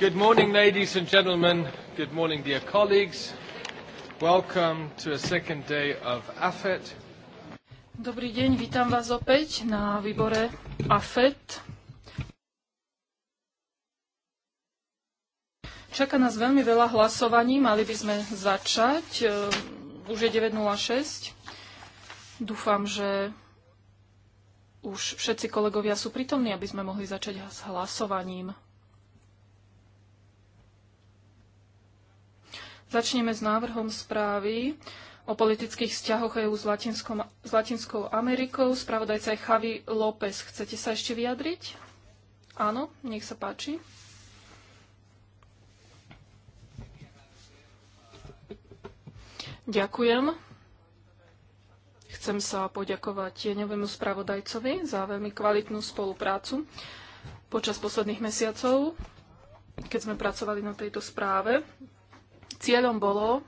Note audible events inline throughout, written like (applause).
Good morning, ladies and gentlemen. Good morning, dear colleagues. Welcome to a second day of AFET. Dobrý deň, vítam vás opäť na výbore AFET. Čaká nás veľmi veľa hlasovaní, mali by sme začať. Ehm, už je 9.06. Dúfam, že už všetci kolegovia sú prítomní, aby sme mohli začať s hlasovaním. Začneme s návrhom správy o politických vzťahoch EÚ s, s Latinskou Amerikou. Spravodajca je Javi López. Chcete sa ešte vyjadriť? Áno, nech sa páči. Ďakujem. Chcem sa poďakovať tieňovému spravodajcovi za veľmi kvalitnú spoluprácu počas posledných mesiacov, keď sme pracovali na tejto správe. Cieľom bolo,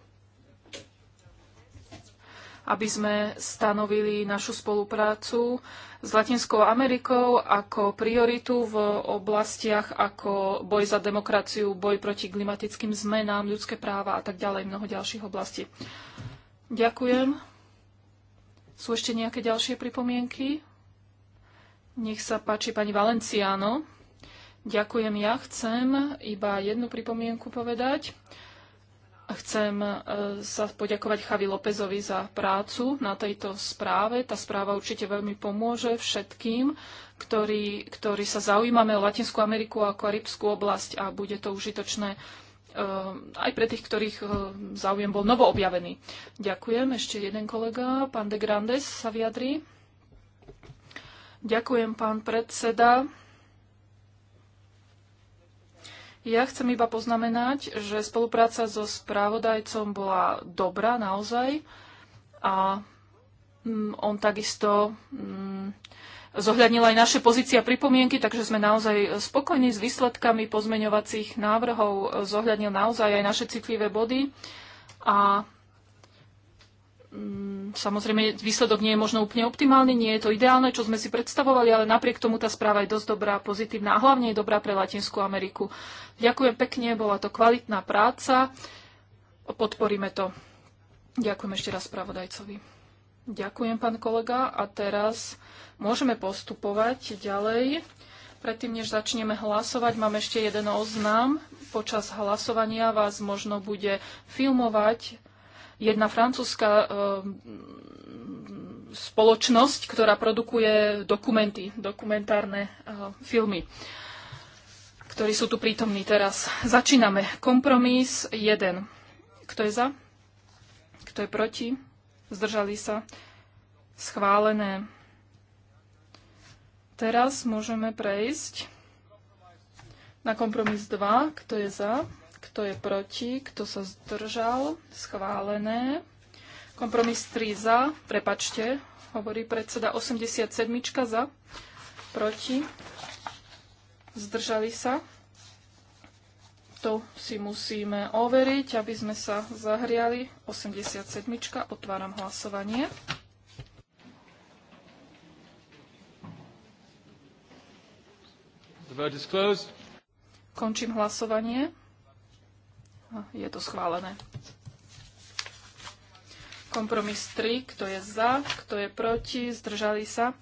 aby sme stanovili našu spoluprácu s Latinskou Amerikou ako prioritu v oblastiach ako boj za demokraciu, boj proti klimatickým zmenám, ľudské práva a tak ďalej, mnoho ďalších oblastí. Ďakujem. Sú ešte nejaké ďalšie pripomienky? Nech sa páči pani Valenciano. Ďakujem, ja chcem iba jednu pripomienku povedať. Chcem e, sa poďakovať Chavi Lópezovi za prácu na tejto správe. Tá správa určite veľmi pomôže všetkým, ktorí, ktorí sa zaujímame o Latinskú Ameriku a Karibskú oblasť a bude to užitočné e, aj pre tých, ktorých e, záujem bol novo objavený. Ďakujem. Ešte jeden kolega, pán de Grandes, sa vyjadrí. Ďakujem, pán predseda. Ja chcem iba poznamenať, že spolupráca so správodajcom bola dobrá naozaj a mm, on takisto mm, zohľadnil aj naše pozície a pripomienky, takže sme naozaj spokojní s výsledkami pozmeňovacích návrhov, zohľadnil naozaj aj naše citlivé body a Mm, samozrejme, výsledok nie je možno úplne optimálny, nie je to ideálne, čo sme si predstavovali, ale napriek tomu tá správa je dosť dobrá, pozitívna a hlavne je dobrá pre Latinskú Ameriku. Ďakujem pekne, bola to kvalitná práca, podporíme to. Ďakujem ešte raz spravodajcovi. Ďakujem, pán kolega, a teraz môžeme postupovať ďalej. Predtým, než začneme hlasovať, mám ešte jeden oznám. Počas hlasovania vás možno bude filmovať jedna francúzska eh, spoločnosť, ktorá produkuje dokumenty, dokumentárne eh, filmy, ktorí sú tu prítomní teraz. Začíname. Kompromis 1. Kto je za? Kto je proti? Zdržali sa? Schválené. Teraz môžeme prejsť na kompromis 2. Kto je za? Kto je proti? Kto sa zdržal? Schválené. Kompromis 3 za. Prepačte, hovorí predseda 87 za. Proti. Zdržali sa. To si musíme overiť, aby sme sa zahriali. 87. Otváram hlasovanie. Končím hlasovanie. No, je to schválené. Kompromis 3. Kto je za, kto je proti, zdržali sa.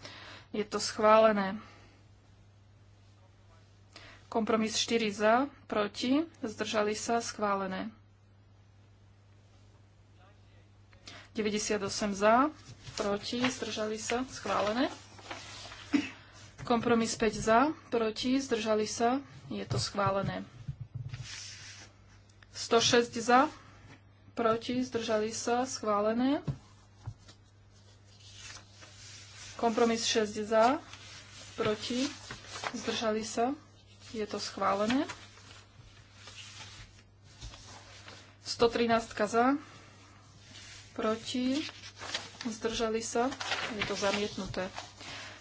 Je to schválené. Kompromis 4 za, proti, zdržali sa, schválené. 98 za, proti, zdržali sa, schválené. Kompromis 5 za, proti, zdržali sa, je to schválené. 106 za, proti, zdržali sa, schválené. Kompromis 6 za, proti, zdržali sa, je to schválené. 113 za, proti, zdržali sa, je to zamietnuté.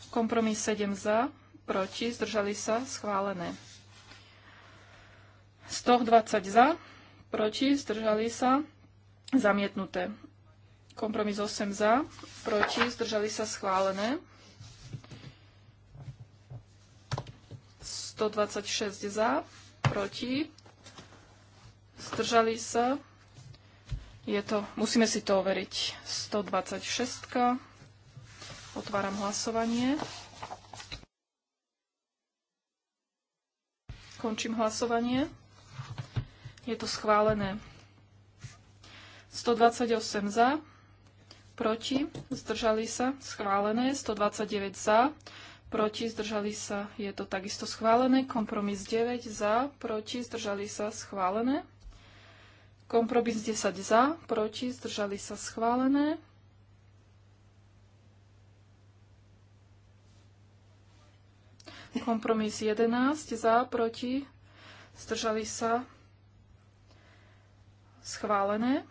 Kompromis 7 za, proti, zdržali sa, schválené. 120 za, proti, zdržali sa, zamietnuté. Kompromis 8 za, proti, zdržali sa, schválené. 126 za, proti, zdržali sa. Je to, musíme si to overiť. 126. Otváram hlasovanie. Končím hlasovanie. Je to schválené. 128 za, proti, zdržali sa, schválené. 129 za, proti, zdržali sa, je to takisto schválené. Kompromis 9 za, proti, zdržali sa, schválené. Kompromis 10 za, proti, zdržali sa, schválené. Kompromis 11 za, proti, zdržali sa, schválené Schválené.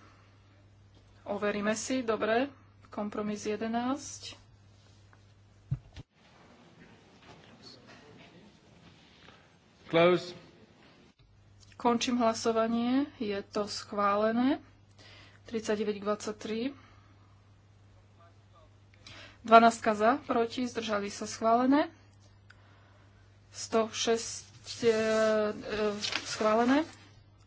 Overíme si, dobre. Kompromis 11. Close. Končím hlasovanie. Je to schválené. 39 k 23. 12 za, proti, zdržali sa schválené. 106 e, e, schválené.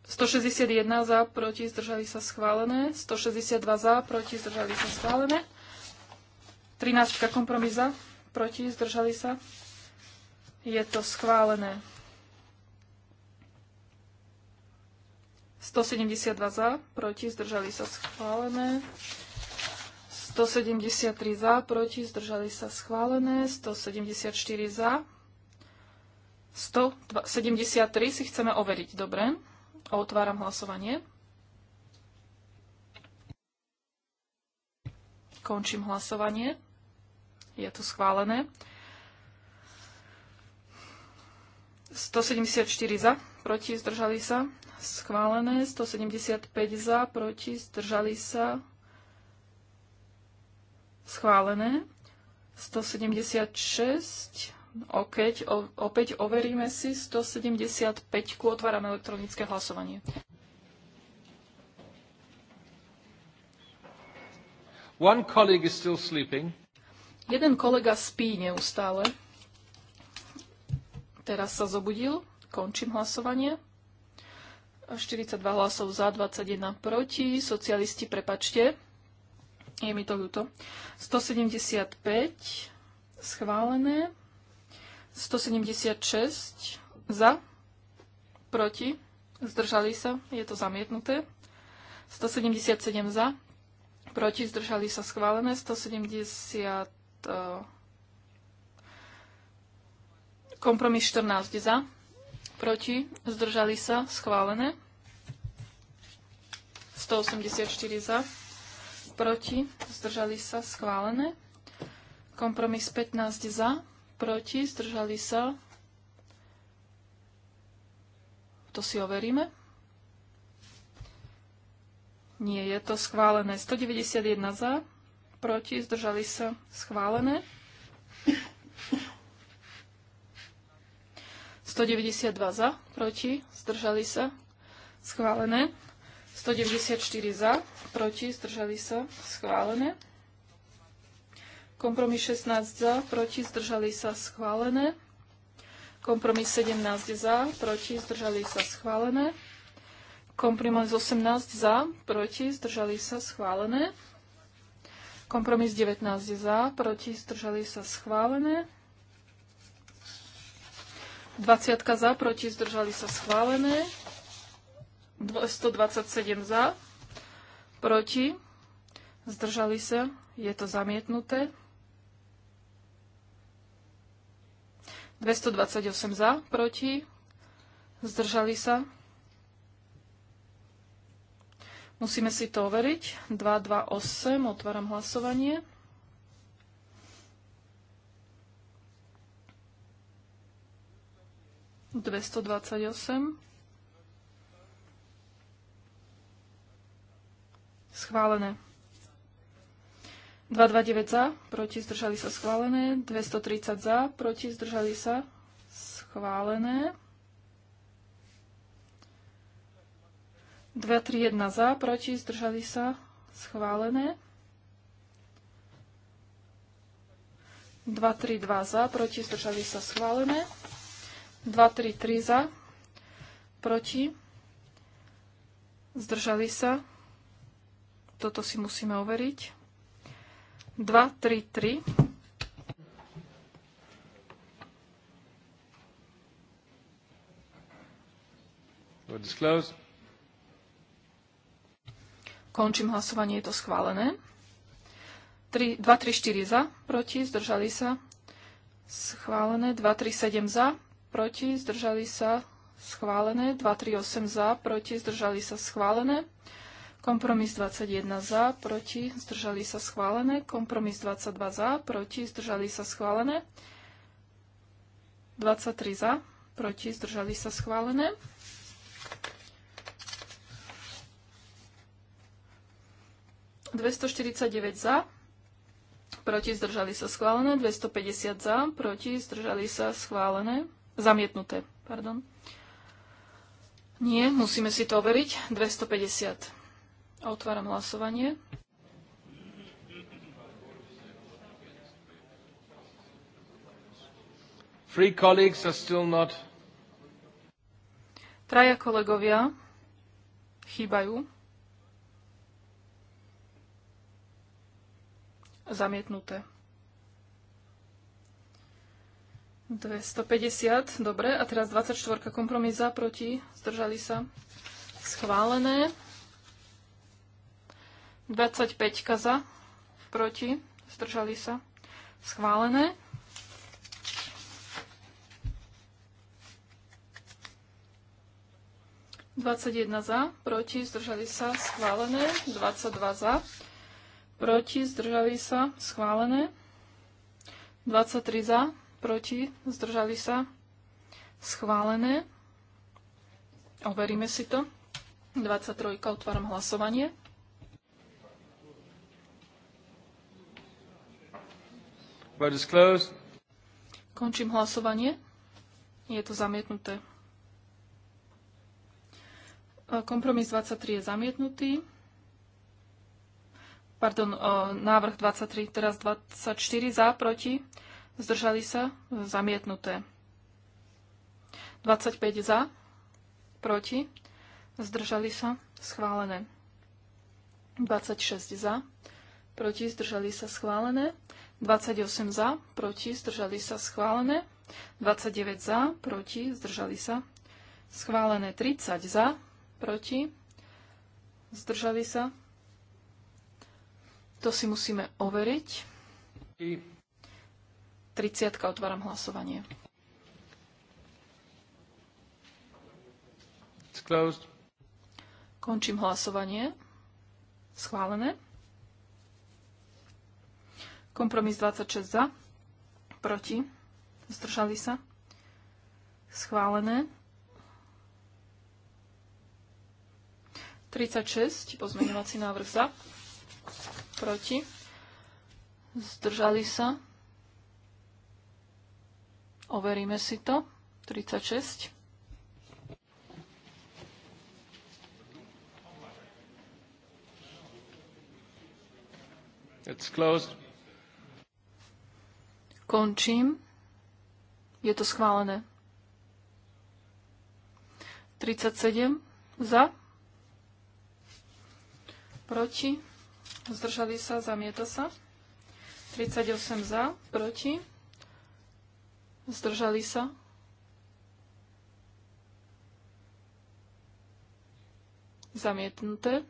161 za, proti, zdržali sa schválené. 162 za, proti, zdržali sa schválené. 13 kompromis za, proti, zdržali sa. Je to schválené. 172 za, proti, zdržali sa schválené. 173 za, proti, zdržali sa schválené. 174 za. 173 si chceme overiť, dobre. Otváram hlasovanie. Končím hlasovanie. Je to schválené. 174 za, proti, zdržali sa. Schválené. 175 za, proti, zdržali sa. Schválené. 176 Okay, o, opäť overíme si 175. Otváram elektronické hlasovanie. One colleague is still sleeping. Jeden kolega spí neustále. Teraz sa zobudil. Končím hlasovanie. 42 hlasov za, 21 proti. Socialisti, prepačte. Je mi to ľúto. 175 schválené. 176 za, proti, zdržali sa, je to zamietnuté. 177 za, proti, zdržali sa schválené. 170 e, kompromis 14 za, proti, zdržali sa schválené. 184 za, proti, zdržali sa schválené. Kompromis 15 za, proti, zdržali sa. To si overíme. Nie, je to schválené. 191 za, proti, zdržali sa, schválené. 192 za, proti, zdržali sa, schválené. 194 za, proti, zdržali sa, schválené. Kompromis 16 za, proti, zdržali sa schválené. Kompromis 17 za, proti, zdržali sa schválené. Kompromis 18 za, proti, zdržali sa schválené. Kompromis 19 za, proti, zdržali sa schválené. 20 za, proti, zdržali sa schválené. 127 za, proti, zdržali sa, je to zamietnuté. 228 za, proti, zdržali sa. Musíme si to overiť. 228, otváram hlasovanie. Dvesto dvadsať osem. Schválené. 229 za, proti zdržali sa schválené. 230 za, proti zdržali sa schválené. 231 za, proti zdržali sa schválené. 232 za, proti zdržali sa schválené. 233 za, proti zdržali sa. Toto si musíme overiť. 2, 3, 3. Končím hlasovanie, je to schválené. 3, 2, 3, 4 za, proti, zdržali sa. Schválené. 2, 3, 7 za, proti, zdržali sa. Schválené. 2, 3, 8 za, proti, zdržali sa. Schválené. Kompromis 21 za, proti, zdržali sa schválené. Kompromis 22 za, proti, zdržali sa schválené. 23 za, proti, zdržali sa schválené. ...249 za, proti zdržali sa schválené, 250 za, proti zdržali sa schválené, zamietnuté, pardon. Nie, musíme si to overiť, 250. Otváram hlasovanie. Three colleagues are still not... Traja kolegovia chýbajú. Zamietnuté. 250, dobre. A teraz 24 kompromis za, proti, zdržali sa. Schválené. 25 za, proti, zdržali sa, schválené. Dvadsať jedna za, proti, zdržali sa, schválené. 22 dva za, proti, zdržali sa, schválené. 23 tri za, proti, zdržali sa, schválené. Overíme si to. 23. Otváram hlasovanie. Vote is closed. Končím hlasovanie. Je to zamietnuté. E, kompromis 23 je zamietnutý. Pardon, e, návrh 23, teraz 24 za, proti. Zdržali sa, e, zamietnuté. 25 za, proti. Zdržali sa, schválené. 26 za, proti. Zdržali sa, schválené. 28 za, proti, zdržali sa, schválené. 29 za, proti, zdržali sa, schválené. 30 za, proti, zdržali sa. To si musíme overiť. 30. Otváram hlasovanie. Končím hlasovanie. Schválené. Kompromis 26 za, proti, zdržali sa, schválené. 36, pozmeňovací návrh za, proti, zdržali sa, overíme si to, 36. It's closed. Končím. Je to schválené. 37 za. Proti. Zdržali sa, zamieta sa. 38 za, proti. Zdržali sa. Zamietnuté.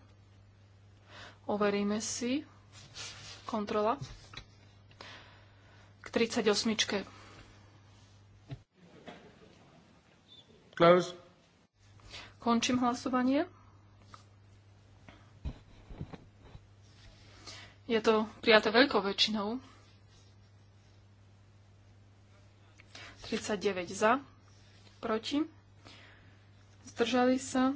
Overíme si. Kontrola. 38. Close. Končím hlasovanie. Je to prijaté veľkou väčšinou. 39 za, proti. Zdržali sa.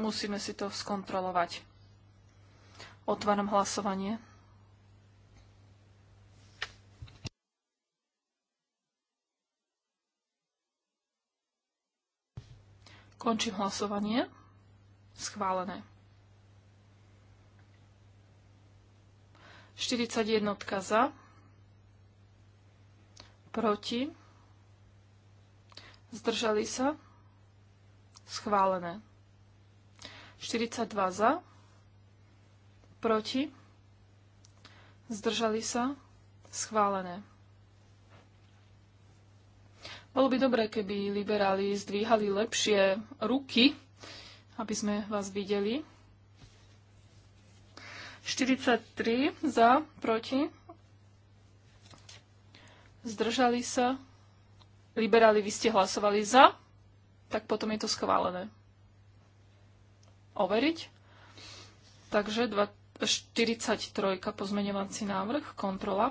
Musíme si to skontrolovať. Otváram hlasovanie. Končím hlasovanie. Schválené. 41 za. Proti. Zdržali sa. Schválené. 42 za, proti, zdržali sa, schválené. Bolo by dobré, keby liberáli zdvíhali lepšie ruky, aby sme vás videli. 43 za, proti, zdržali sa, liberáli, vy ste hlasovali za, tak potom je to schválené overiť. Takže 43. pozmeňovací návrh, kontrola.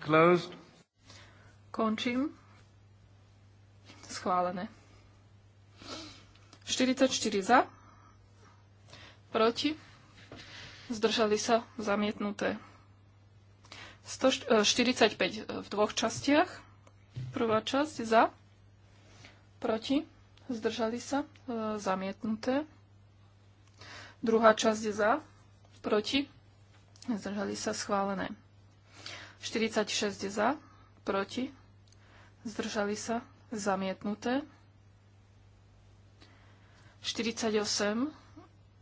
Closed. Končím. Schválené. 44 za. Proti. Zdržali sa zamietnuté. 145 e, v dvoch častiach. Prvá časť za proti, zdržali sa, e, zamietnuté. Druhá časť je za, proti, zdržali sa, schválené. 46 je za, proti, zdržali sa, zamietnuté. 48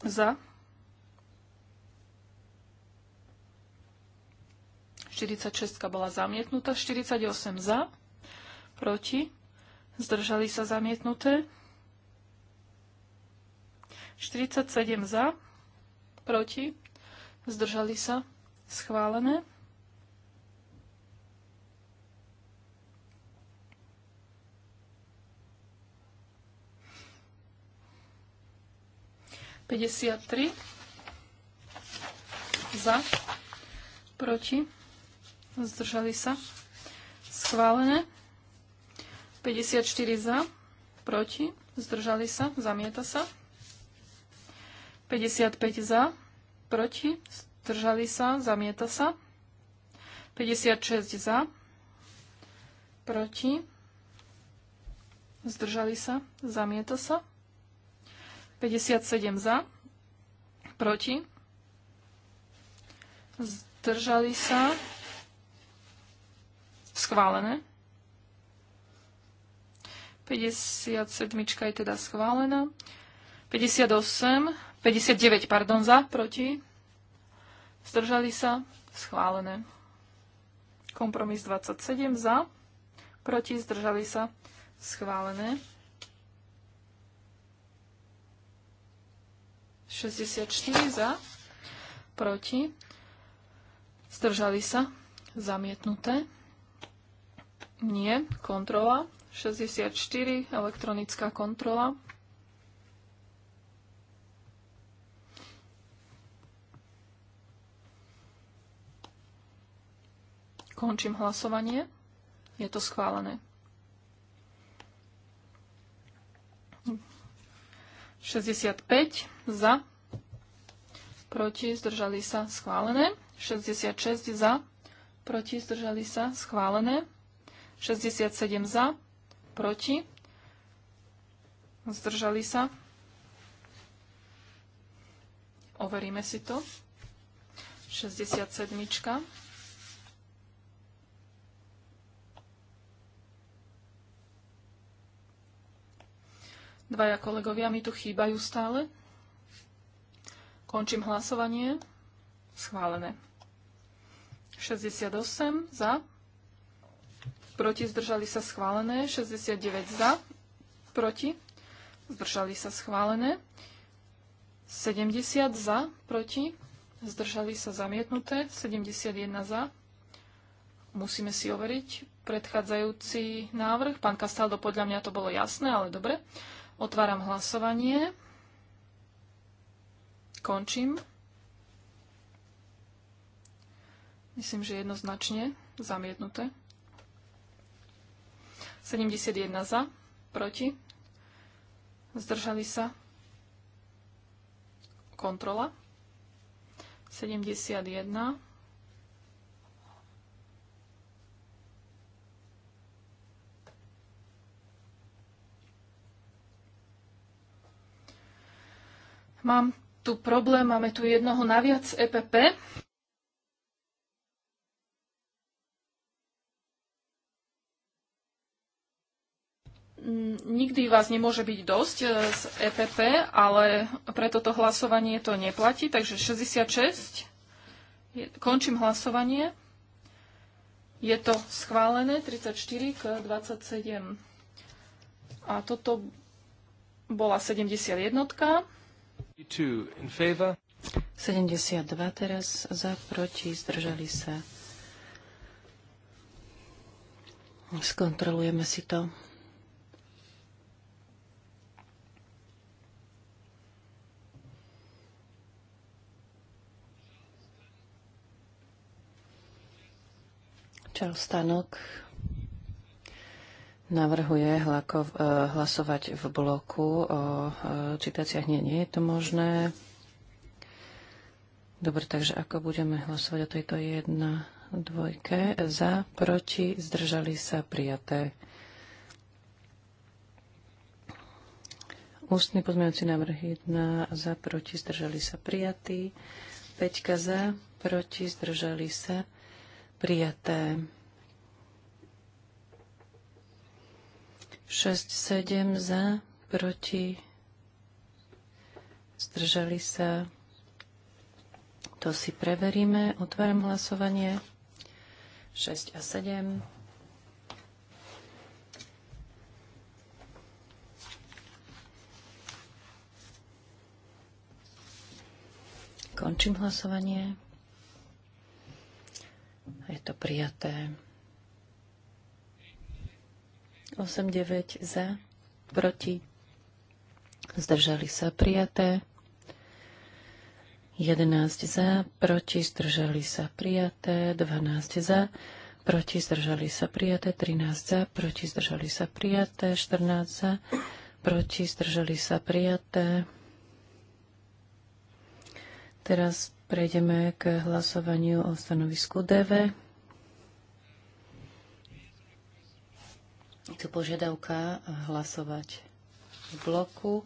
za, 46 bola zamietnutá, 48 za, proti, zdržali sa zamietnuté. 47 za, proti, zdržali sa schválené. Päťdesiat tri za, proti, zdržali sa schválené. 54 za, proti, zdržali sa, zamieta sa. 55 za, proti, zdržali sa, zamieta sa. 56 za, proti, zdržali sa, zamieta sa. 57 za, proti, zdržali sa, schválené. 57 je teda schválená. 58, 59, pardon, za, proti. Zdržali sa, schválené. Kompromis 27 za, proti, zdržali sa, schválené. 64 za, proti, zdržali sa, zamietnuté. Nie, kontrola, 64, elektronická kontrola. Končím hlasovanie. Je to schválené. 65 za, proti, zdržali sa, schválené. 66 za, proti, zdržali sa, schválené. 67 za, proti, zdržali sa. Overíme si to. 67. Dvaja kolegovia mi tu chýbajú stále. Končím hlasovanie. Schválené. 68 za proti, zdržali sa schválené, 69 za, proti, zdržali sa schválené, 70 za, proti, zdržali sa zamietnuté, 71 za. Musíme si overiť predchádzajúci návrh. Pán Kastaldo, podľa mňa to bolo jasné, ale dobre. Otváram hlasovanie. Končím. Myslím, že jednoznačne zamietnuté. 71 za, proti, zdržali sa, kontrola, 71, Mám tu problém, máme tu jednoho naviac EPP. Mm, nikdy vás nemôže byť dosť e, z EPP, ale pre toto hlasovanie to neplatí. Takže 66. končím hlasovanie. Je to schválené 34 k 27. A toto bola 71. 72 teraz za, proti, zdržali sa. Skontrolujeme si to. Čau, Stanok navrhuje eh, hlasovať v bloku o eh, citáciách. Nie, nie je to možné. Dobre, takže ako budeme hlasovať o tejto jedna dvojke? Za, proti, zdržali sa, prijaté. Ústny pozmeňujúci návrh 1 za, proti, zdržali sa, prijatý. 5 za, proti, zdržali sa, prijaté. 6, 7 za, proti, zdržali sa. To si preveríme. Otváram hlasovanie. 6 a 7. Končím hlasovanie. Je to prijaté. 8-9 za, proti, zdržali sa prijaté. 11 za, proti, zdržali sa prijaté. 12 za, proti, zdržali sa prijaté. 13 za, proti, zdržali sa prijaté. 14 za, proti, zdržali sa prijaté. Teraz Prejdeme k hlasovaniu o stanovisku DV. Je tu požiadavka hlasovať v bloku.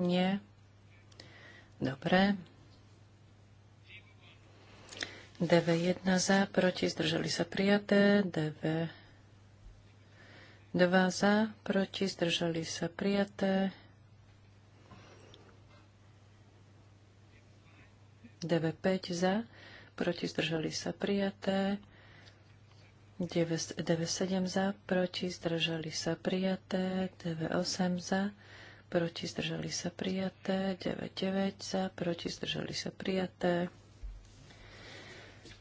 Nie. Dobre. DV1 za, proti, zdržali sa prijaté. DV2 za, proti, zdržali sa prijaté. DV5 za, proti zdržali sa prijaté. DV7 za, proti zdržali sa prijaté. DV8 za, proti zdržali sa prijaté. DV9 za, proti zdržali sa prijaté.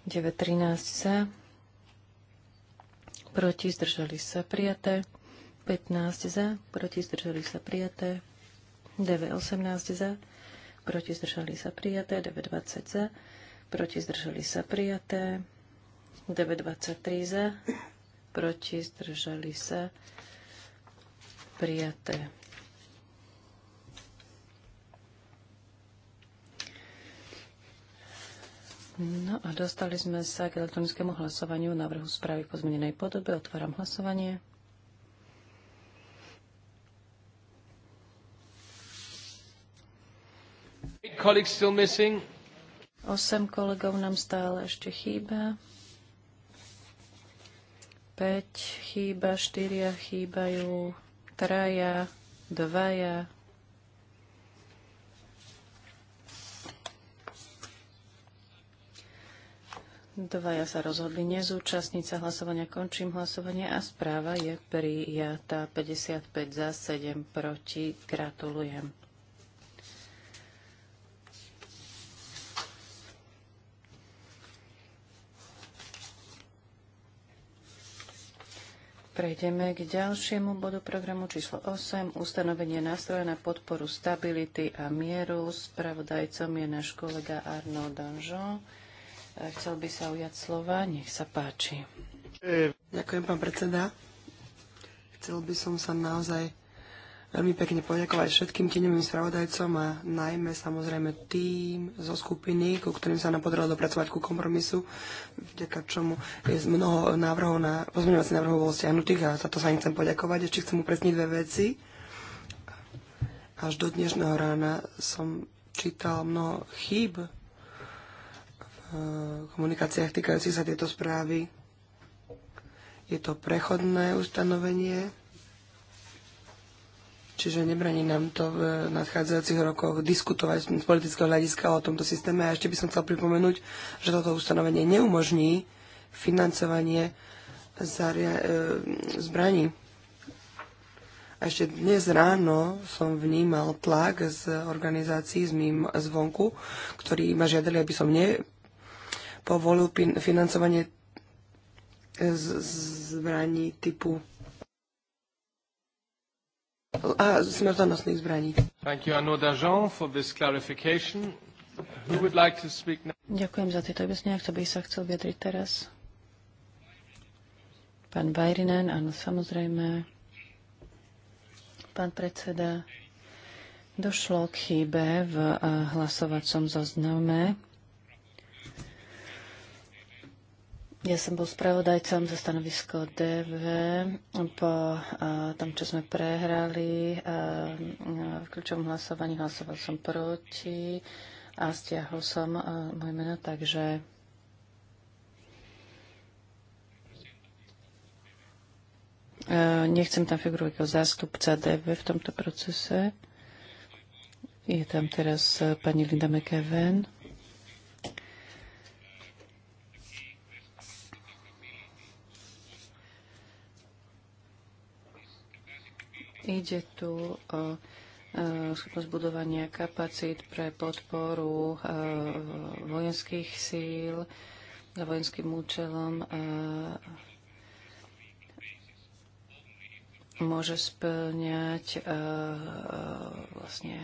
DV13 za, proti zdržali sa prijaté. 15 za, proti zdržali sa prijaté. DV18 za, proti zdržali sa prijaté, 920 za, proti zdržali sa prijaté, 923 za, proti zdržali sa prijaté. No a dostali sme sa k elektronickému hlasovaniu návrhu správy v pozmenenej podobe. Otváram hlasovanie. colleagues still missing. Osem kolegov nám stále ešte chýba. 5 chýba, 4 chýbajú, traja, dvaja. Dvaja sa rozhodli nezúčastniť sa hlasovania. Končím hlasovanie a správa je prijatá 55 za 7 proti. Gratulujem. Prejdeme k ďalšiemu bodu programu číslo 8. Ustanovenie nástroja na podporu stability a mieru. Spravodajcom je náš kolega Arnaud Danjon. Chcel by sa ujať slova. Nech sa páči. Ďakujem, pán predseda. Chcel by som sa naozaj veľmi pekne poďakovať všetkým tieňovým spravodajcom a najmä samozrejme tým zo skupiny, ku ktorým sa nám podarilo dopracovať ku kompromisu, vďaka čomu je mnoho návrhov na pozmeňovacích návrhov bolo stiahnutých a za to sa im chcem poďakovať. Ešte chcem upresniť dve veci. Až do dnešného rána som čítal mnoho chýb eh, v komunikáciách týkajúcich sa tieto správy. Je to prechodné ustanovenie, Čiže nebraní nám to v nadchádzajúcich rokoch diskutovať z politického hľadiska o tomto systéme. A ešte by som chcel pripomenúť, že toto ustanovenie neumožní financovanie zaria- e, zbraní. A ešte dnes ráno som vnímal tlak z organizácií z mým zvonku, ktorí ma žiadali, aby som nepovolil financovanie z- zbraní typu a smrtonosných zbraní. Ďakujem za tieto objasnenia. Kto by sa chcel vyjadriť teraz? Pán Bajrinen, áno, samozrejme. Pán predseda, došlo k chybe v eh, hlasovacom zozname Ja som bol spravodajcom za stanovisko DV po tom, čo sme prehrali. V kľúčovom hlasovaní hlasoval som proti a stiahol som moje meno, takže nechcem tam figurovať ako zástupca DV v tomto procese. Je tam teraz pani Linda McEwen. Ide tu o e, schopnosť budovania kapacít pre podporu e, vojenských síl za vojenským účelom e, môže splňať vlastne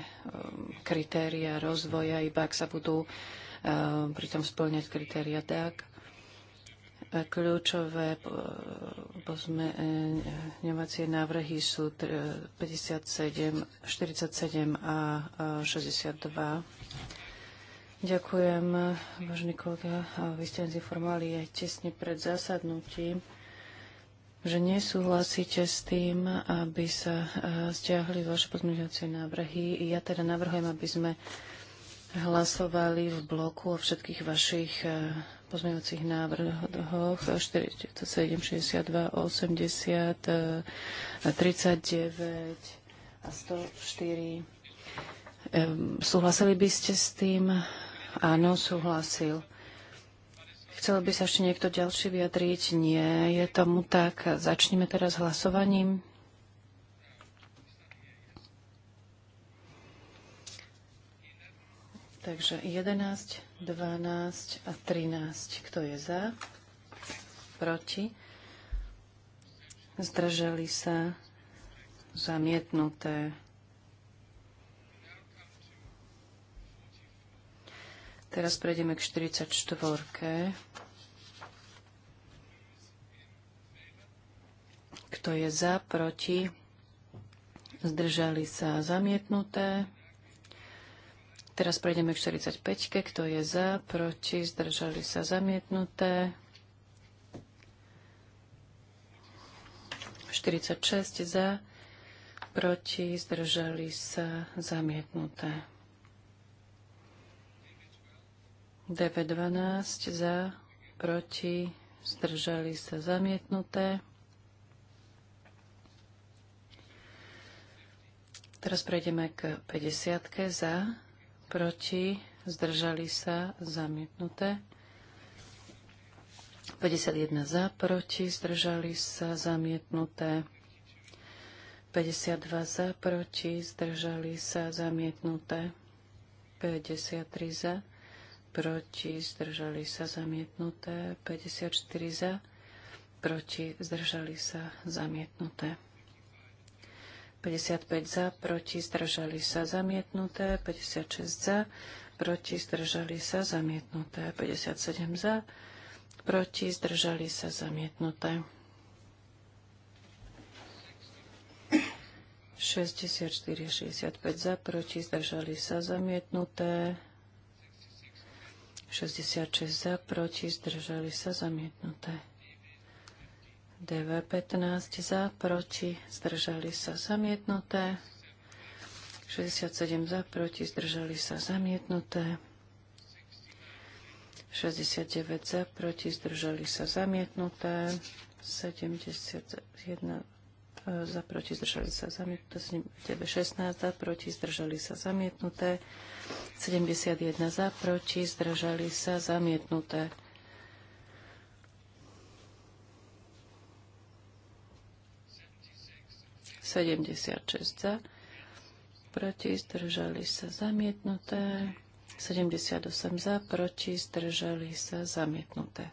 kritéria rozvoja, iba ak sa budú pritom splňať kritéria tak, Kľúčové pozmeňovacie návrhy sú 57, 47 a 62. Ďakujem, vážny kolega. Vy ste nás informovali aj tesne pred zasadnutím, že nesúhlasíte s tým, aby sa stiahli vaše pozmeňovacie návrhy. Ja teda navrhujem, aby sme hlasovali v bloku o všetkých vašich pozmeňujúcich návrhoch 47, 62, 80, 39 a 104. Súhlasili by ste s tým? Áno, súhlasil. Chcel by sa ešte niekto ďalší vyjadriť? Nie, je tomu tak. Začneme teraz hlasovaním. Takže 11, 12 a 13. Kto je za? Proti? Zdržali sa? Zamietnuté. Teraz prejdeme k 44. Kto je za, proti? Zdržali sa zamietnuté. Teraz prejdeme k 45. Kto je za, proti, zdržali sa zamietnuté. 46 za, proti, zdržali sa zamietnuté. dp 12 za, proti, zdržali sa zamietnuté. Teraz prejdeme k 50 za, proti, zdržali sa, zamietnuté. 51 za, proti, zdržali sa, zamietnuté. 52 za, proti, zdržali sa, zamietnuté. 53 za, proti, zdržali sa, zamietnuté. 54 za, proti, zdržali sa, zamietnuté. 55 za, proti, zdržali sa zamietnuté, 56 za, proti, zdržali sa zamietnuté, 57 za, proti, zdržali sa zamietnuté. 64, 65 za, proti, zdržali sa zamietnuté. 66 za, proti, zdržali sa zamietnuté. DV15 za, proti, zdržali sa zamietnuté. 67 za, proti, zdržali sa zamietnuté. 69 za, proti, zdržali sa zamietnuté. 71 e, za, proti, zdržali sa zamietnuté. 16 za, proti, zdržali sa zamietnuté. 71 za, proti, zdržali sa zamietnuté. 76 za, proti, zdržali sa zamietnuté, 78 za, proti, zdržali sa zamietnuté.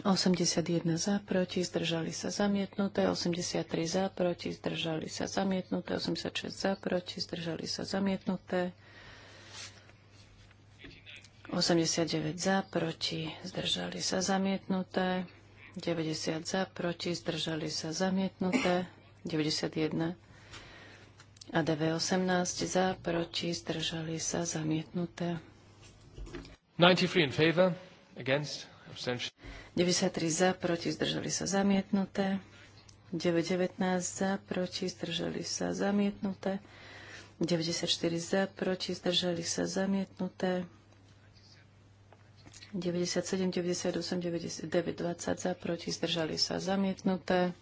81 za, proti, zdržali sa zamietnuté, 83 za, proti, zdržali sa zamietnuté, 86 za, proti, zdržali sa zamietnuté, 89 za, proti, zdržali sa zamietnuté, 90 za, proti, zdržali sa zamietnuté. 91 a DV18 za, proti, zdržali sa zamietnuté. 93 in favor, against, abstention. 93 za, proti, zdržali sa zamietnuté. 919 za, proti, zdržali sa zamietnuté. 94 za, proti, zdržali sa zamietnuté. 97, 98, 99, 20 za, proti, zdržali sa zamietnuté.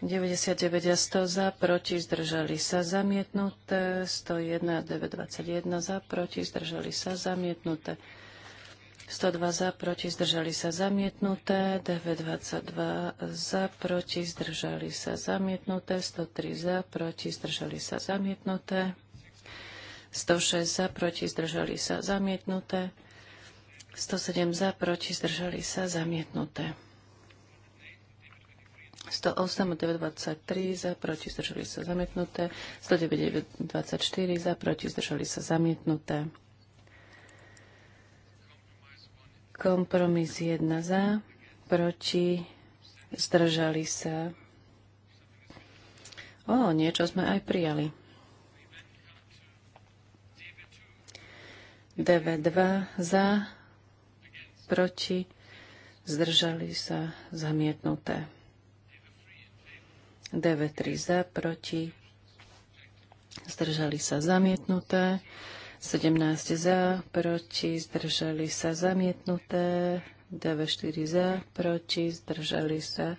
99 a 100 za, proti, zdržali sa zamietnuté. 101 a 921 za, proti, zdržali sa zamietnuté. 102 za, proti, zdržali sa zamietnuté. 922 za, proti, zdržali sa zamietnuté. 103 za, proti, zdržali sa zamietnuté. 106 za, proti, zdržali sa zamietnuté. 107 za, proti, zdržali sa zamietnuté. 108 923 za, proti, zdržali sa zamietnuté. 109 za, proti, zdržali sa zamietnuté. Kompromis 1 za, proti, zdržali sa. O, niečo sme aj prijali. DV2 za, proti, zdržali sa zamietnuté. DV3 za, proti, zdržali sa zamietnuté. 17 za, proti, zdržali sa zamietnuté. DV4 za, proti, zdržali sa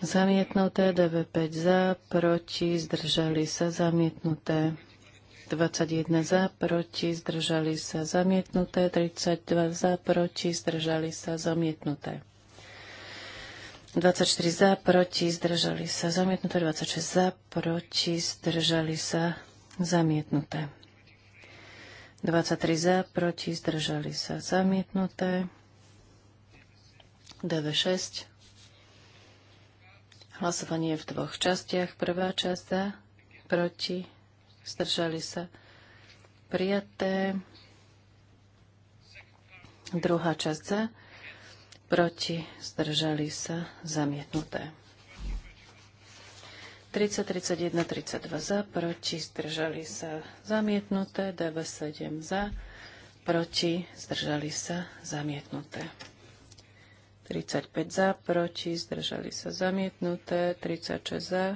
zamietnuté. DV5 za, proti, zdržali sa zamietnuté. 21 za, proti, zdržali sa zamietnuté, 32 za, proti, zdržali sa zamietnuté. 24 za, proti, zdržali sa zamietnuté, 26 za, proti, zdržali sa zamietnuté. 23 za, proti, zdržali sa zamietnuté. DV6. Hlasovanie v dvoch častiach. Prvá časť za, proti, zdržali sa prijaté. Druhá časť za, proti, zdržali sa zamietnuté. 30, 31, 32 za, proti, zdržali sa zamietnuté, 97 7 za, proti, zdržali sa zamietnuté. 35 za, proti, zdržali sa zamietnuté, 36 za,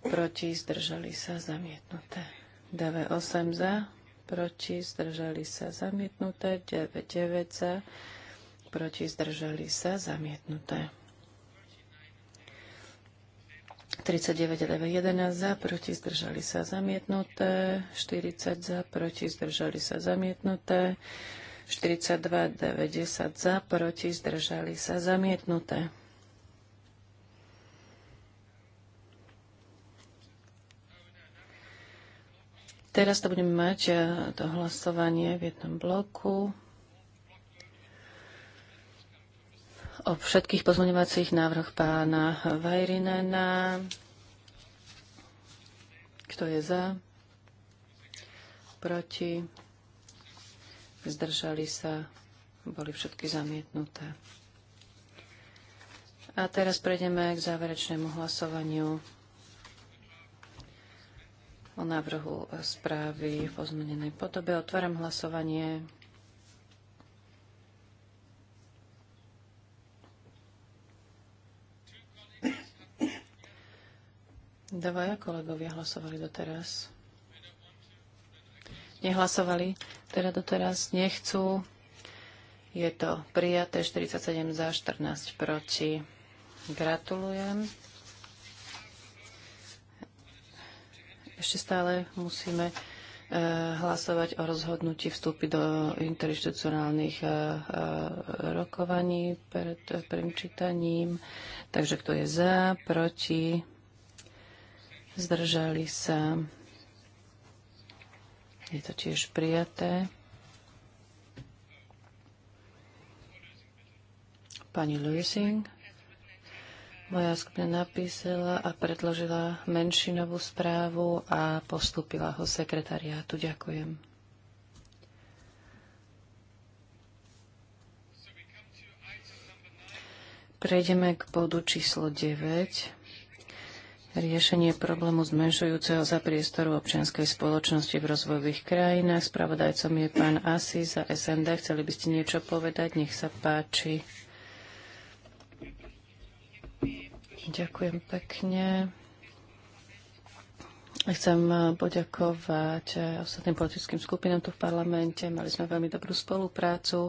proti, zdržali sa, zamietnuté. 8 za, proti, zdržali sa, zamietnuté. 9,9 za, proti, zdržali sa, zamietnuté. 39, 11 za, proti, zdržali sa, zamietnuté. 40 za, proti, zdržali sa, zamietnuté. 42, 90 za, proti, zdržali sa, zamietnuté. Teraz to budeme mať e, to hlasovanie v jednom bloku o všetkých pozmeňovacích návrhoch pána Vajrinena. Kto je za? Proti? Zdržali sa? Boli všetky zamietnuté. A teraz prejdeme k záverečnému hlasovaniu o návrhu správy v pozmenenej podobe. Otváram hlasovanie. Dvaja kolegovia hlasovali doteraz. Nehlasovali, teda doteraz nechcú. Je to prijaté 47 za 14 proti. Gratulujem. Ešte stále musíme e, hlasovať o rozhodnutí vstúpiť do interinstitucionálnych e, e, rokovaní pred prvým čítaním. Takže kto je za, proti, zdržali sa. Je to tiež prijaté. Pani Luising. Moja skupina napísala a predložila menšinovú správu a postúpila ho sekretariátu. Ďakujem. Prejdeme k bodu číslo 9. Riešenie problému zmenšujúceho za priestoru občianskej spoločnosti v rozvojových krajinách. Spravodajcom je pán Asi za SND. Chceli by ste niečo povedať? Nech sa páči. Ďakujem pekne. Chcem poďakovať ostatným politickým skupinám tu v parlamente. Mali sme veľmi dobrú spoluprácu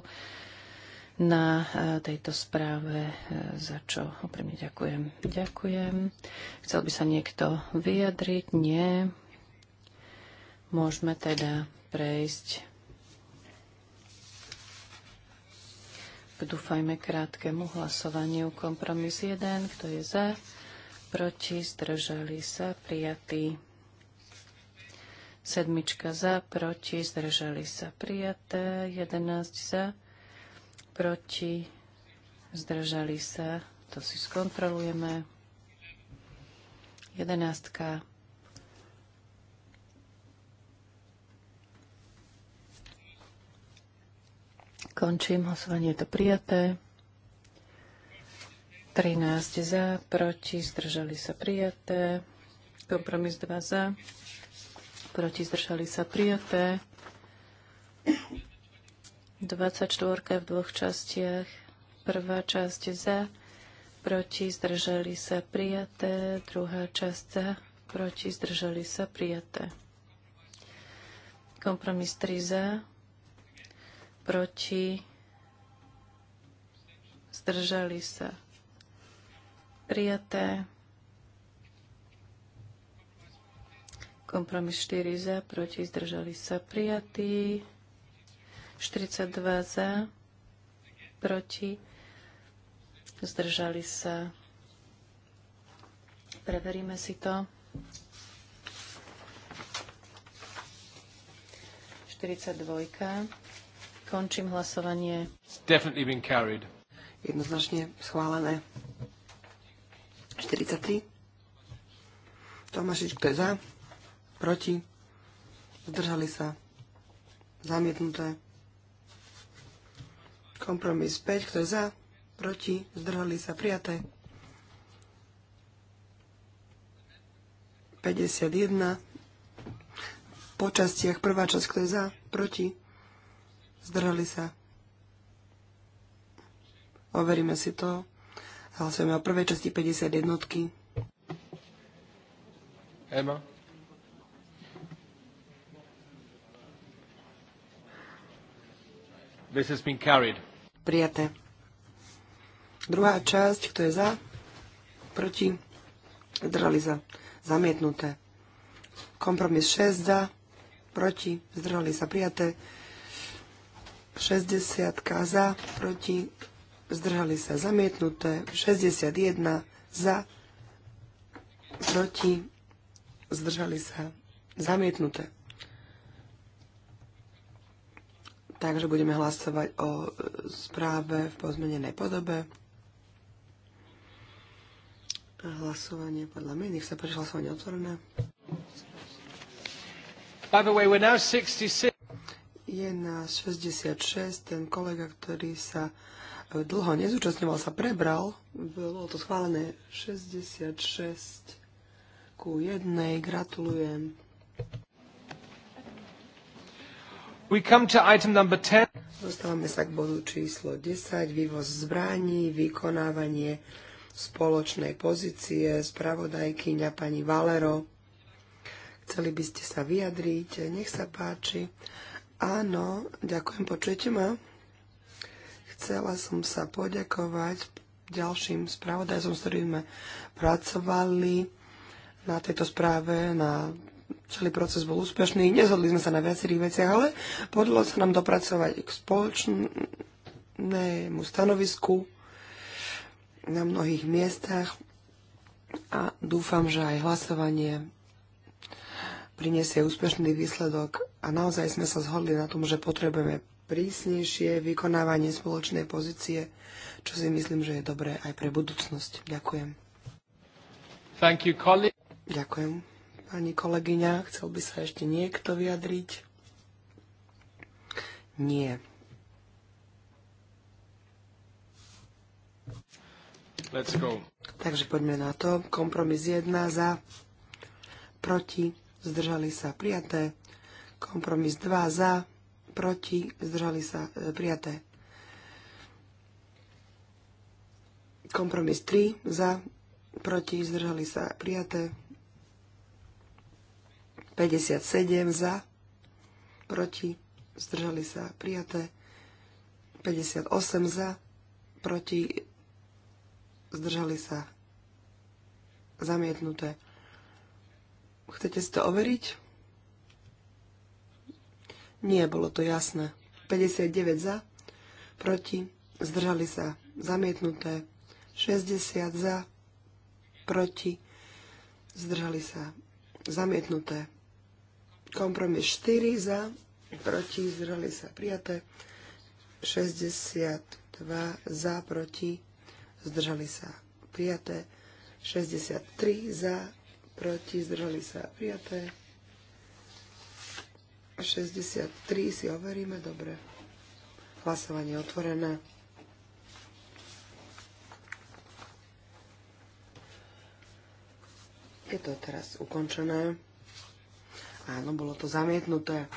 na e, tejto správe, e, za čo úprimne ďakujem. Ďakujem. Chcel by sa niekto vyjadriť? Nie. Môžeme teda prejsť k dúfajme krátkemu hlasovaniu. Kompromis 1, kto je za, proti, zdržali sa, prijatý. Sedmička za, proti, zdržali sa, prijaté. 11 za, proti, zdržali sa, to si skontrolujeme. Jedenáctka. Končím hlasovanie, je to prijaté. 13 za, proti, zdržali sa prijaté. Kompromis 2 za, proti, zdržali sa prijaté. 24 v dvoch častiach. Prvá časť za, proti, zdržali sa prijaté. Druhá časť za, proti, zdržali sa prijaté. Kompromis 3 za, proti, zdržali sa prijaté. Kompromis 4 za, proti, zdržali sa prijatí. 42 za, proti, zdržali sa. Preveríme si to. 42. Končím hlasovanie. Jednoznačne schválené. 43. Tomášič, kto je za? Proti? Zdržali sa? Zamietnuté. Kompromis 5, kto je za? Proti? Zdržali sa? Prijaté. 51. Po častiach prvá časť, kto je za? Proti? zdrhli sa. Overíme si to. Hlasujeme o prvej časti jednotky. Ema. This has been carried. Prijaté. Druhá časť, kto je za, proti, zdrhali sa, zamietnuté. Kompromis 6 za, proti, zdrhali sa, prijaté. 60 za, proti, zdržali sa zamietnuté, 61 za, proti, zdržali sa zamietnuté. Takže budeme hlasovať o správe v pozmenenej podobe. Hlasovanie podľa mňa, nech sa páči hlasovanie otvorené. By the way, we're now 66 je na 66. Ten kolega, ktorý sa e, dlho nezúčastňoval, sa prebral. Bolo to schválené 66 ku 1. Gratulujem. We come to item number 10. Dostávame sa k bodu číslo 10. Vývoz zbraní, vykonávanie spoločnej pozície, spravodajkyňa pani Valero. Chceli by ste sa vyjadriť? Nech sa páči. Áno, ďakujem, počujete ma? Chcela som sa poďakovať ďalším spravodajcom, s ktorými sme pracovali na tejto správe, na celý proces bol úspešný, nezhodli sme sa na viacerých veciach, ale podľa sa nám dopracovať k spoločnému stanovisku na mnohých miestach a dúfam, že aj hlasovanie priniesie úspešný výsledok a naozaj sme sa zhodli na tom, že potrebujeme prísnejšie vykonávanie spoločnej pozície, čo si myslím, že je dobré aj pre budúcnosť. Ďakujem. Thank you, Ďakujem. Pani kolegyňa, chcel by sa ešte niekto vyjadriť? Nie. Let's go. Takže poďme na to. Kompromis 1 za, proti, zdržali sa prijaté. Kompromis 2 e, za, proti, zdržali sa prijaté. Kompromis 3 za, proti, zdržali sa prijaté. 57 za, proti, zdržali sa prijaté. 58 za, proti, zdržali sa zamietnuté. Chcete si to overiť? Nie, bolo to jasné. 59 za, proti, zdržali sa, zamietnuté. 60 za, proti, zdržali sa, zamietnuté. Kompromis 4 za, proti, zdržali sa, prijaté. 62 za, proti, zdržali sa, prijaté. 63 za, proti, zdržali sa prijaté. 63 si overíme, dobre. Hlasovanie otvorené. Je to teraz ukončené. Áno, bolo to zamietnuté.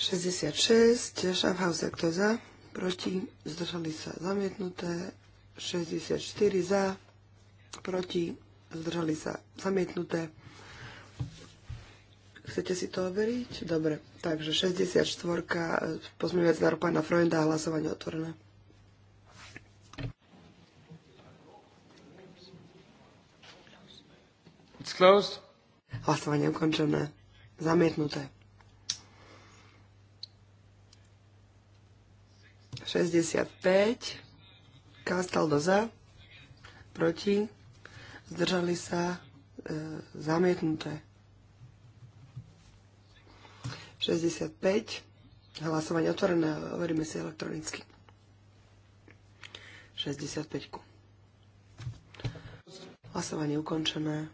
66, Schaffhauser, kto za? Proti, zdržali sa zamietnuté. 64 za, proti, zdržali sa zamietnuté. Chcete si to overiť? Dobre, takže 64. pozmeňujúc na pána Freunda a hlasovanie otvorené. It's closed. Hlasovanie ukončené. Zamietnuté. 65. Kastal doza. Proti zdržali sa, e, zamietnuté. 65, hlasovanie otvorené, overíme si elektronicky. 65. -ku. Hlasovanie ukončené.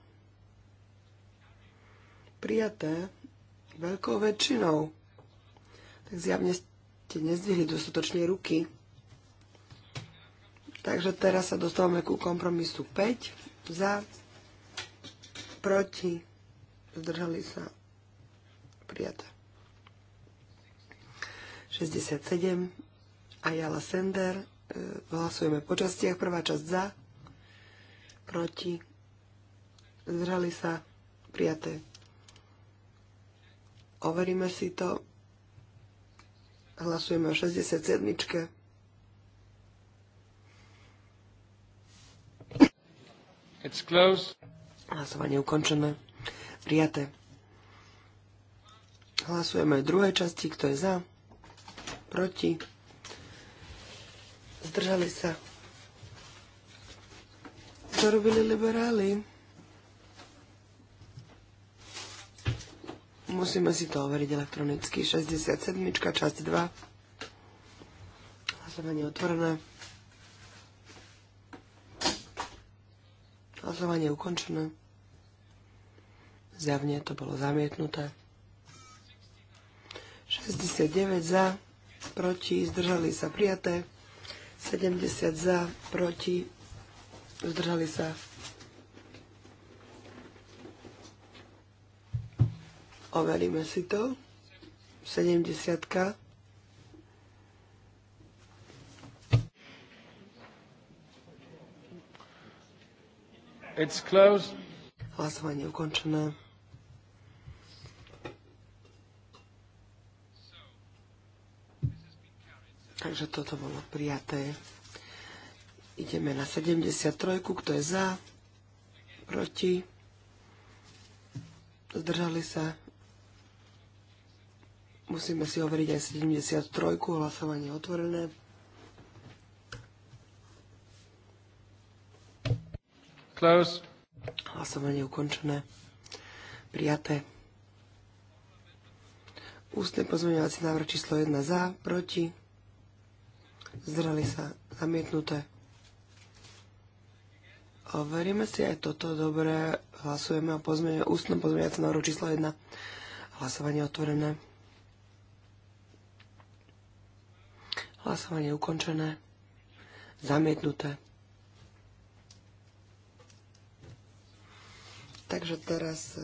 Prijaté veľkou väčšinou. Tak zjavne ste nezdvihli dostatočne ruky. Takže teraz sa dostávame ku kompromisu 5 za, proti, zdržali sa, prijaté. 67, Ajala Sender, e, hlasujeme po častiach, prvá časť za, proti, zdržali sa, prijaté. Overíme si to, hlasujeme o 67. It's closed. Hlasovanie ukončené. Prijaté. Hlasujeme v druhej časti, kto je za, proti, zdržali sa. Čo robili liberáli. Musíme si to overiť elektronicky. 67. časť 2. Hlasovanie otvorené. Hlasovanie je ukončené. Zjavne to bolo zamietnuté. 69 za, proti, zdržali sa prijaté. 70 za, proti, zdržali sa. Overíme si to. 70. -ka. It's closed. Hlasovanie ukončené. Takže toto bolo prijaté. Ideme na 73, kto je za, proti, zdržali sa. Musíme si overiť aj 73, hlasovanie otvorené. Closed. Hlasovanie ukončené. Prijaté. Ústne pozmeňovací návrh číslo 1 za, proti. Zdrali sa. Zamietnuté. veríme si aj toto. Dobre, hlasujeme o pozmeňu, ústnom pozmeňovacom návrhu číslo 1. Hlasovanie otvorené. Hlasovanie ukončené. Zamietnuté. Takže teraz e,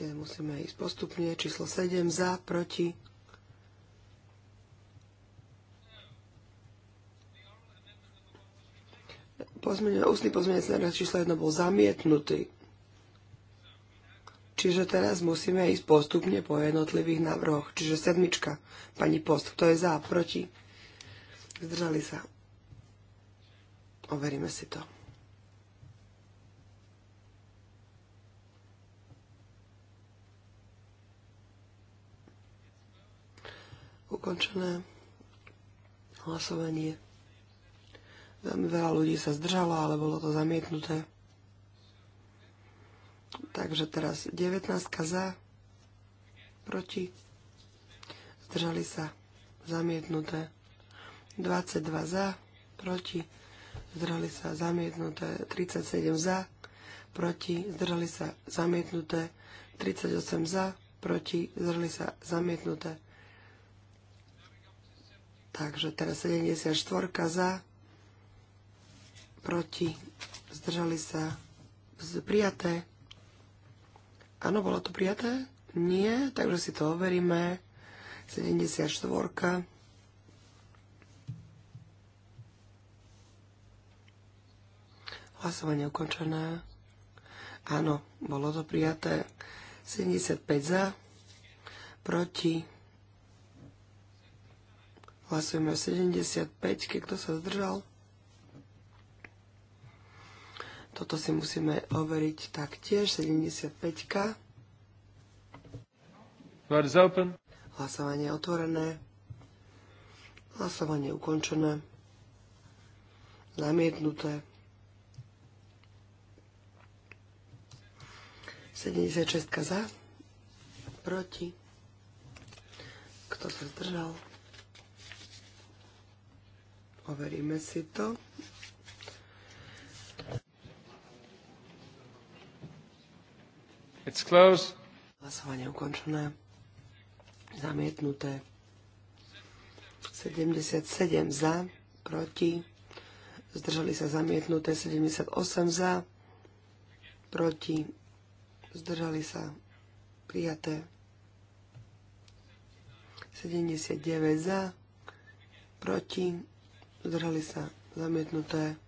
e, musíme ísť postupne. Číslo 7 za, proti. Pozmenia, ústny pozmeniac na číslo 1 bol zamietnutý. Čiže teraz musíme ísť postupne po jednotlivých návrhoch. Čiže sedmička, pani post, kto je za, proti. Zdržali sa. Overíme si to. Ukončené hlasovanie. Veľmi veľa ľudí sa zdržalo, ale bolo to zamietnuté. Takže teraz 19 za, proti, zdržali sa, zamietnuté. 22 za, proti, zdržali sa, zamietnuté. 37 za, proti, zdržali sa, zamietnuté. 38 za, proti, zdržali sa, zamietnuté. Takže teraz 74 za, proti, zdržali sa, prijaté. Áno, bolo to prijaté? Nie, takže si to overíme. 74. Hlasovanie ukončené. Áno, bolo to prijaté. 75 za, proti, Hlasujeme o 75, kto sa zdržal. Toto si musíme overiť taktiež. 75. is open. Hlasovanie otvorené. Hlasovanie ukončené. Zamietnuté. 76 za. Proti. Kto sa zdržal? Overíme si to. It's closed. Hlasovanie ukončené. Zamietnuté. 77 za, proti. Zdržali sa zamietnuté. 78 za, proti. Zdržali sa prijaté. 79 za, proti zdrhali sa zamietnuté.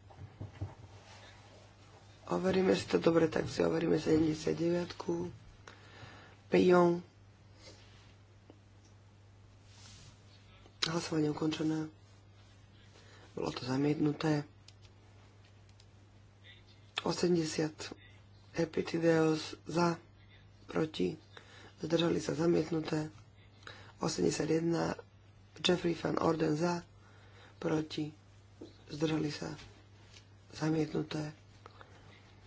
Overíme si to dobre, tak si overíme 79. Pejon. Hlasovanie ukončené. Bolo to zamietnuté. 80. Epitideos za, proti, zdržali sa zamietnuté. 81. Jeffrey van Orden za, proti, zdržali sa, zamietnuté.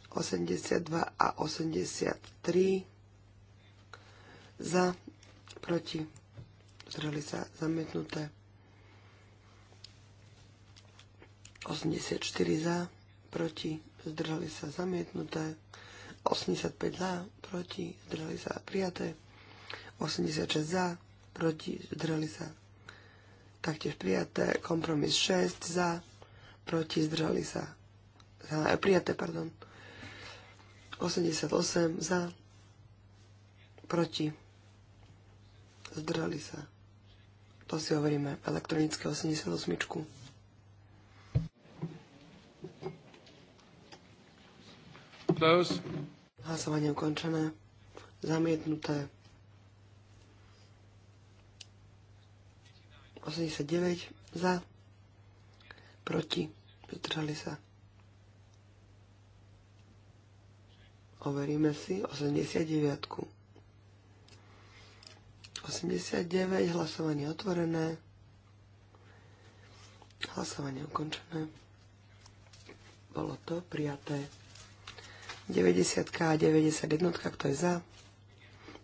82 a 83 za, proti, zdržali sa, zamietnuté. 84 za, proti, zdržali sa, zamietnuté. 85 za, proti, zdržali sa, prijaté. 86 za, proti, zdržali sa, taktiež prijaté, kompromis 6 za, proti, zdržali sa, za, e, prijaté, pardon, 88 za, proti, zdržali sa. To si hovoríme, elektronické 88. Close. Hlasovanie ukončené. Zamietnuté. 89 za, proti, zdržali sa. Overíme si 89. 89, hlasovanie otvorené, hlasovanie ukončené. Bolo to prijaté. 90 a 91, kto je za,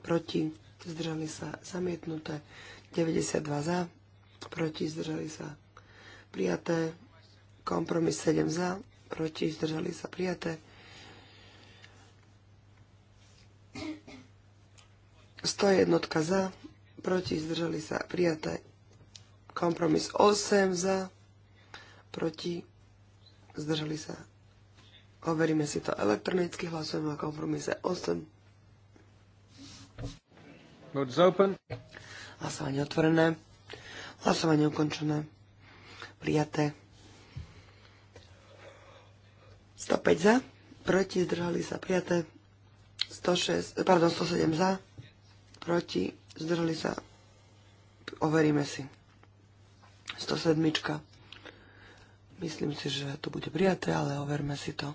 proti, zdržali sa, zamietnuté, 92 za, proti, zdržali sa prijaté. Kompromis 7 za, proti, zdržali sa prijaté. jednotka za, proti, zdržali sa prijaté. Kompromis 8 za, proti, zdržali sa. Overíme si to elektronicky, hlasujeme o kompromise 8. Hlasovanie otvorené. Hlasovanie ukončené. Prijaté. 105 za, proti, zdržali sa prijaté. 106, pardon, 107 za, proti, zdržali sa. Overíme si. 107. Myslím si, že to bude prijaté, ale overme si to.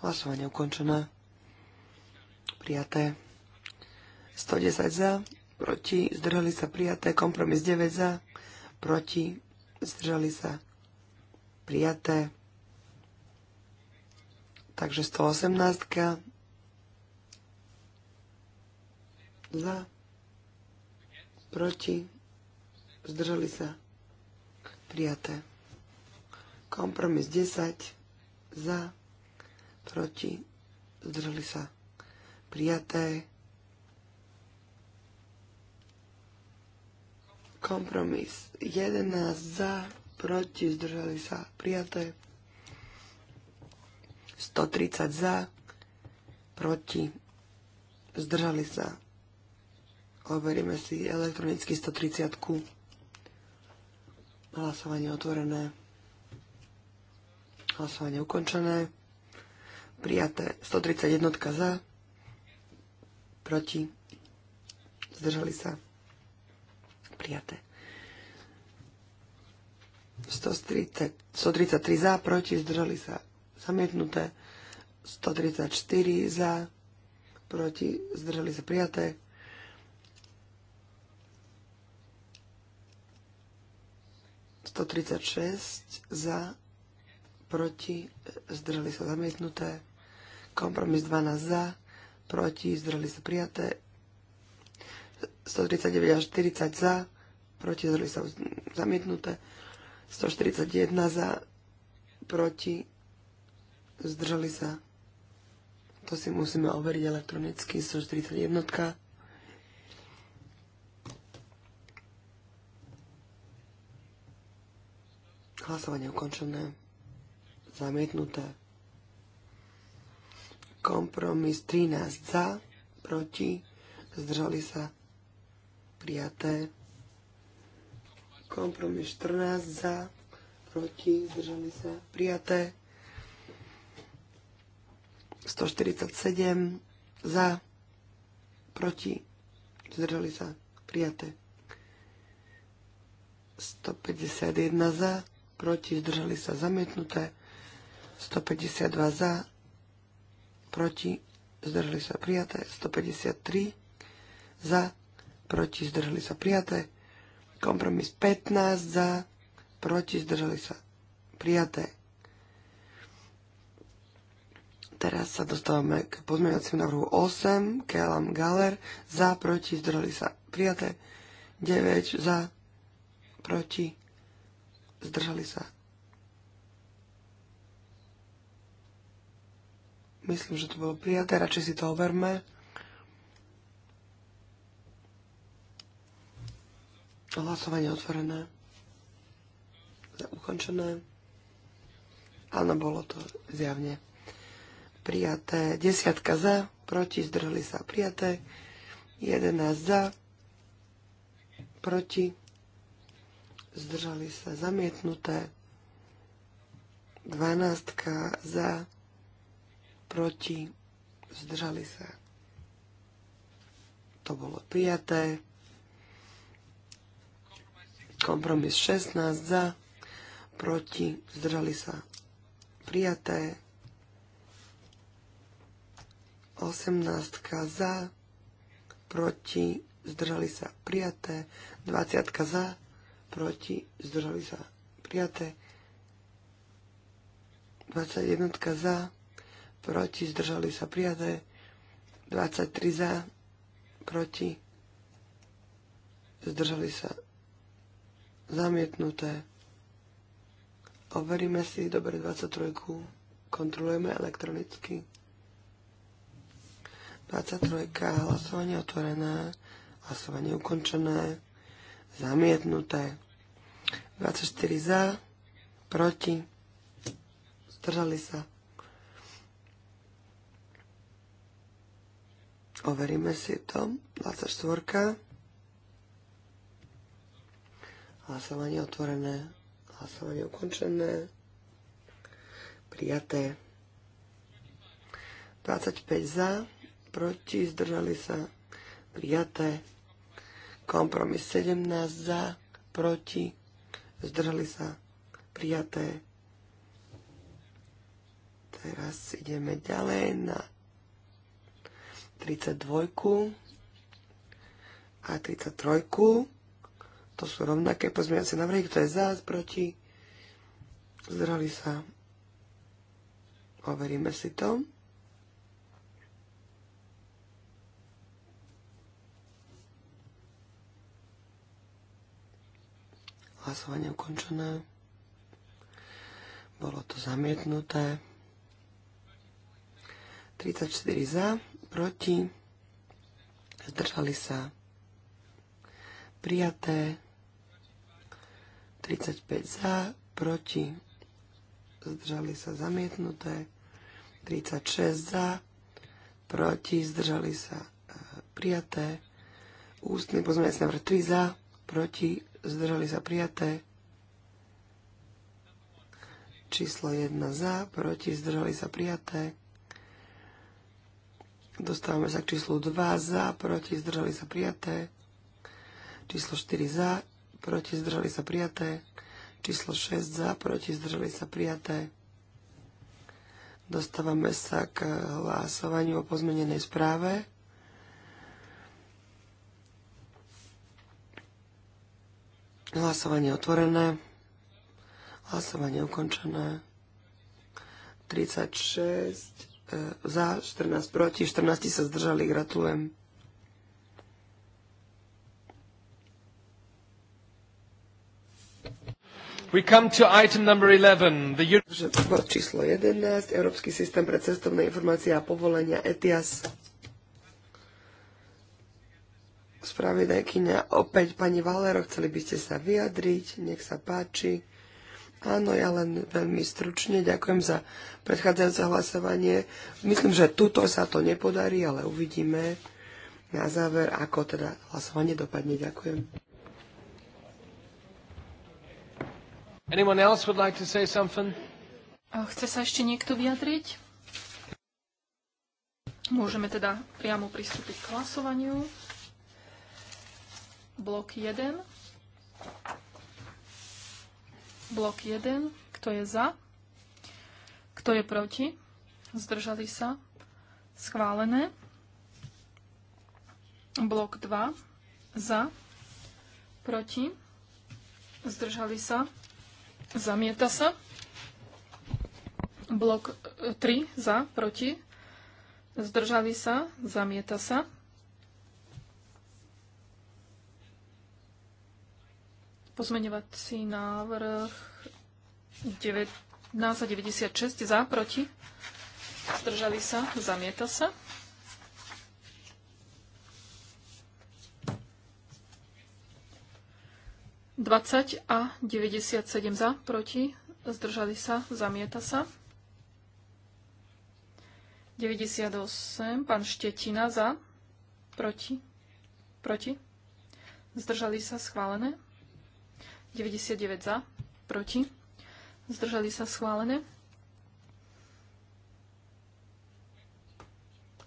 Hlasovanie ukončené. Prijaté. 110 za, proti, zdržali sa prijaté, kompromis 9 za, proti, zdržali sa prijaté. Takže 118 za, proti, zdržali sa prijaté. Kompromis 10 za, proti, zdržali sa prijaté. Kompromis 11 za, proti, zdržali sa, prijaté. 130 za, proti, zdržali sa. Overíme si elektronicky 130. -ku. Hlasovanie otvorené. Hlasovanie ukončené. Prijaté 131 za, proti, zdržali sa prijaté. 130, 133 za, proti, zdržali sa zamietnuté. 134 za, proti, zdržali sa prijaté. Sto tridsať šesť za, proti, zdržali sa zamietnuté. Kompromis 12 za, proti, zdržali sa prijaté. 139 až 40 za, proti zdržali sa zamietnuté, 141 za, proti zdržali sa, to si musíme overiť elektronicky, 141. Hlasovanie ukončené, zamietnuté. Kompromis 13 za, proti, zdržali sa, prijaté. Kompromis 14 za, proti, zdržali sa, prijaté. 147 za, proti, zdržali sa, prijaté. 151 za, proti, zdržali sa, zamietnuté. 152 za, proti, zdržali sa, prijaté. 153 za, proti, zdržali sa, prijaté. Kompromis 15 za, proti, zdržali sa prijaté. Teraz sa dostávame k pozmeňovacím návrhu 8, Kelam Galer, za, proti, zdržali sa prijaté. 9 za, proti, zdržali sa. Myslím, že to bolo prijaté, radšej si to overme. Hlasovanie otvorené. Ukončené. Áno, bolo to zjavne. Prijaté. Desiatka za, proti, zdrhli sa. Prijaté. 11 za, proti, zdržali sa. Zamietnuté. 12 za, proti, zdržali sa. To bolo prijaté. Kompromis 16 za, proti, zdržali sa prijaté. 18 za, proti, zdržali sa prijaté. 20 za, proti, zdržali sa prijaté. 21 za, proti, zdržali sa prijaté. 23 za, proti, zdržali sa Zamietnuté. Overíme si, dobre, 23. Kontrolujeme elektronicky. 23. Hlasovanie otvorené. Hlasovanie ukončené. Zamietnuté. 24 za. Proti. Zdržali sa. Overíme si to. 24. Hlasovanie otvorené. Hlasovanie ukončené. Prijaté. 25 za, proti, zdržali sa. Prijaté. Kompromis 17 za, proti, zdržali sa. Prijaté. Teraz ideme ďalej na 32 a 33. To sú rovnaké pozmeňovacie návrhy. Kto je za, proti? Zdrali sa. Overíme si to. Hlasovanie ukončené. Bolo to zamietnuté. 34 za, proti, zdržali sa prijaté 35 za, proti, zdržali sa zamietnuté, 36 za, proti, zdržali sa e, prijaté, ústny pozmeňujúci návrh 3 za, proti, zdržali sa prijaté, číslo 1 za, proti, zdržali sa prijaté, dostávame sa k číslu 2 za, proti, zdržali sa prijaté, číslo 4 za, proti zdržali sa prijaté. Číslo 6 za, proti zdržali sa prijaté. Dostávame sa k hlasovaniu o pozmenenej správe. Hlasovanie otvorené. Hlasovanie ukončené. 36 e, za, 14 proti, 14 sa zdržali. Gratulujem. We come to item number 11. Bod číslo 11. Európsky systém pre cestovné informácie a povolenia ETIAS. Spravidajkyňa. opäť pani Valero, chceli by ste sa vyjadriť, nech sa páči. Áno, ja len veľmi stručne ďakujem za predchádzajúce hlasovanie. Myslím, že tuto sa to nepodarí, ale uvidíme na záver, ako teda hlasovanie dopadne. Ďakujem. Anyone else would like to say something? Chce sa ešte niekto vyjadriť? Môžeme teda priamo pristúpiť k hlasovaniu. Blok 1. Blok 1. Kto je za? Kto je proti? Zdržali sa? Schválené. Blok 2. Za? Proti? Zdržali sa? Zamieta sa. Blok 3 e, za, proti. Zdržali sa. Zamieta sa. Pozmeňovací návrh 1996 za, proti. Zdržali sa. Zamieta sa. 20 a 97 za, proti, zdržali sa, zamieta sa. 98, pán Štetina za, proti, proti, zdržali sa, schválené. 99 za, proti, zdržali sa, schválené.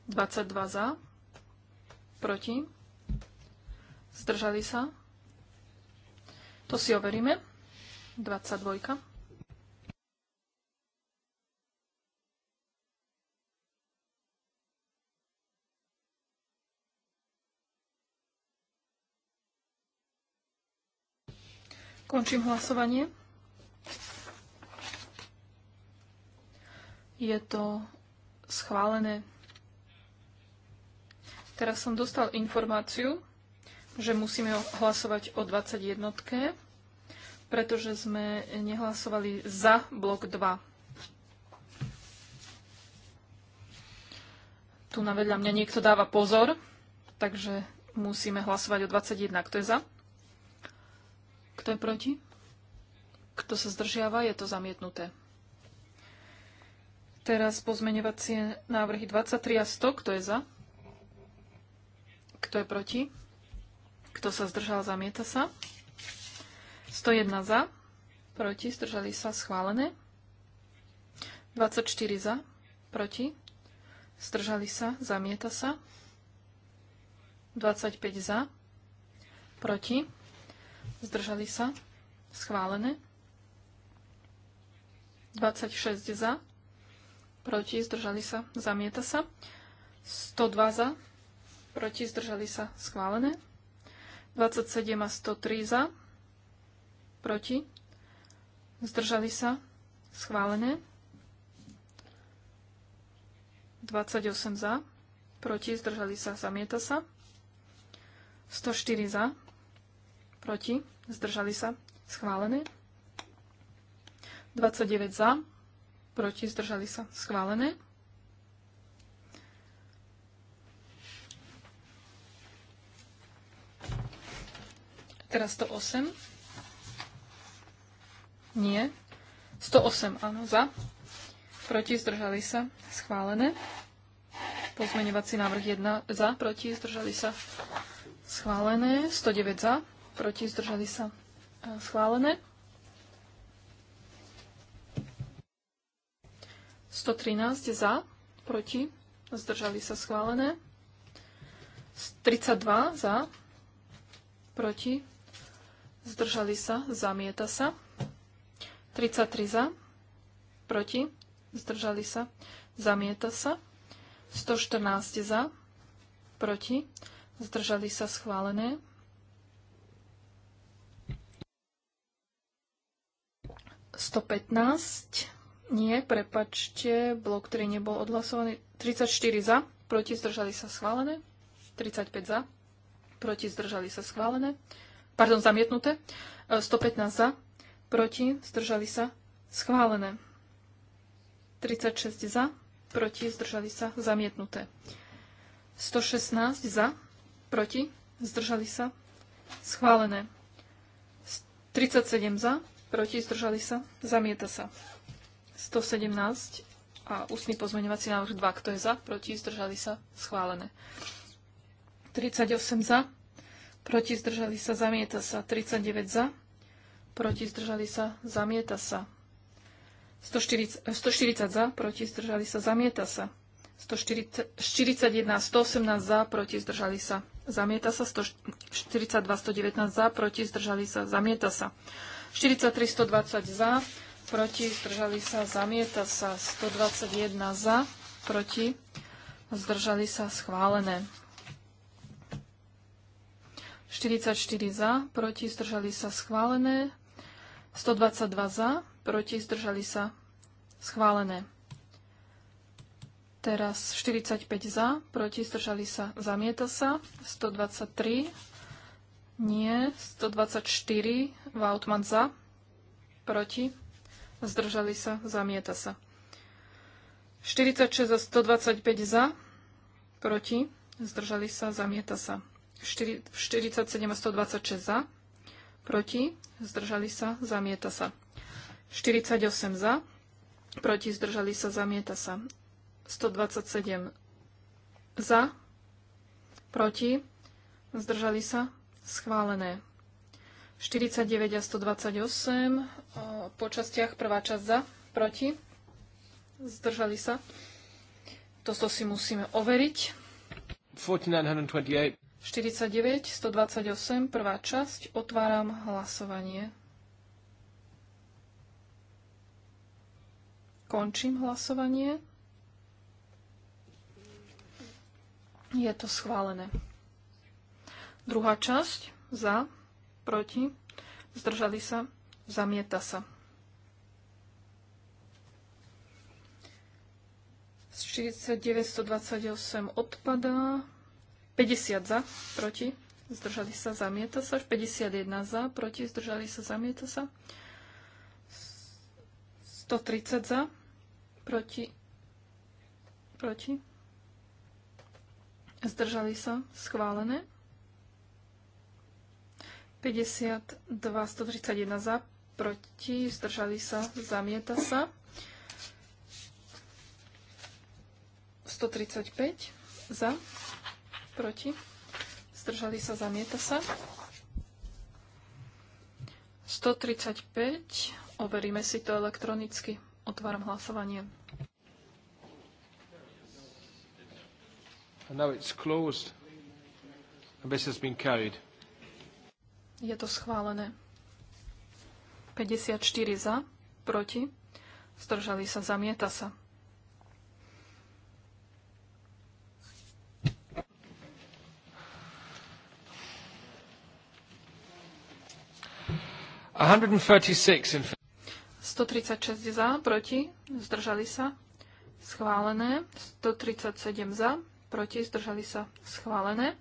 22 za, proti, zdržali sa, schválené. To si overíme. 22. Končím hlasovanie. Je to schválené. Teraz som dostal informáciu, že musíme hlasovať o 21, pretože sme nehlasovali za blok 2. Tu na vedľa mňa niekto dáva pozor, takže musíme hlasovať o 21. Kto je za? Kto je proti? Kto sa zdržiava? Je to zamietnuté. Teraz pozmeňovacie návrhy 23 a 100. Kto je za? Kto je proti? Kto sa zdržal, zamieta sa. 101 za, proti, zdržali sa, schválené. 24 za, proti, zdržali sa, zamieta sa. 25 za, proti, zdržali sa, schválené. 26 za, proti, zdržali sa, zamieta sa. 102 za, proti, zdržali sa, schválené. 27 a 103 za, proti, zdržali sa, schválené. 28 za, proti, zdržali sa, zamieta sa. 104 za, proti, zdržali sa, schválené. 29 za, proti, zdržali sa, schválené. Teraz 108. Nie. 108, áno, za. Proti, zdržali sa. Schválené. Pozmeňovací návrh 1 za, proti, zdržali sa. Schválené. 109 e, za, proti, zdržali sa. Schválené. 113 za, proti, zdržali sa schválené. 32 za, proti, zdržali sa, zamieta sa. 33 za, proti, zdržali sa, zamieta sa. 114 za, proti, zdržali sa, schválené. 115, nie, prepačte, blok, ktorý nebol odhlasovaný. 34 za, proti, zdržali sa, schválené. 35 za, proti, zdržali sa, schválené pardon, zamietnuté, 115 e, za, proti, zdržali sa, schválené. 36 za, proti, zdržali sa, zamietnuté. 116 za, proti, zdržali sa, schválené. 37 za, proti, zdržali sa, zamieta sa. 117 a ústny pozmeňovací návrh 2, kto je za, proti, zdržali sa, schválené. 38 za, proti zdržali sa, zamieta sa. 39 za, proti zdržali sa, zamieta sa. 140, 140 za, proti zdržali sa, zamieta sa. 141, 118 za, proti zdržali sa, zamieta sa. 142, 119 za, proti zdržali sa, zamieta sa. 43, 120 za, proti, zdržali sa, zamieta sa, 121 za, proti, zdržali sa, schválené. 44 za, proti zdržali sa schválené. 122 za, proti zdržali sa schválené. Teraz 45 za, proti zdržali sa, zamieta sa. 123 nie, 124 Vautman za, proti zdržali sa, zamieta sa. 46 a 125 za, proti zdržali sa, zamieta sa. 47 a 126 za, proti, zdržali sa, zamieta sa. 48 za, proti, zdržali sa, zamieta sa. 127 za, proti, zdržali sa, schválené. 49 a 128 po častiach, prvá časť za, proti, zdržali sa. Toto si musíme overiť. 4928. 49, 128, prvá časť. Otváram hlasovanie. Končím hlasovanie. Je to schválené. Druhá časť. Za, proti, zdržali sa, zamieta sa. 49, 128 odpadá. 50 za, proti, zdržali sa, zamieta sa. 51 za, proti, zdržali sa, zamieta sa. 130 za, proti, proti, zdržali sa, schválené. 52, 131 za, proti, zdržali sa, zamieta sa. 135 za, proti, zdržali sa, zamieta sa. 135, overíme si to elektronicky. Otváram hlasovanie. And now it's closed. And this has been carried. Je to schválené. 54 za, proti, zdržali sa, zamieta sa. 136 za, proti, zdržali sa, schválené. 137 za, proti, zdržali sa, schválené.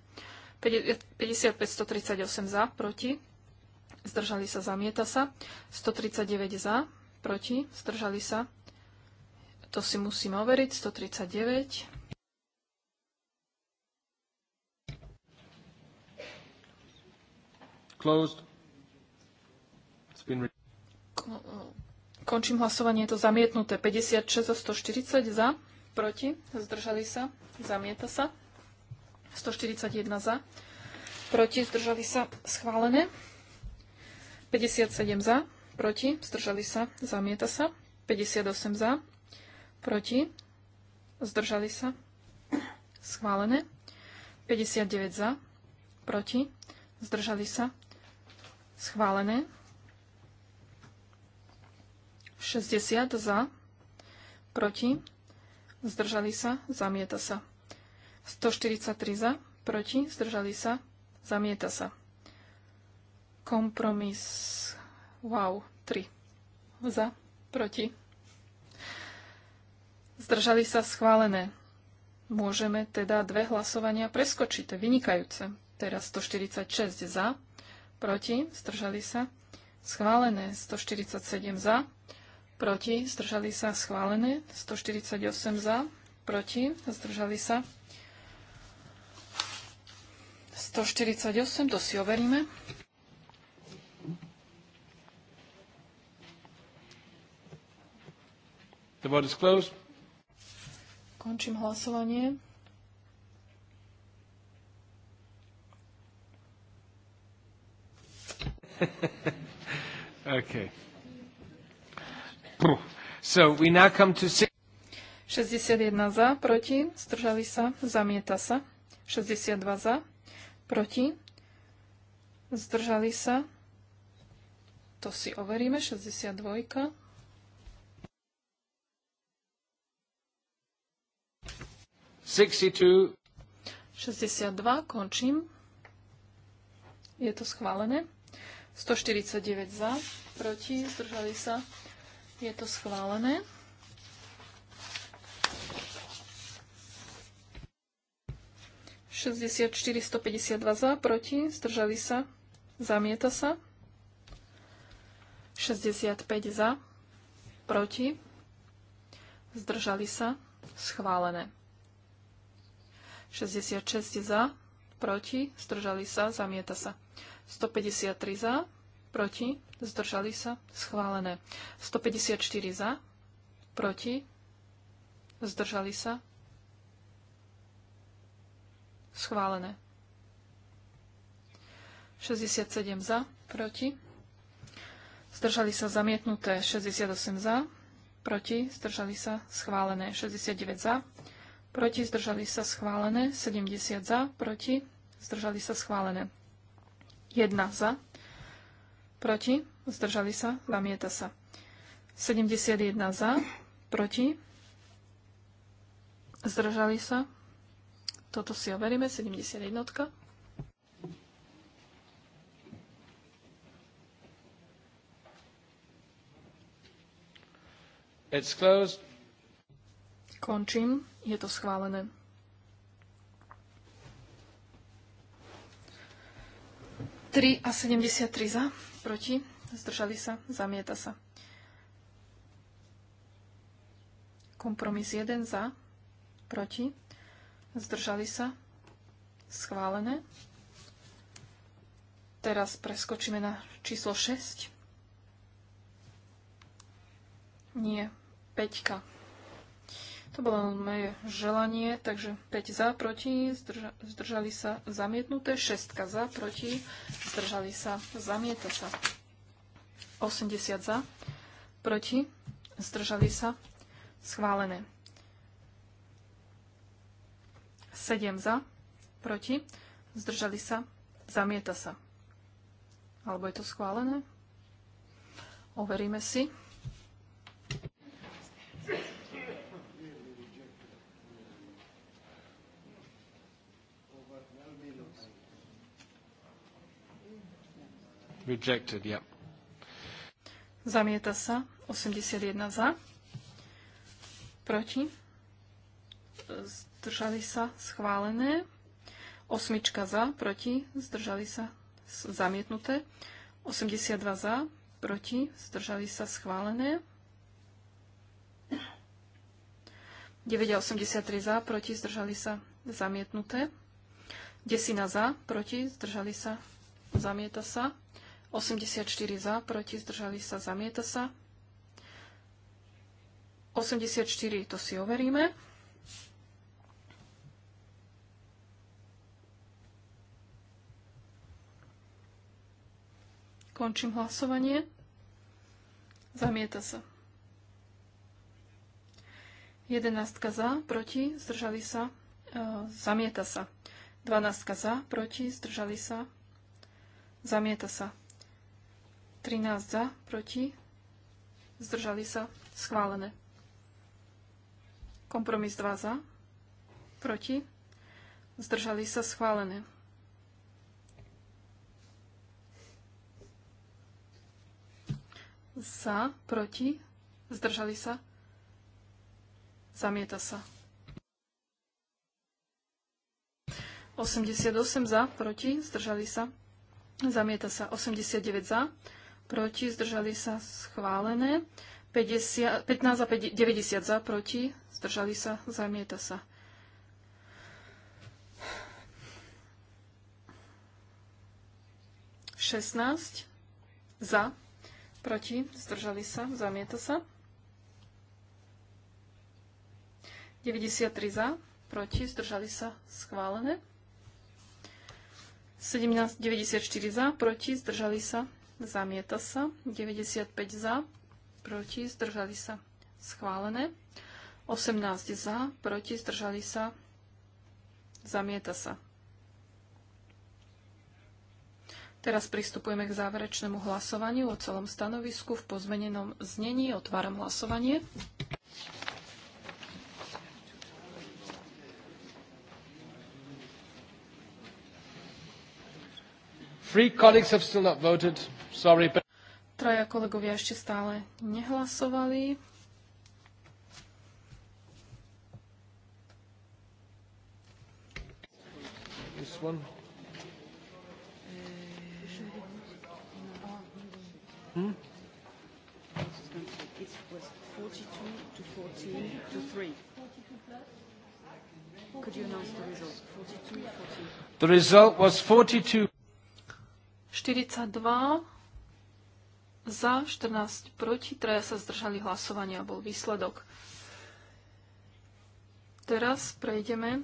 55-138 za, proti, zdržali sa, zamieta sa. 139 za, proti, zdržali sa. To si musíme overiť. 139. Closed. Končím hlasovanie, je to zamietnuté. 56 a 140 za, proti, zdržali sa, zamieta sa. 141 za, proti, zdržali sa, schválené. 57 za, proti, zdržali sa, zamieta sa. 58 za, proti, zdržali sa, schválené. 59 za, proti, zdržali sa, schválené. 60 za, proti, zdržali sa, zamieta sa. 143 za, proti, zdržali sa, zamieta sa. Kompromis, wow, 3 za, proti. Zdržali sa schválené. Môžeme teda dve hlasovania preskočiť, vynikajúce. Teraz 146 za, proti, zdržali sa, schválené 147 za, proti, zdržali sa schválené, 148 za, proti, zdržali sa 148, to si overíme. The vote is closed. Končím hlasovanie. (laughs) okay. So we now come to 61 za, proti, zdržali sa, zamieta sa. 62 za, proti, zdržali sa. To si overíme, 62. Šestdesiat dva, 62, končím. Je to schválené. 149 za, proti, zdržali sa, je to schválené. Šesťdesiat za, proti, zdržali sa, zamieta sa. 65 za, proti, zdržali sa, schválené. 66 za, proti, zdržali sa, zamieta sa. 153 za, proti, zdržali sa, schválené. 154 za, proti, zdržali sa, schválené. 67 za, proti, zdržali sa zamietnuté 68 za, proti, zdržali sa, schválené 69 za, proti, zdržali sa, schválené 70 za, proti, zdržali sa, schválené 1 za, proti, zdržali sa, zamieta sa. 71 za, proti, zdržali sa. Toto si overíme, 71. It's closed. Končím. Je to schválené. Tri a 73 za proti, zdržali sa, zamieta sa. Kompromis 1 za, proti, zdržali sa, schválené. Teraz preskočíme na číslo 6. Nie, 5. To bolo moje želanie, takže 5 za, proti, zdrža, zdržali sa zamietnuté, 6 za, proti, zdržali sa, zamieta sa. 80 za, proti, zdržali sa, schválené. 7 za, proti, zdržali sa, zamieta sa. Alebo je to schválené? Overíme si. Rejected, yeah. Zamieta sa. 81 za. Proti. Zdržali sa. Schválené. Osmička za. Proti. Zdržali sa. Zamietnuté. 82 za. Proti. Zdržali sa. Schválené. 9 a 83 za, proti, zdržali sa, zamietnuté. Desina za, proti, zdržali sa, zamieta sa. 84 za, proti, zdržali sa, zamieta sa. 84 to si overíme. Končím hlasovanie. Zamieta sa. 11 za, proti, zdržali sa, e, zamieta sa. 12 za, proti, zdržali sa, zamieta sa. 13 za, proti, zdržali sa, schválené. Kompromis 2 za, proti, zdržali sa, schválené. Za, proti, zdržali sa, zamieta sa. 88 za, proti, zdržali sa, zamieta sa. 89 za, proti, zdržali sa schválené. 50, 15 a 50, 90 za, proti, zdržali sa, zamieta sa. Šestnáct za, proti, zdržali sa, zamieta sa. 93 za, proti, zdržali sa, schválené. 17, 94 za, proti, zdržali sa, zamieta sa. 95 za, proti, zdržali sa, schválené. 18 za, proti, zdržali sa, zamieta sa. Teraz pristupujeme k záverečnému hlasovaniu o celom stanovisku v pozmenenom znení. Otváram hlasovanie. Three colleagues have still not voted. Sorry, but... Traja kolegovia ešte stále nehlasovali. This one. Hmm? It was 42 to 14 to 3. Could you announce the result? 42 to 14. The result was 42 42 za, 14 proti, 3 sa zdržali hlasovania, bol výsledok. Teraz prejdeme.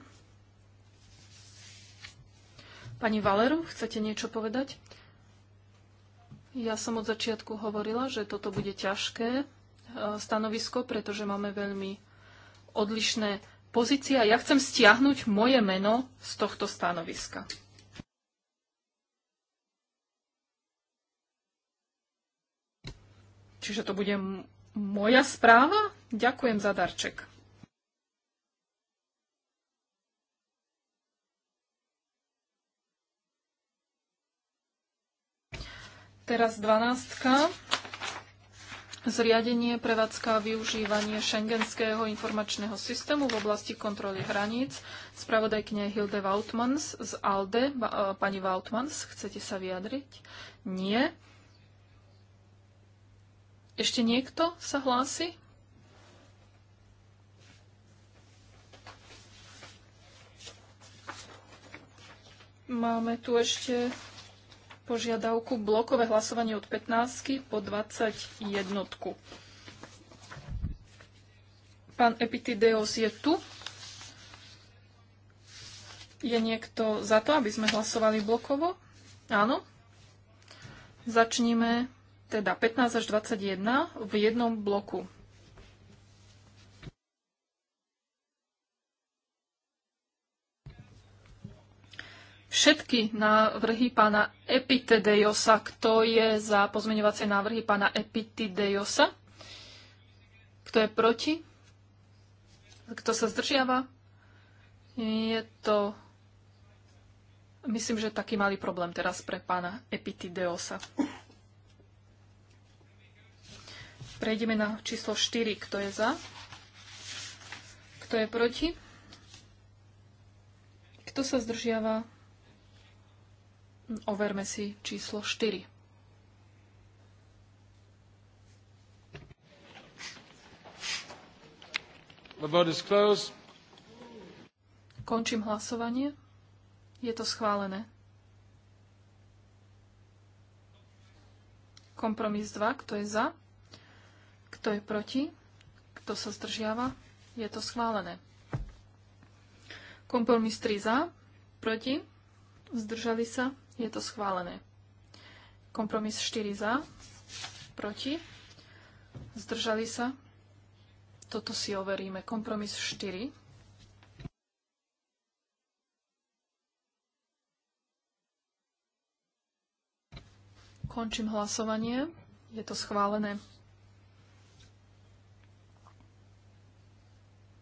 Pani Valeru, chcete niečo povedať? Ja som od začiatku hovorila, že toto bude ťažké e, stanovisko, pretože máme veľmi odlišné pozície a ja chcem stiahnuť moje meno z tohto stanoviska. Čiže to bude moja správa? Ďakujem za darček. Teraz dvanáctka. Zriadenie, prevádzka a využívanie šengenského informačného systému v oblasti kontroly hraníc. Spravodajkňa Hilde Vautmans z ALDE. E, pani Vautmans, chcete sa vyjadriť? Nie. Ešte niekto sa hlási? Máme tu ešte požiadavku blokové hlasovanie od 15 po 21. Pán Epitideos je tu. Je niekto za to, aby sme hlasovali blokovo? Áno. Začníme teda 15 až 21 v jednom bloku. Všetky návrhy pána Epitedejosa, kto je za pozmeňovacie návrhy pána Epitedejosa? Kto je proti? Kto sa zdržiava? Je to... Myslím, že taký malý problém teraz pre pána Epitideosa prejdeme na číslo 4. Kto je za? Kto je proti? Kto sa zdržiava? Overme si číslo 4. The vote is closed. Končím hlasovanie. Je to schválené. Kompromis 2. Kto je za? Kto je proti? Kto sa zdržiava? Je to schválené. Kompromis 3 za, proti, zdržali sa, je to schválené. Kompromis 4 za, proti, zdržali sa, toto si overíme. Kompromis 4. Končím hlasovanie. Je to schválené.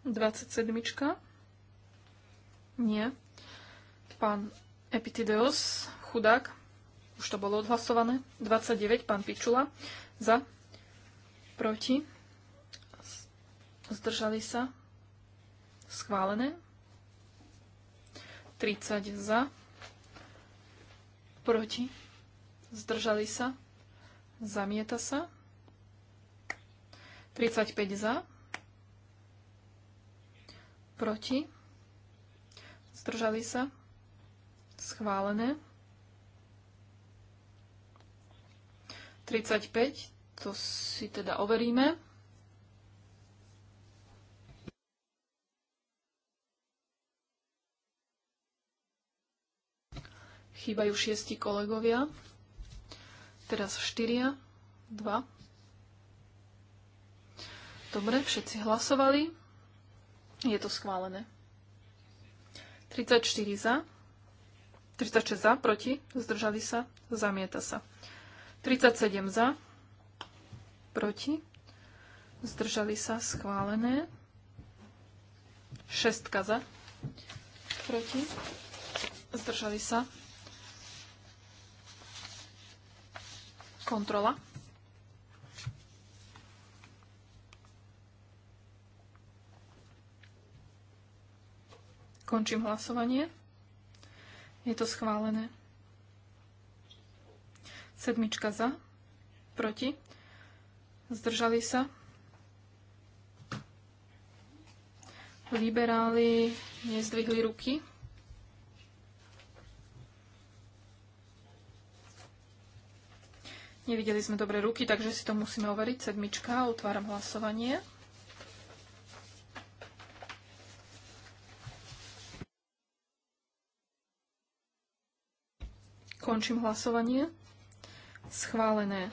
27. Nie. Pán Epitideos, chudák, už to bolo odhlasované. 29. Pán Pičula, za, proti, zdržali sa, schválené. 30 za, proti, zdržali sa, zamieta sa. 35 za, Proti? Zdržali sa? Schválené. 35, to si teda overíme. Chýbajú šiesti kolegovia. Teraz štyria, dva. Dobre, všetci hlasovali. Je to schválené. 34 za. 36 za, proti, zdržali sa, zamieta sa. 37 za, proti, zdržali sa, schválené. 6 za, proti, zdržali sa. Kontrola. Končím hlasovanie. Je to schválené. Sedmička za, proti, zdržali sa. Liberáli nezdvihli ruky. Nevideli sme dobré ruky, takže si to musíme overiť. Sedmička, otváram hlasovanie. Končím hlasovanie. Schválené.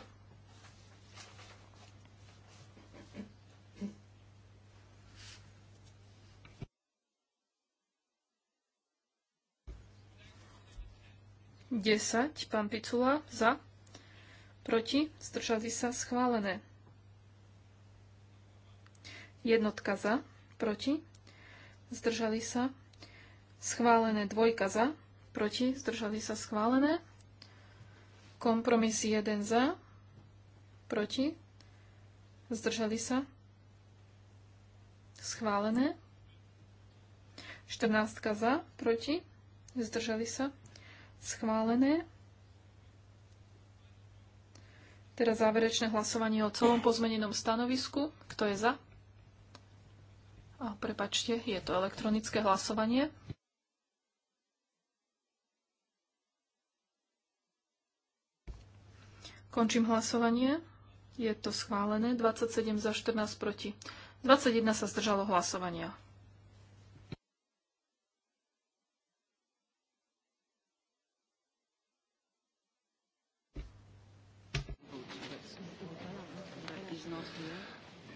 Desať, pán Picula, za. Proti, zdržali sa, schválené. Jednotka za, proti, zdržali sa, schválené dvojka za, proti, zdržali sa schválené. Kompromis 1 za, proti, zdržali sa schválené. 14 za, proti, zdržali sa schválené. Teraz záverečné hlasovanie o celom pozmenenom stanovisku. Kto je za? A prepačte, je to elektronické hlasovanie. Končím hlasovanie. Je to schválené. 27 za 14 proti. 21 sa zdržalo hlasovania.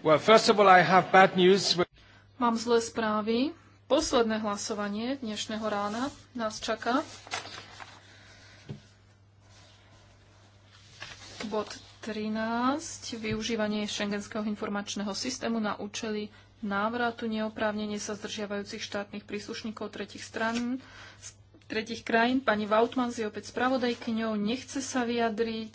Well, first of all, I have bad news. Mám zlé správy. Posledné hlasovanie dnešného rána nás čaká. Bod 13. Využívanie šengenského informačného systému na účely návratu neoprávnenie sa zdržiavajúcich štátnych príslušníkov tretich stran tretich krajín. Pani Vautman je opäť spravodajkyňou, nechce sa vyjadriť.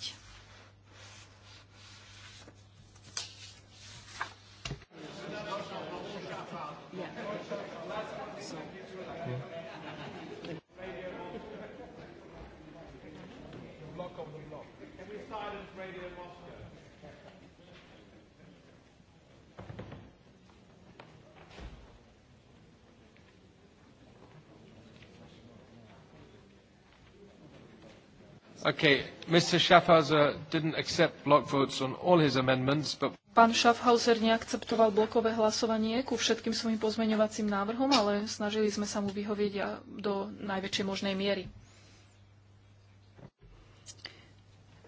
Okay, Mr. Schaffhauser didn't accept block votes on all his amendments, but... Pán Schaffhauser neakceptoval blokové hlasovanie ku všetkým svojim pozmeňovacím návrhom, ale snažili sme sa mu vyhovieť do najväčšej možnej miery.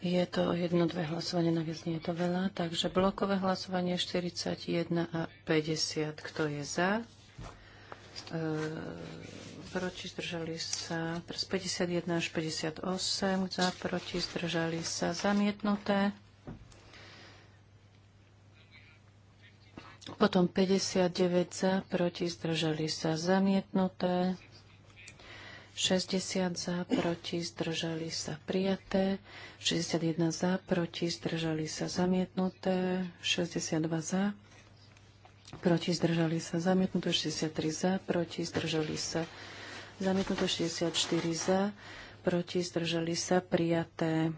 Je to jedno, dve hlasovanie, naviac nie je to veľa. Takže blokové hlasovanie 41 a 50. Kto je za? E, proti, zdržali sa. Teraz 51 až 58, za, proti, zdržali sa, zamietnuté. Potom 59 za, proti, zdržali sa, zamietnuté. 60 za, proti, zdržali sa prijaté, 61 za, proti, zdržali sa zamietnuté, 62 za, proti, zdržali sa zamietnuté, 63 za, proti, zdržali sa Zamietnuté 64 za, proti zdržali sa prijaté.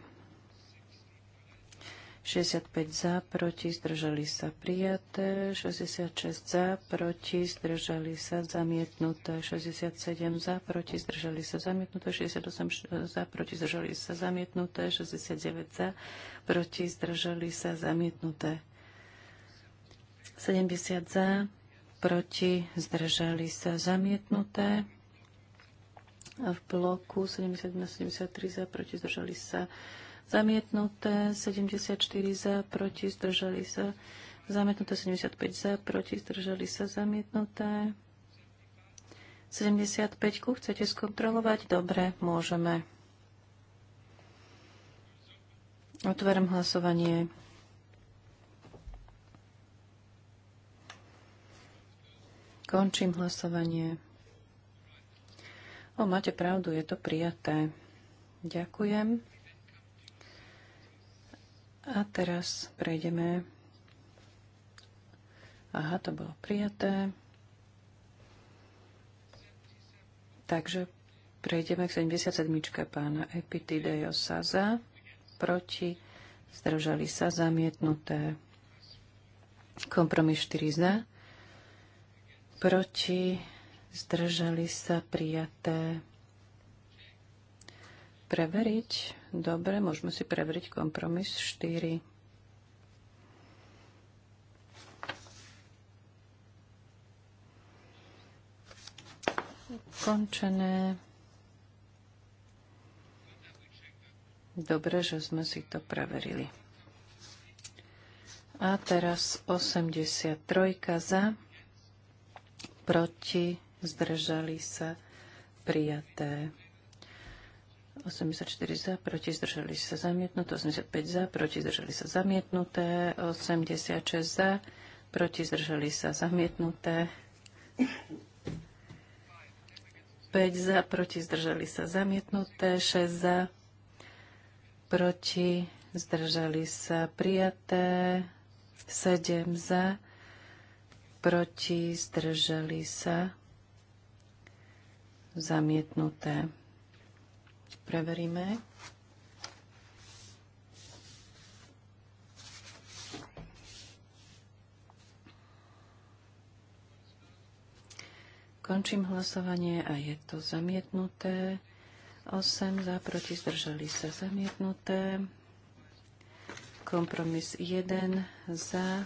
65 za, proti, zdržali sa prijaté, 66 za, proti, zdržali sa zamietnuté, 67 za, proti, zdržali sa zamietnuté, 68 za, proti, zdržali sa zamietnuté, 69 za, proti, zdržali sa zamietnuté, 70 za, proti, zdržali sa zamietnuté, v bloku 71-73 za, proti zdržali sa zamietnuté, 74 za, proti zdržali sa zamietnuté, 75 za, proti zdržali sa zamietnuté. 75 chcete skontrolovať? Dobre, môžeme. Otváram hlasovanie. Končím hlasovanie. O, máte pravdu, je to prijaté. Ďakujem. A teraz prejdeme. Aha, to bolo prijaté. Takže prejdeme k 77. pána Epitideo Saza. Proti zdržali sa zamietnuté. Kompromis 4 za. Proti zdržali sa prijaté. Preveriť. Dobre, môžeme si preveriť kompromis 4. Končené. Dobre, že sme si to preverili. A teraz 83 za, proti zdržali sa, prijaté. 84 za, proti zdržali sa zamietnuté, 85 za, proti zdržali sa zamietnuté, 86 za, proti zdržali sa zamietnuté, 5 za, proti zdržali sa zamietnuté, 6 za, proti zdržali sa prijaté, 7 za, proti zdržali sa zamietnuté. Preveríme. Končím hlasovanie a je to zamietnuté. 8 za, proti, zdržali sa zamietnuté. Kompromis 1 za,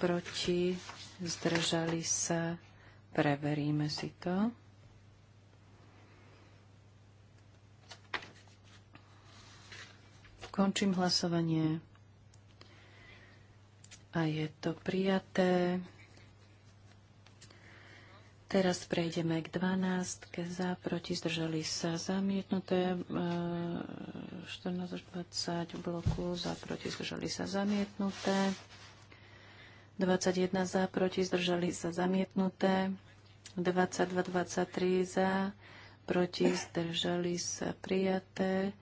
proti, zdržali sa. Preveríme si to. Končím hlasovanie. A je to prijaté. Teraz prejdeme k 12. Za, proti, zdržali sa zamietnuté. 14 e, až 20 v bloku. Za, proti, zdržali sa zamietnuté. 21 za, proti, zdržali sa zamietnuté. 22, 23 za, proti, zdržali sa prijaté.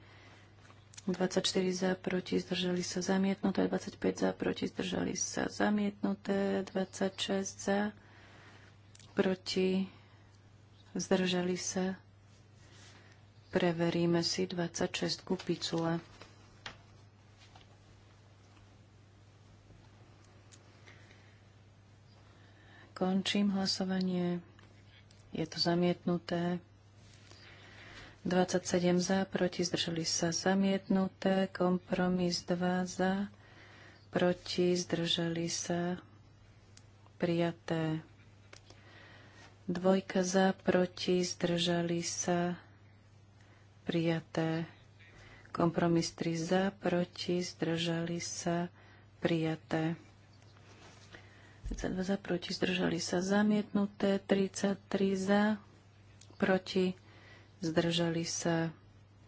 24 za, proti, zdržali sa zamietnuté, 25 za, proti, zdržali sa zamietnuté, 26 za, proti, zdržali sa. Preveríme si 26 kupicule. Končím hlasovanie. Je to zamietnuté. 27 za, proti, zdržali sa zamietnuté, kompromis 2 za, proti, zdržali sa prijaté. Dvojka za, proti, zdržali sa prijaté. Kompromis 3 za, proti, zdržali sa prijaté. 32 za, proti, zdržali sa zamietnuté, 33 za, proti, zdržali sa,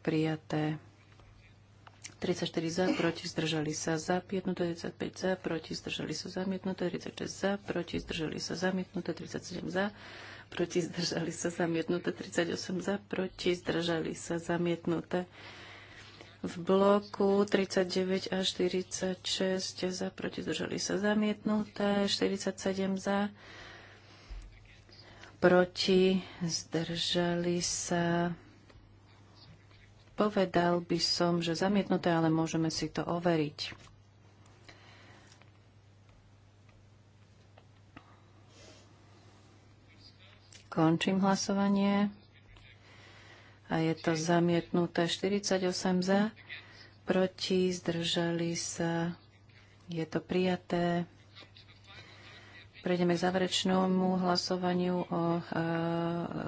prijaté. 34 za, proti, zdržali sa, zamietnuté, 35 za, proti, zdržali sa, zamietnuté, 36 za, proti, zdržali sa, zamietnuté, 37 za, proti, zdržali sa, zamietnuté, 38 za, proti, zdržali sa, zamietnuté. V bloku 39 a 46 za, proti, zdržali sa, zamietnuté, 47 za, proti, zdržali sa. Povedal by som, že zamietnuté, ale môžeme si to overiť. Končím hlasovanie. A je to zamietnuté 48 za, proti, zdržali sa. Je to prijaté prejdeme k záverečnému hlasovaniu o e,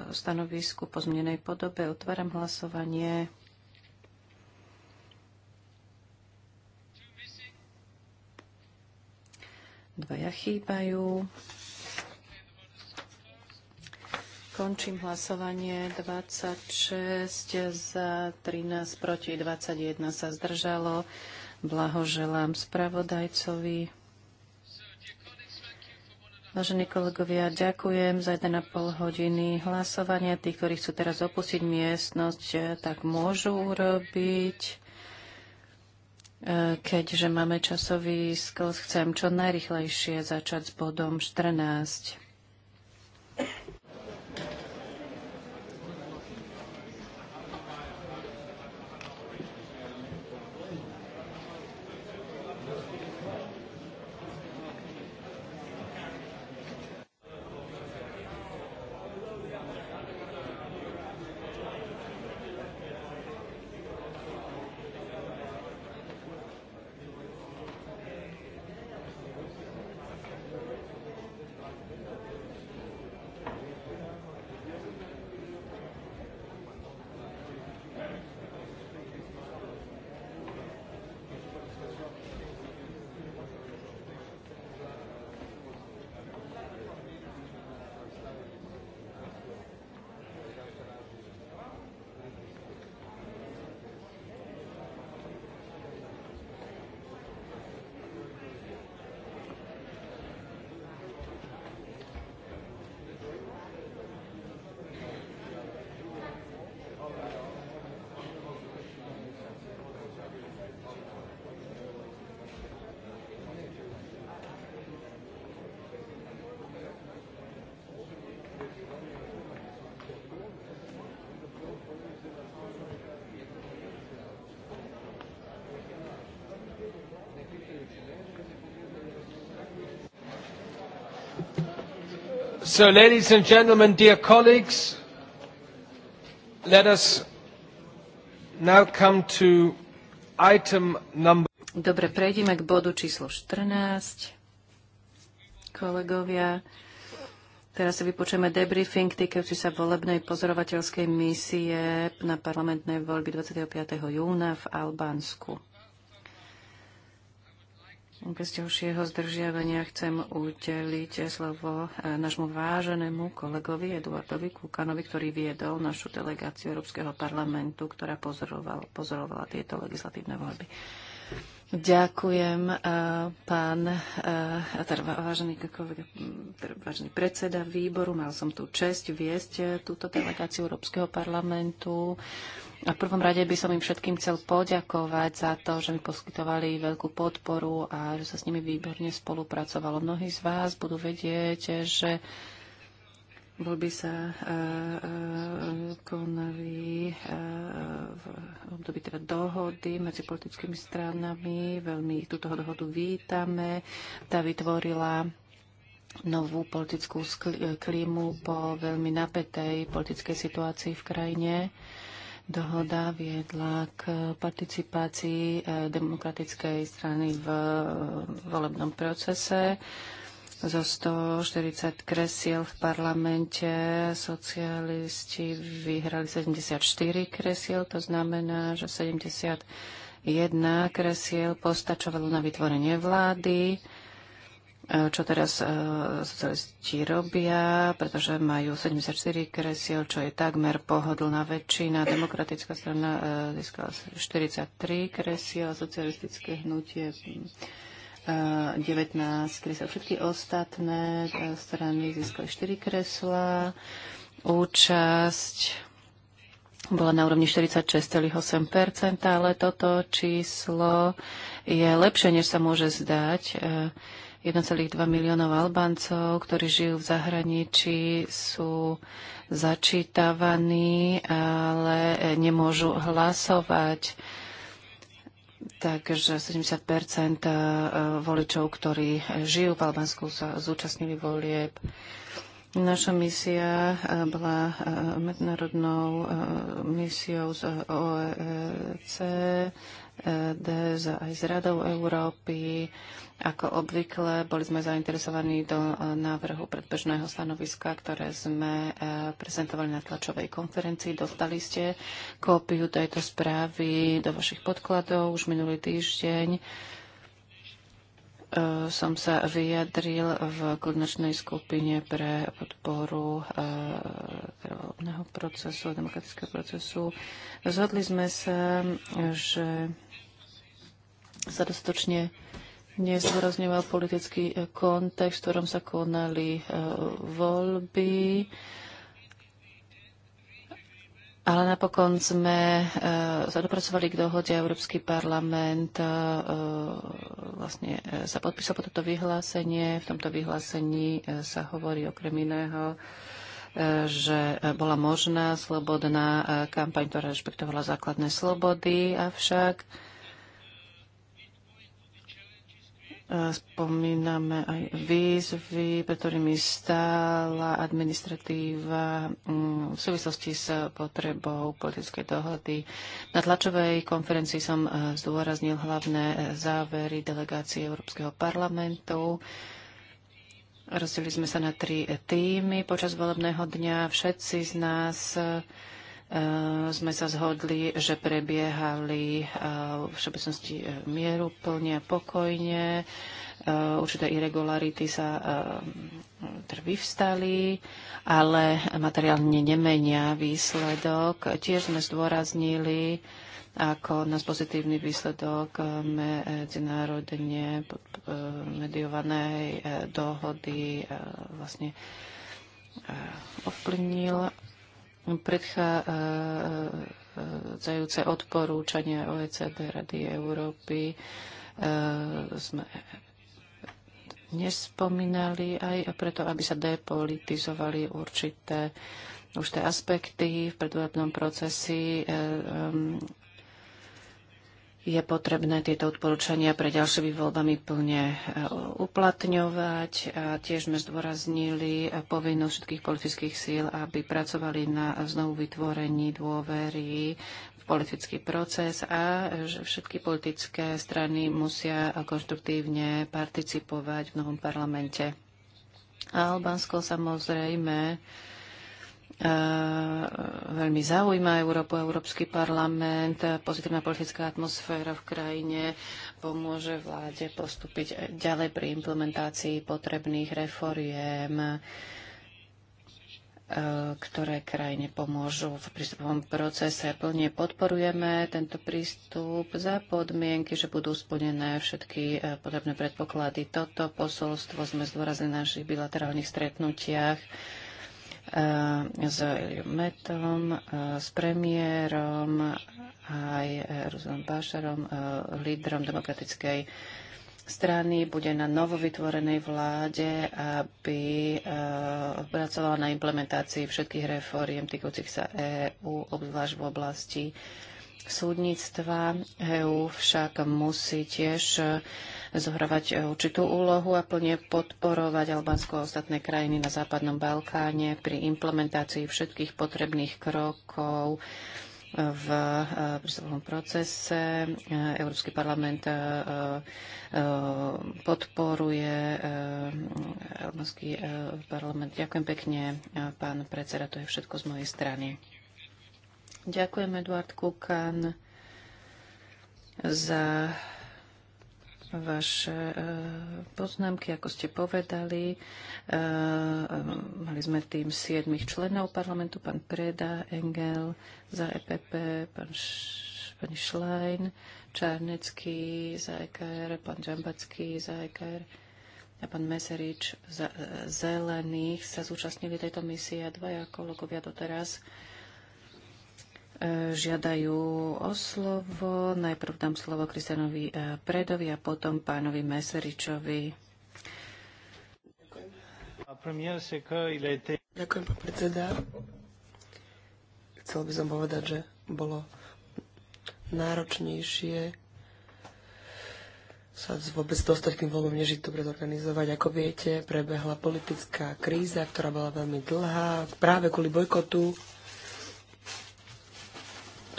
stanovisku po zmenenej podobe. Otváram hlasovanie. Dvaja chýbajú. Končím hlasovanie. 26 za, 13 proti, 21 sa zdržalo. Blahoželám spravodajcovi. Vážení kolegovia, ďakujem za 1,5 hodiny hlasovania. Tí, ktorí chcú teraz opustiť miestnosť, tak môžu urobiť. E, keďže máme časový skos, chcem čo najrychlejšie začať s bodom 14. So, ladies and gentlemen, dear colleagues, let us now come to item number... Dobre, prejdeme k bodu číslo 14. Kolegovia, teraz sa vypočujeme debriefing týkajúci sa volebnej pozorovateľskej misie na parlamentné voľby 25. júna v Albánsku. Bez ďalšieho zdržiavania chcem udeliť slovo e, nášmu váženému kolegovi Eduardovi Kukanovi, ktorý viedol našu delegáciu Európskeho parlamentu, ktorá pozorovala, pozorovala tieto legislatívne voľby. Ďakujem, eh, pán, eh, teda vážený, teda vážený predseda výboru. Mal som tú čest viesť eh, túto delegáciu Európskeho parlamentu. A v prvom rade by som im všetkým chcel poďakovať za to, že mi poskytovali veľkú podporu a že sa s nimi výborne spolupracovalo. Mnohí z vás budú vedieť, že Voľby sa e, e, konali e, v období teda dohody medzi politickými stranami. Veľmi túto dohodu vítame. Tá vytvorila novú politickú klímu po veľmi napätej politickej situácii v krajine. Dohoda viedla k participácii demokratickej strany v volebnom procese zo 140 kresiel v parlamente socialisti vyhrali 74 kresiel, to znamená, že 71 kresiel postačovalo na vytvorenie vlády e, čo teraz e, socialisti robia, pretože majú 74 kresiel, čo je takmer pohodlná väčšina. Demokratická strana e, získala 43 kresiel, socialistické hnutie 19 kresel. Všetky ostatné e, strany získali 4 kreslá. Účasť bola na úrovni 46,8%, ale toto číslo je lepšie, než sa môže zdať. 1,2 e, miliónov Albáncov, ktorí žijú v zahraničí, sú začítavaní, ale nemôžu hlasovať. Takže 70 e, voličov, ktorí žijú v Albánsku, sa zúčastnili volieb. Naša misia e, bola e, medzinárodnou misiou z OECD, D, aj z Radou Európy. Ako obvykle boli sme zainteresovaní do e, návrhu predbežného stanoviska, ktoré sme e, prezentovali na tlačovej konferencii. Dostali ste kópiu tejto správy do vašich podkladov už minulý týždeň. E, som sa vyjadril v koordinačnej skupine pre podporu procesu, demokratického procesu. Zhodli sme sa, že sa dostočne nezdôrazňoval politický e, kontext, v ktorom sa konali e, voľby. Ale napokon sme e, sa dopracovali k dohode Európsky parlament vlastne sa podpísal po toto vyhlásenie. V tomto vyhlásení sa hovorí okrem iného, že bola možná slobodná kampaň, ktorá rešpektovala základné slobody, avšak Spomíname aj výzvy, pre ktorými stála administratíva mm, v súvislosti s potrebou politickej dohody. Na tlačovej konferencii som eh, zdôraznil hlavné eh, závery delegácie Európskeho parlamentu. Rozdelili sme sa na tri eh, týmy počas volebného dňa. Všetci z nás Eh, sme sa zhodli, že prebiehali eh, v všeobecnosti eh, mieru plne pokojne. Určité irregularity sa teda vyvstali, ale materiálne nemenia výsledok. Tiež sme zdôraznili, ako nás pozitívny výsledok medzinárodne mediovanej dohody vlastne ovplyvnil predchádzajúce odporúčania OECD Rady Európy e, sme nespomínali aj preto, aby sa depolitizovali určité už tie aspekty v predvolebnom procesi e, je potrebné tieto odporúčania pre ďalšími voľbami plne e, uplatňovať. A tiež sme zdôraznili povinnosť všetkých politických síl, aby pracovali na znovu vytvorení dôvery v politický proces a že všetky politické strany musia konštruktívne participovať v novom parlamente. A Albánsko samozrejme Ehm, veľmi zaujíma Európu, Európsky parlament. Pozitívna politická atmosféra v krajine pomôže vláde postúpiť ďalej pri implementácii potrebných reforiem ehm, ktoré krajine pomôžu v prístupovom procese. Plne podporujeme tento prístup za podmienky, že budú splnené všetky e, potrebné predpoklady. Toto posolstvo sme zdôrazili na našich bilaterálnych stretnutiach Eh, s Metom, eh, s premiérom, aj eh, Ruzom Bašarom, lídrom demokratickej strany, bude na novovytvorenej vláde, aby pracovala na implementácii všetkých reforiem týkajúcich sa EÚ, obzvlášť v oblasti súdnictva. EÚ však musí tiež zohrávať e, určitú úlohu a plne podporovať Albánsko a ostatné krajiny na Západnom Balkáne pri implementácii všetkých potrebných krokov e, v prístupovom e, procese. Európsky parlament podporuje Európsky parlament. Ďakujem pekne, pán predseda, to je všetko z mojej strany. Ďakujem, Eduard Kukan, za vaše e, poznámky, ako ste povedali. E, e, mali sme tým siedmých členov parlamentu, pán Preda, Engel, za EPP, pán Š- pani Schlein, Čarnecký za EKR, pán Džambacký za EKR a pán Meserič za Zelených sa zúčastnili tejto misie a dvaja kolegovia doteraz žiadajú o slovo. Najprv dám slovo Kristianovi e, Predovi a potom pánovi Meseričovi. Ďakujem, pán predseda. Chcel by som povedať, že bolo náročnejšie sa vôbec dostať k tým voľbom, než ich dobre zorganizovať. Ako viete, prebehla politická kríza, ktorá bola veľmi dlhá, práve kvôli bojkotu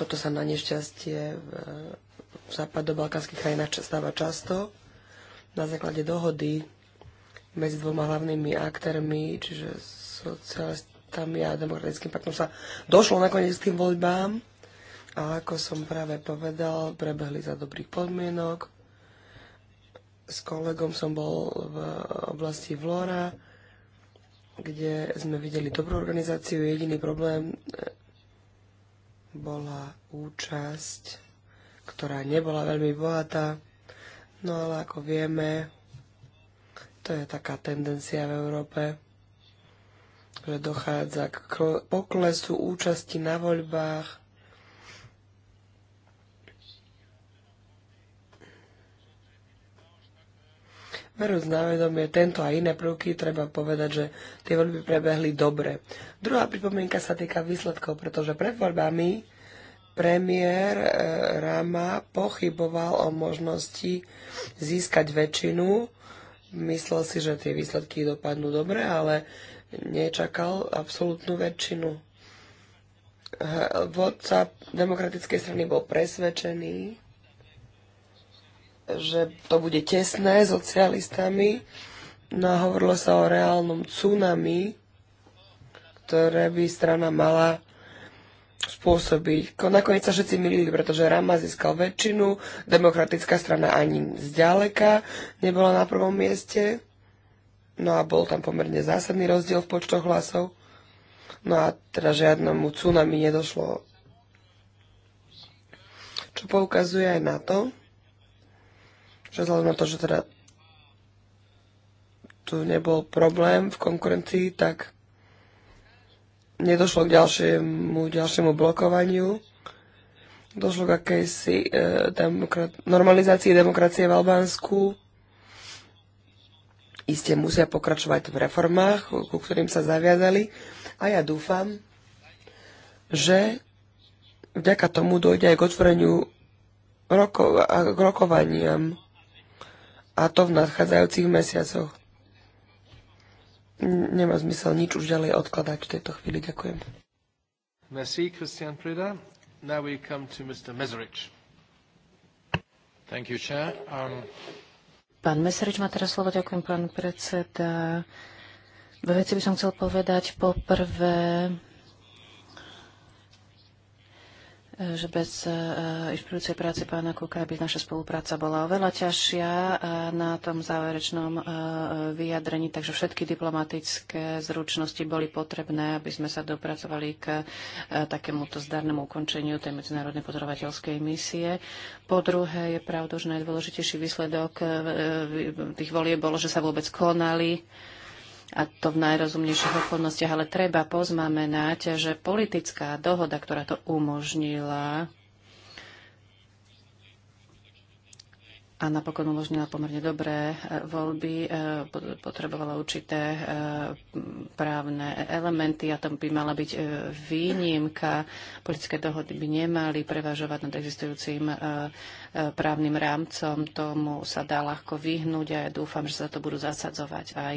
toto sa na nešťastie v západobalkánskych krajinách stáva často. Na základe dohody medzi dvoma hlavnými aktérmi, čiže socialistami a demokratickým paktom sa došlo nakoniec k tým voľbám. A ako som práve povedal, prebehli za dobrých podmienok. S kolegom som bol v oblasti Vlora, kde sme videli dobrú organizáciu. Jediný problém bola účasť, ktorá nebola veľmi bohatá, no ale ako vieme, to je taká tendencia v Európe, že dochádza k poklesu účasti na voľbách Berúc na vedomie tento a iné prvky, treba povedať, že tie voľby prebehli dobre. Druhá pripomienka sa týka výsledkov, pretože pred voľbami premiér e, Rama pochyboval o možnosti získať väčšinu. Myslel si, že tie výsledky dopadnú dobre, ale nečakal absolútnu väčšinu. Vodca demokratickej strany bol presvedčený, že to bude tesné socialistami. No a hovorilo sa o reálnom tsunami, ktoré by strana mala spôsobiť. Nakoniec sa všetci milili, pretože Rama získal väčšinu, demokratická strana ani zďaleka nebola na prvom mieste. No a bol tam pomerne zásadný rozdiel v počtoch hlasov. No a teda žiadnemu tsunami nedošlo. Čo poukazuje aj na to, že vzhľadom na to, že teda tu nebol problém v konkurencii, tak nedošlo k ďalšiemu, ďalšiemu blokovaniu. Došlo k akejsi e, demokra- normalizácii demokracie v Albánsku. Isté musia pokračovať v reformách, ku ktorým sa zaviazali. A ja dúfam, že vďaka tomu dojde aj k otvoreniu roko- k rokovaniam a to v nadchádzajúcich mesiacoch. Nemá zmysel nič už ďalej odkladať v tejto chvíli. Ďakujem. Merci, Christian Prida. Now we come to Mr. Meserich. Thank you, Chair. Um... Pán Meserich má teraz slovo. Ďakujem, pán predseda. Dve veci by som chcel povedať. Poprvé, že bez e, inšpirujúcej práce pána Kuka by naša spolupráca bola oveľa ťažšia e, na tom záverečnom e, vyjadrení, takže všetky diplomatické zručnosti boli potrebné, aby sme sa dopracovali k takémuto zdarnému ukončeniu tej medzinárodnej pozorovateľskej misie. Po druhé, je pravdou, že najdôležitejší výsledok tých volieb bolo, že sa vôbec konali a to v najrozumnejších okolnostiach, ale treba poznamenať, že politická dohoda, ktorá to umožnila a napokon umožnila pomerne dobré e, voľby, e, potrebovala určité e, právne elementy a tam by mala byť výnimka. Politické dohody by nemali prevažovať nad existujúcim právnym rámcom. Tomu sa dá ľahko vyhnúť a ja dúfam, že sa to budú zasadzovať aj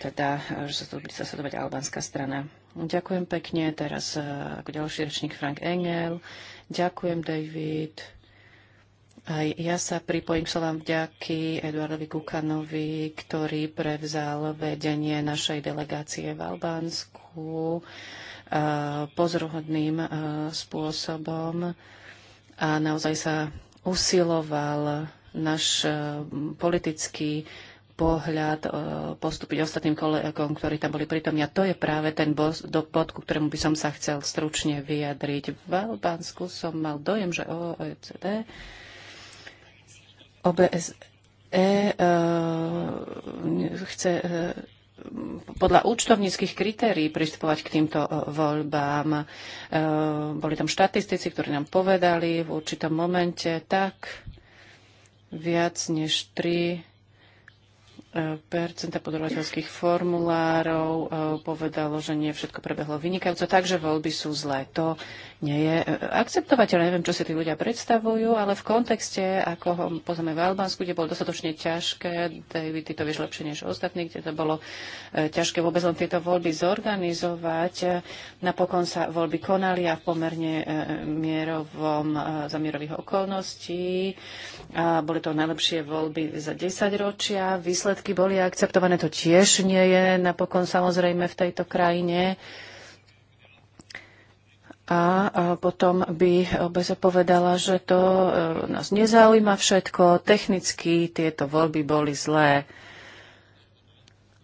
teda, že sa to bude zasadovať albánska strana. Ďakujem pekne. Teraz e, ako ďalší rečník Frank Engel. Ďakujem, David. Aj ja sa pripojím slovám vďaky Eduardovi Kukanovi, ktorý prevzal vedenie našej delegácie v Albánsku e, pozoruhodným e, spôsobom a naozaj sa usiloval náš politický pohľad e, postúpiť ostatným kolegom, ktorí tam boli pritom. A to je práve ten bod, ku ktorému by som sa chcel stručne vyjadriť. V Albánsku som mal dojem, že OECD, OBSE e, chce e, podľa účtovníckých kritérií pristupovať k týmto voľbám. E, boli tam štatistici, ktorí nám povedali v určitom momente tak viac než 3 percenta podorovateľských formulárov e, povedalo, že nie všetko prebehlo vynikajúco, takže voľby sú zlé. To nie je e, akceptovateľné. Neviem, čo si tí ľudia predstavujú, ale v kontexte, ako ho poznáme v Albánsku, kde bolo dostatočne ťažké, David, ty to vieš lepšie než ostatní, kde to bolo e, ťažké vôbec len tieto voľby zorganizovať. E, napokon sa voľby konali a v pomerne mierovom, za mierových okolností. A boli to najlepšie voľby za 10 ročia. Výsledky boli akceptované, to tiež nie je napokon samozrejme v tejto krajine a potom by OBZ povedala, že to e, nás nezaujíma všetko, technicky tieto voľby boli zlé.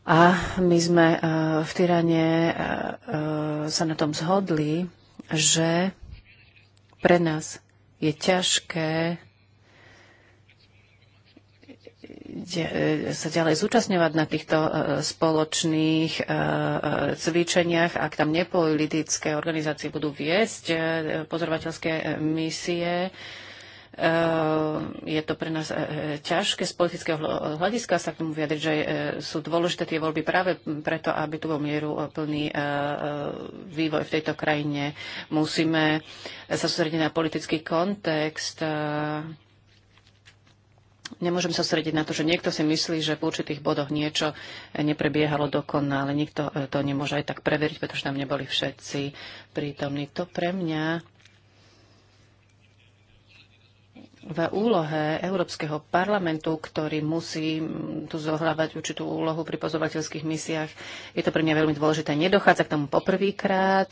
A my sme e, v Tyrane e, sa na tom zhodli, že pre nás je ťažké E, sa ďalej zúčastňovať na týchto e, spoločných e, cvičeniach, ak tam nepolitické organizácie budú viesť pozorovateľské misie. Je to pre nás ťažké z politického hľadiska sa k tomu vyjadriť, že sú dôležité tie voľby práve preto, aby tu bol mieru plný vývoj v tejto krajine. Musíme sa sústrediť na politický kontext Nemôžem sa srediť na to, že niekto si myslí, že v určitých bodoch niečo e, neprebiehalo dokonale. Nikto e, to nemôže aj tak preveriť, pretože tam neboli všetci prítomní. To pre mňa v úlohe Európskeho parlamentu, ktorý musí mm, tu zohrávať určitú úlohu pri pozorovateľských misiách. Je to pre mňa veľmi dôležité. Nedochádza k tomu poprvýkrát.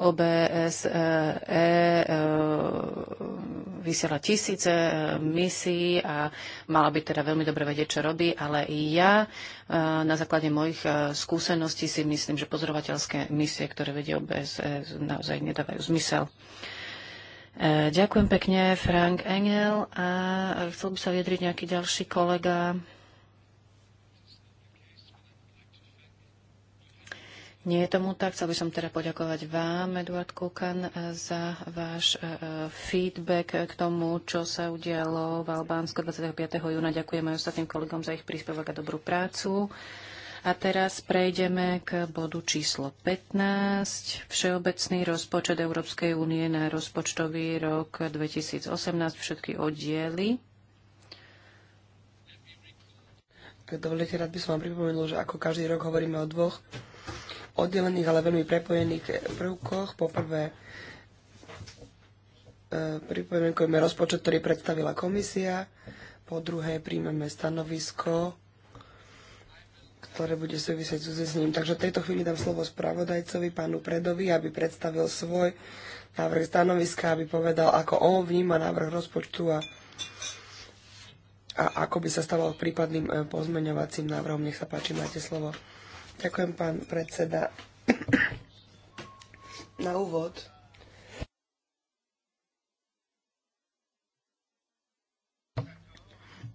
OBSE e, e, vysiela tisíce e, misií a mala by teda veľmi dobre vedieť, čo robí, ale ja na základe mojich skúseností si myslím, že pozorovateľské misie, ktoré vedie OBSE, naozaj nedávajú zmysel. Eh, ďakujem pekne, Frank Engel. A chcel by sa vyjadriť nejaký ďalší kolega. Nie je tomu tak. Chcel by som teda poďakovať vám, Eduard Kukan, za váš eh, feedback k tomu, čo sa udialo v Albánsku 25. júna. Ďakujem aj ostatným kolegom za ich príspevok a dobrú prácu. A teraz prejdeme k bodu číslo 15. Všeobecný rozpočet Európskej únie na rozpočtový rok 2018. Všetky oddiely. Keď dovolíte, rád by som vám pripomenul, že ako každý rok hovoríme o dvoch oddelených, ale veľmi prepojených prvkoch. Poprvé e, pripomenkujeme rozpočet, ktorý predstavila komisia. Po druhé príjmeme stanovisko ktoré bude súvisieť s uznesením. Takže v tejto chvíli dám slovo spravodajcovi, pánu Predovi, aby predstavil svoj návrh stanoviska, aby povedal, ako on vníma návrh rozpočtu a, a ako by sa stalo prípadným e, pozmeňovacím návrhom. Nech sa páči, máte slovo. Ďakujem, pán predseda. (clears throat) Na úvod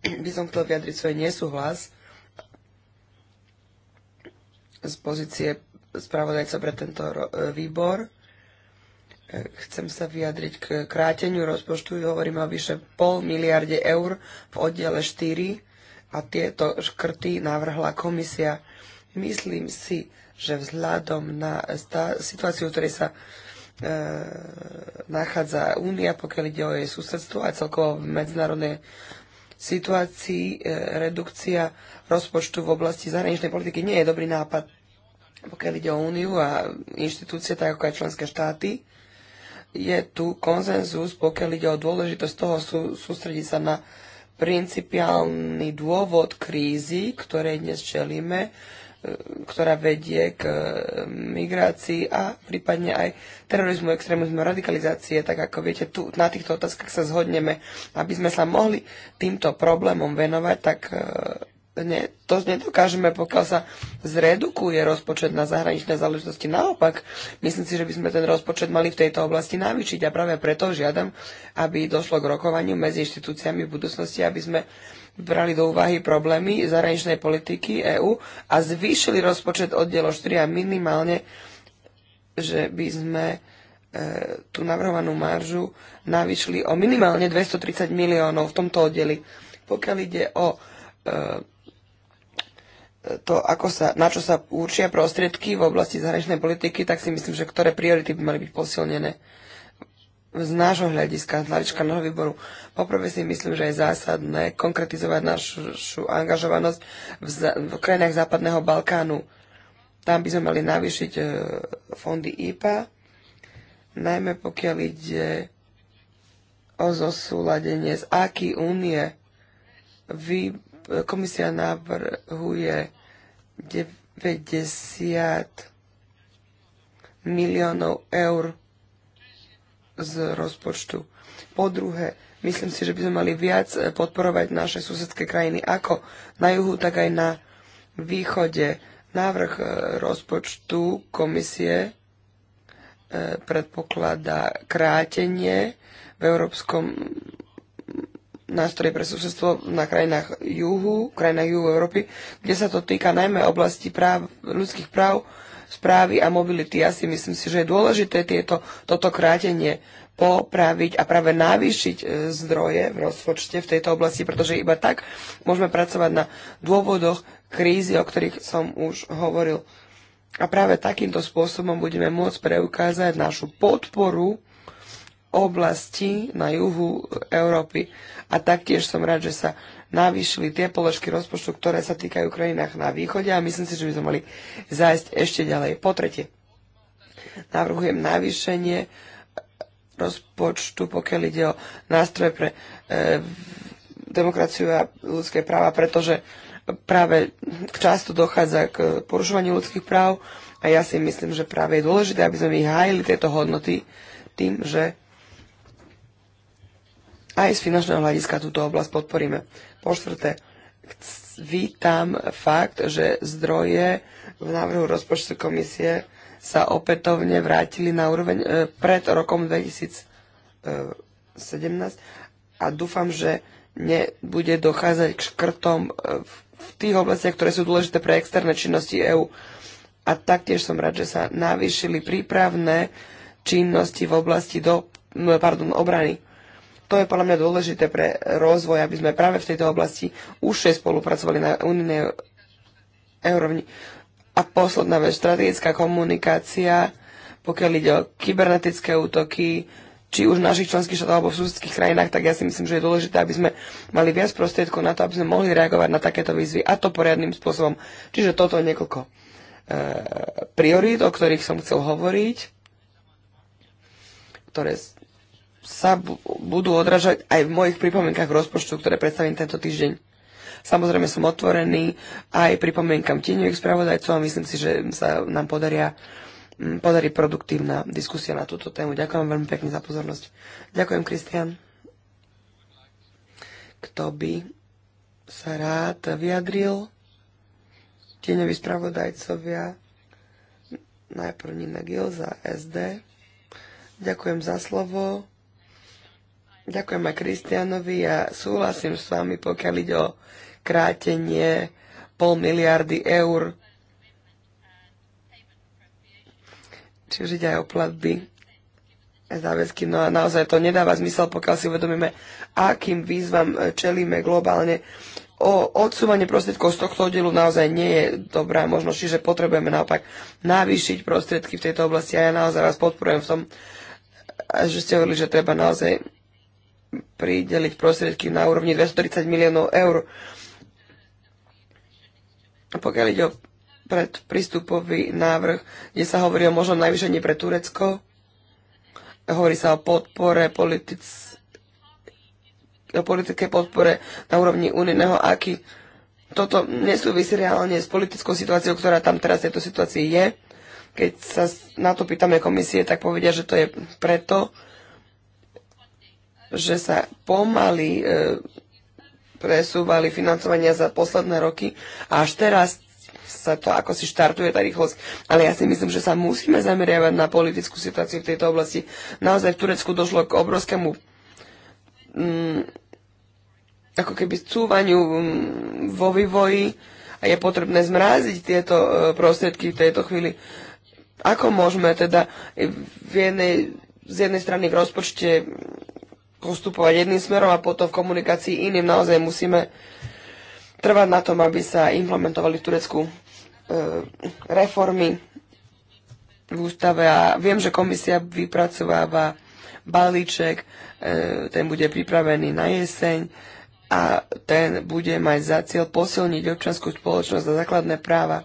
by som chcel vyjadriť svoj nesúhlas z pozície spravodajca pre tento e, výbor. E, chcem sa vyjadriť k kráteniu rozpočtu. Hovoríme o vyše pol miliarde eur v oddiele 4 a tieto škrty navrhla komisia. Myslím si, že vzhľadom na situáciu, v ktorej sa e, nachádza Únia, pokiaľ ide o jej susedstvo a celkovo v medzinárodnej situácii, e, redukcia rozpočtu v oblasti zahraničnej politiky nie je dobrý nápad, pokiaľ ide o úniu a inštitúcie, tak ako aj členské štáty. Je tu konsenzus, pokiaľ ide o dôležitosť toho sú, sústrediť sa na principiálny dôvod krízy, ktoré dnes čelíme, e, ktorá vedie k e, migrácii a prípadne aj terorizmu, extrémizmu, radikalizácie, tak ako viete, tu na týchto otázkach sa zhodneme, aby sme sa mohli týmto problémom venovať, tak e, ne, to nedokážeme, pokiaľ sa zredukuje rozpočet na zahraničné záležitosti. Naopak, myslím si, že by sme ten rozpočet mali v tejto oblasti navýšiť a práve preto žiadam, aby došlo k rokovaniu medzi inštitúciami v budúcnosti, aby sme brali do úvahy problémy zahraničnej politiky EÚ a zvýšili rozpočet oddielo 4 a minimálne, že by sme e, tú navrhovanú maržu navýšili o minimálne 230 miliónov v tomto oddeli. Pokiaľ ide o e, to, ako sa, na čo sa určia prostriedky v oblasti zahraničnej politiky, tak si myslím, že ktoré priority by mali byť posilnené z nášho hľadiska, z hľadiska nášho výboru. Poprvé si myslím, že je zásadné konkretizovať našu angažovanosť v, v krajinách Západného Balkánu. Tam by sme mali navýšiť e, fondy IPA, najmä pokiaľ ide o zosúladenie z aký únie. Vy komisia navrhuje 90 miliónov eur z rozpočtu. Po druhé, myslím si, že by sme mali viac eh, podporovať naše susedské krajiny ako na juhu, tak aj na východe. Návrh eh, rozpočtu komisie eh, predpokladá krátenie v európskom nástroje pre susedstvo na krajinách juhu, krajinách juhu Európy, kde sa to týka najmä oblasti práv, ľudských práv, správy a mobility. Ja si myslím si, že je dôležité tieto, toto krátenie popraviť a práve navýšiť e, zdroje v rozpočte v tejto oblasti, pretože iba tak môžeme pracovať na dôvodoch krízy, o ktorých som už hovoril. A práve takýmto spôsobom budeme môcť preukázať našu podporu oblasti na juhu Európy. A taktiež som rád, že sa navýšili tie položky rozpočtu, ktoré sa týkajú krajinách na východe a myslím si, že by sme mali zájsť ešte ďalej. Po tretie, navrhujem navýšenie rozpočtu, pokiaľ ide o nástroje pre e, demokraciu a ľudské práva, pretože práve často dochádza k porušovaniu ľudských práv a ja si myslím, že práve je dôležité, aby sme vyhájili tieto hodnoty tým, že aj z finančného hľadiska túto oblasť podporíme. Po štvrté, vítam fakt, že zdroje v návrhu rozpočtu komisie sa opätovne vrátili na úroveň e, pred rokom 2017 e, a dúfam, že nebude docházať k škrtom e, v tých oblastiach, ktoré sú dôležité pre externé činnosti EÚ. A taktiež som rád, že sa navýšili prípravné činnosti v oblasti do, pardon, obrany to je podľa mňa dôležité pre rozvoj, aby sme práve v tejto oblasti už spolupracovali na unijnej úrovni. A posledná vec, strategická komunikácia, pokiaľ ide o kybernetické útoky, či už v našich členských štátoch alebo v susedských krajinách, tak ja si myslím, že je dôležité, aby sme mali viac prostriedkov na to, aby sme mohli reagovať na takéto výzvy a to poriadnym spôsobom. Čiže toto je niekoľko e, priorít, o ktorých som chcel hovoriť, ktoré sa budú odražať aj v mojich pripomienkach rozpočtu, ktoré predstavím tento týždeň. Samozrejme som otvorený aj pripomienkam tieňových spravodajcov a myslím si, že sa nám podaria, mm, podarí produktívna diskusia na túto tému. Ďakujem veľmi pekne za pozornosť. Ďakujem, Kristian. Kto by sa rád vyjadril? Tieňoví spravodajcovia. Najprv Nina Gil za SD. Ďakujem za slovo. Ďakujem aj Kristianovi a súhlasím s vami, pokiaľ ide o krátenie pol miliardy eur. Čiže ide aj o platby a záväzky. No a naozaj to nedáva zmysel, pokiaľ si uvedomíme, akým výzvam e, čelíme globálne. O odsúvanie prostriedkov z tohto oddelu naozaj nie je dobrá možnosť, čiže potrebujeme naopak navýšiť prostriedky v tejto oblasti a ja naozaj vás podporujem v tom, že ste hovorili, že treba naozaj prideliť prostriedky na úrovni 230 miliónov eur. A Pokiaľ ide o predprístupový návrh, kde sa hovorí o možnom najvyšení pre Turecko, hovorí sa o podpore politic, o politike podpore na úrovni unijného aký. Toto nesúvisí reálne s politickou situáciou, ktorá tam teraz v tejto situácii je. Keď sa na to pýtame komisie, tak povedia, že to je preto, že sa pomaly e, presúvali financovania za posledné roky a až teraz sa to ako si štartuje tá rýchlosť. Ale ja si myslím, že sa musíme zameriavať na politickú situáciu v tejto oblasti. Naozaj v Turecku došlo k obrovskému mm, ako keby cúvaniu mm, vo vývoji a je potrebné zmraziť tieto e, prostriedky v tejto chvíli. Ako môžeme teda v jednej, z jednej strany v rozpočte postupovať jedným smerom a potom v komunikácii iným. Naozaj musíme trvať na tom, aby sa implementovali v Turecku e, reformy v ústave a viem, že komisia vypracováva balíček, e, ten bude pripravený na jeseň a ten bude mať za cieľ posilniť občanskú spoločnosť za základné práva.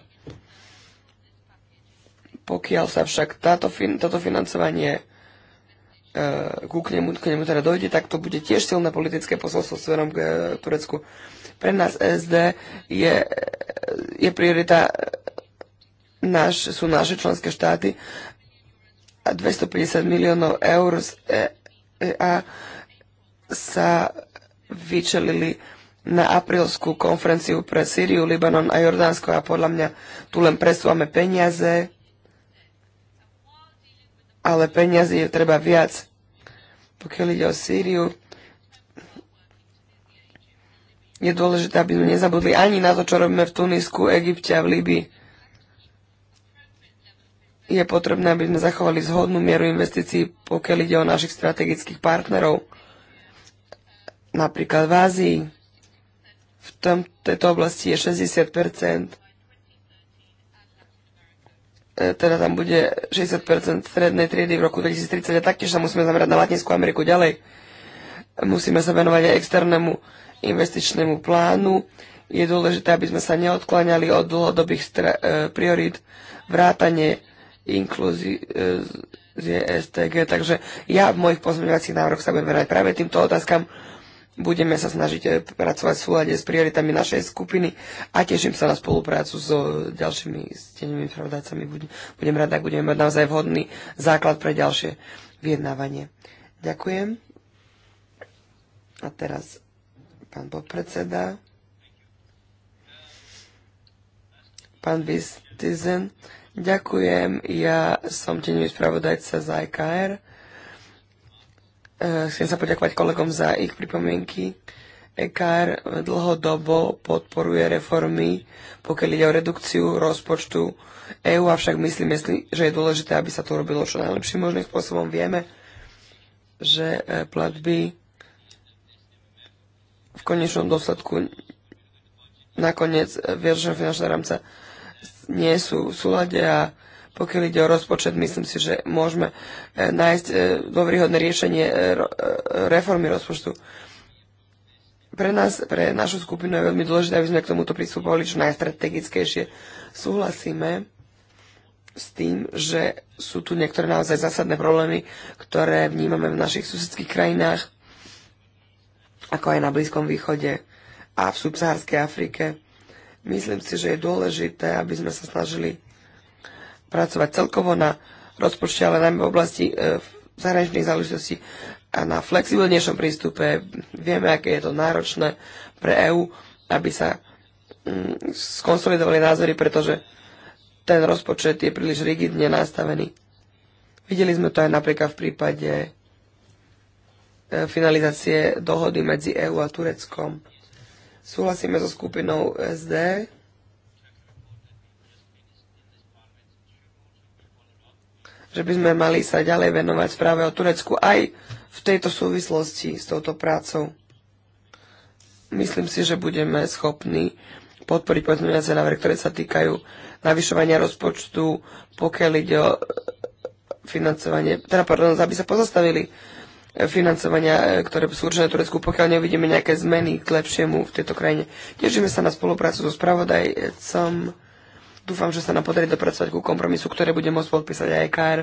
Pokiaľ sa však táto, fin- toto financovanie E, ku nemu, k nemu teda dojde, tak to bude tiež silné politické posolstvo smerom k Turecku. Pre nás SD je, je priorita, naš, sú naše členské štáty a 250 miliónov eur z EA sa vyčelili na aprílskú konferenciu pre Syriu, Libanon a Jordánsko a podľa mňa tu len presúvame peniaze ale peniazy je treba viac. Pokiaľ ide o Sýriu, je dôležité, aby sme nezabudli ani na to, čo robíme v Tunisku, Egypte a v Líbii. Je potrebné, aby sme zachovali zhodnú mieru investícií, pokiaľ ide o našich strategických partnerov, napríklad v Ázii. V tom, tejto oblasti je 60 teda tam bude 60% strednej triedy v roku 2030 a taktiež sa musíme zamerať na Latinskú Ameriku ďalej. Musíme sa venovať aj externému investičnému plánu. Je dôležité, aby sme sa neodkláňali od dlhodobých stra- priorít vrátanie z STG. Takže ja v mojich pozmeňovacích návrhoch sa budem venovať práve týmto otázkam Budeme sa snažiť eh, pracovať v súlade s prioritami našej skupiny a teším sa na spoluprácu s ďalšími stenými pravdácami. Budem rada, ak budeme mať naozaj vhodný základ pre ďalšie vyjednávanie. Ďakujem. A teraz pán podpredseda. Pán Vistizen. Ďakujem. Ja som tenový spravodajca za IKR. E Eh, chcem sa poďakovať kolegom za ich pripomienky. EKR dlhodobo podporuje reformy, pokiaľ ide o redukciu rozpočtu EÚ, avšak myslím, že je dôležité, aby sa to robilo čo najlepším možným spôsobom. Vieme, že e, platby v konečnom dôsledku nakoniec e, vieržného finančného rámca nie sú v súlade a pokiaľ ide o rozpočet, myslím si, že môžeme e, nájsť e, dôveryhodné riešenie e, reformy rozpočtu. Pre nás, pre našu skupinu je veľmi dôležité, aby sme k tomuto pristupovali čo najstrategickejšie. Súhlasíme s tým, že sú tu niektoré naozaj zásadné problémy, ktoré vnímame v našich susedských krajinách, ako aj na Blízkom východe a v subsahárskej Afrike. Myslím si, že je dôležité, aby sme sa snažili pracovať celkovo na rozpočte, ale najmä v oblasti e, zahraničných záležitostí a na flexibilnejšom prístupe. Vieme, aké je to náročné pre EÚ, aby sa mm, skonsolidovali názory, pretože ten rozpočet je príliš rigidne nastavený. Videli sme to aj napríklad v prípade e, finalizácie dohody medzi EÚ a Tureckom. Súhlasíme so skupinou SD, že by sme mali sa ďalej venovať práve o Turecku aj v tejto súvislosti s touto prácou. Myslím si, že budeme schopní podporiť pozmeňovacie návrhy, ktoré sa týkajú navyšovania rozpočtu, pokiaľ ide o e, financovanie, teda pardon, aby sa pozastavili e, financovania, e, ktoré sú určené Turecku, pokiaľ neuvidíme nejaké zmeny k lepšiemu v tejto krajine. Tešíme sa na spoluprácu so spravodajcom dúfam, že sa nám podarí dopracovať ku kompromisu, ktoré bude môcť podpísať aj EKR.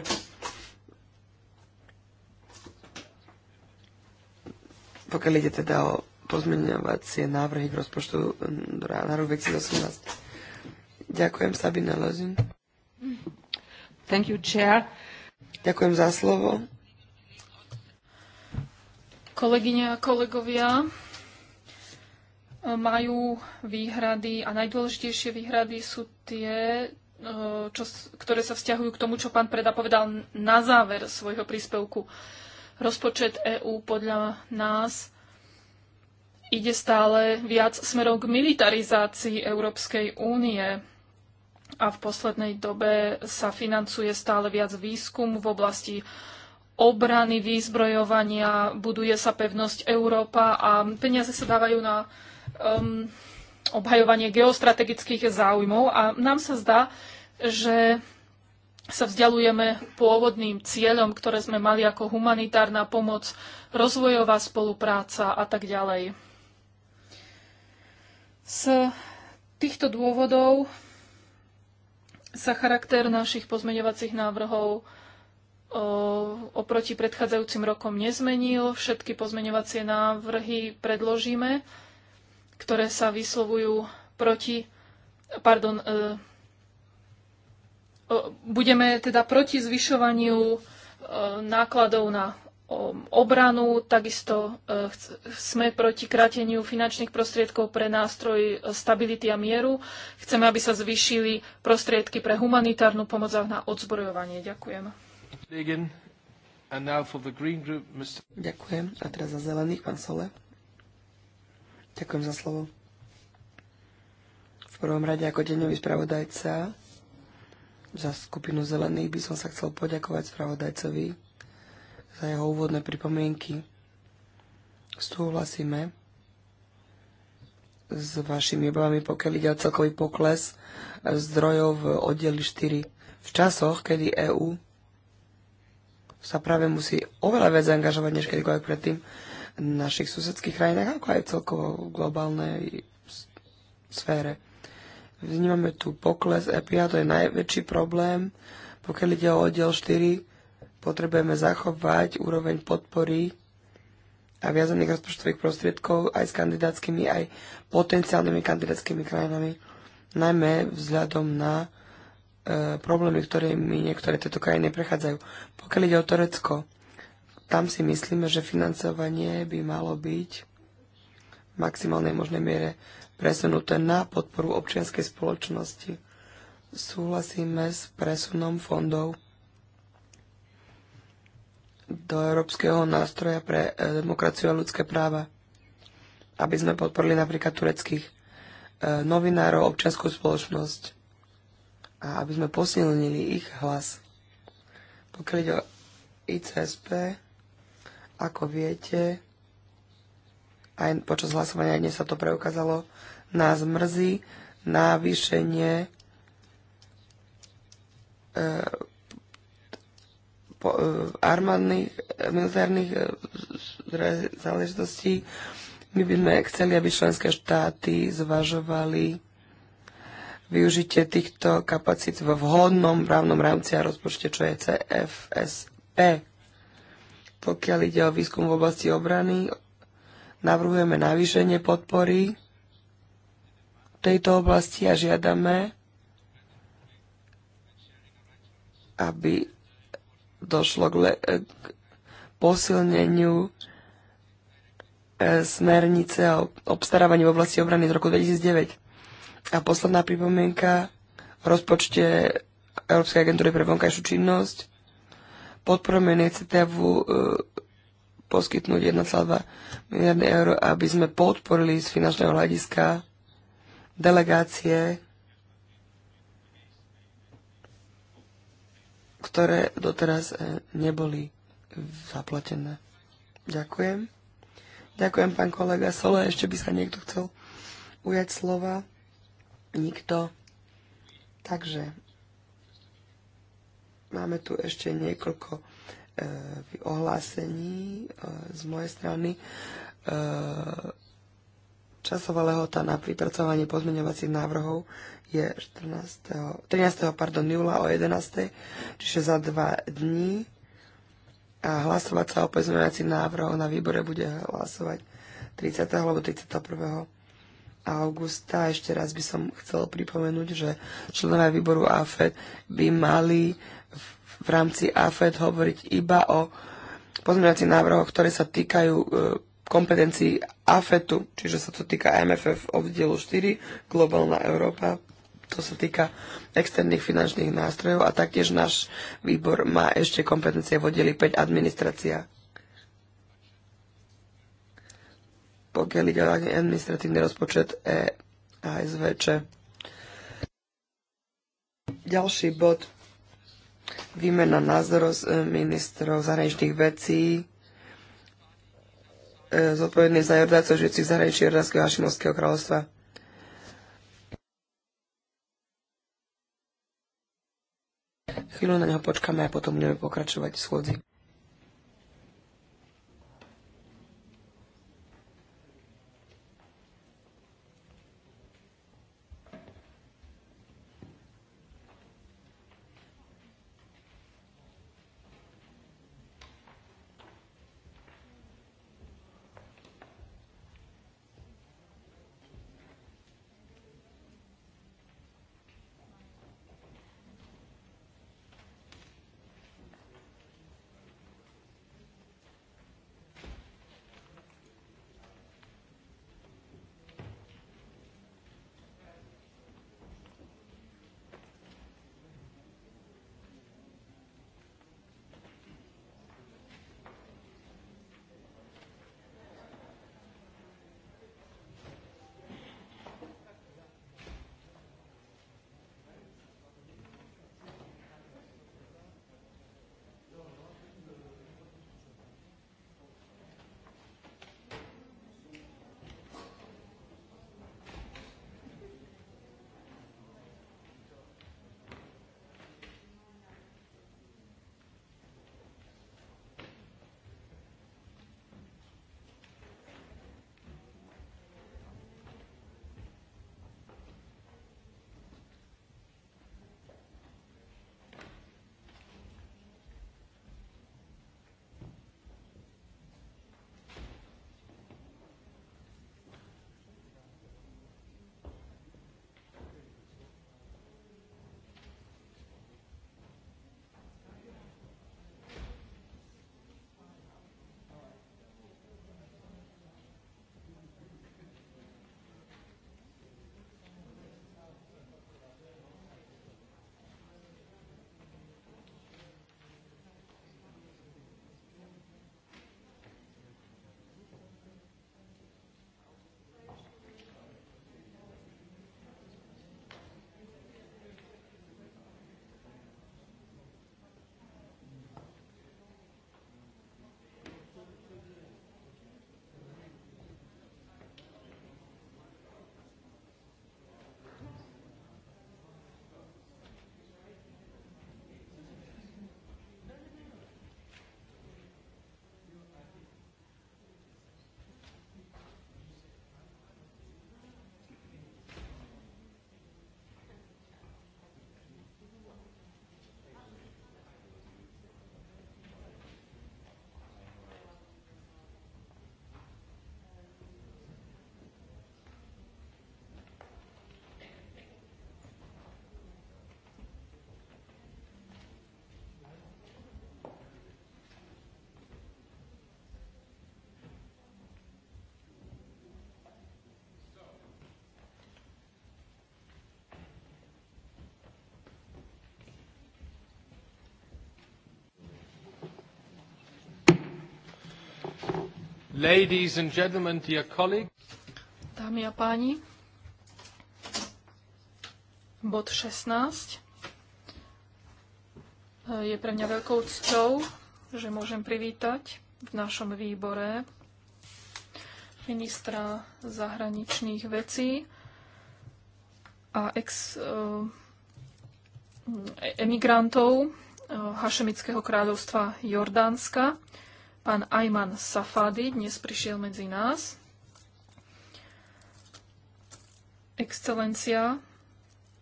Pokiaľ ide teda o pozmeňovacie návrhy k rozpočtu mm, na rok 2018. Ďakujem, Sabina Lozin. Thank you, chair. Ďakujem za slovo. Kolegyne a kolegovia, majú výhrady a najdôležitejšie výhrady sú tie, e, čo, ktoré sa vzťahujú k tomu, čo pán Preda povedal na záver svojho príspevku. Rozpočet EÚ podľa nás ide stále viac smerom k militarizácii Európskej únie a v poslednej dobe sa financuje stále viac výskum v oblasti obrany, výzbrojovania, buduje sa pevnosť Európa a peniaze sa dávajú na um, obhajovanie geostrategických záujmov a nám sa zdá, že sa vzdialujeme pôvodným cieľom, ktoré sme mali ako humanitárna pomoc, rozvojová spolupráca a tak ďalej. Z týchto dôvodov sa charakter našich pozmeňovacích návrhov oproti predchádzajúcim rokom nezmenil. Všetky pozmeňovacie návrhy predložíme ktoré sa vyslovujú proti, pardon, e, budeme teda proti zvyšovaniu e, nákladov na obranu, takisto e, sme proti krateniu finančných prostriedkov pre nástroj stability a mieru. Chceme, aby sa zvýšili prostriedky pre humanitárnu pomoc a na odzbrojovanie. Ďakujem. Ďakujem. A teraz za zelených, pán Sole. Ďakujem za slovo. V prvom rade ako deňový spravodajca za skupinu zelených by som sa chcel poďakovať spravodajcovi za jeho úvodné pripomienky. Súhlasíme s vašimi obavami, pokiaľ ide o celkový pokles zdrojov v oddeli 4. V časoch, kedy EÚ sa práve musí oveľa viac zaangažovať než kedykoľvek predtým, našich susedských krajinách, ako aj celkovo v globálnej sfére. Vnímame tu pokles EPA, to je najväčší problém. Pokiaľ ide o oddiel 4, potrebujeme zachovať úroveň podpory a viazaných rozpočtových prostriedkov aj s kandidátskymi, aj potenciálnymi kandidátskymi krajinami, najmä vzhľadom na e, problémy, ktorými niektoré tieto krajiny prechádzajú. Pokiaľ ide o Turecko, tam si myslíme, že financovanie by malo byť v maximálnej možnej miere presunuté na podporu občianskej spoločnosti. Súhlasíme s presunom fondov do Európskeho nástroja pre e, demokraciu a ľudské práva, aby sme podporili napríklad tureckých e, novinárov, občianskú spoločnosť a aby sme posilnili ich hlas. Pokiaľ ide o ICSP, ako viete, aj počas hlasovania dnes sa to preukázalo, nás mrzí návyšenie e, e, armádnych, militárnych e, záležitostí. My by sme chceli, aby členské štáty zvažovali využitie týchto kapacít v vhodnom právnom rámci a rozpočte, čo je CFSP. Pokiaľ ide o výskum v oblasti obrany, navrhujeme navýšenie podpory v tejto oblasti a žiadame, aby došlo k, le- k posilneniu e, smernice o obstarávaní v oblasti obrany z roku 2009. A posledná pripomienka v rozpočte Európskej agentúry pre vonkajšiu činnosť podporujeme iniciatívu e, poskytnúť 1,2 miliardy eur, aby sme podporili z finančného hľadiska delegácie, ktoré doteraz e, neboli zaplatené. Ďakujem. Ďakujem, pán kolega Sole. Ešte by sa niekto chcel ujať slova. Nikto. Takže Máme tu ešte niekoľko e, ohlásení e, z mojej strany. E, časová lehota na pripracovanie pozmeňovacích návrhov je 14. 13. Pardon, júla o 11. čiže za dva dní a hlasovať sa o pozmeňovacích návrhoch na výbore bude hlasovať 30. alebo 31. augusta. Ešte raz by som chcel pripomenúť, že členovia výboru AFED by mali v rámci AFED hovoriť iba o pozmeňovacích návrhoch, ktoré sa týkajú e, kompetencií AFETu, čiže sa to týka MFF oddielu 4, Globálna Európa, to sa týka externých finančných nástrojov a taktiež náš výbor má ešte kompetencie v oddeli 5 administrácia. Pokiaľ ide o administratívny rozpočet EASVČ. Ďalší bod výmena názorov s eh, ministrov zahraničných vecí eh, zodpovedný za Jordácov žijúcich zahraničí Jordánskeho a Šimovského kráľovstva. Chvíľu na neho počkáme a potom budeme pokračovať v schôdzi. Ladies and gentlemen, dear colleagues. Dámy a páni, bod 16. Je pre mňa veľkou cťou, že môžem privítať v našom výbore ministra zahraničných vecí a ex eh, emigrantov eh, Hašemického kráľovstva Jordánska, Pán Ajman Safadi dnes prišiel medzi nás. Excelencia,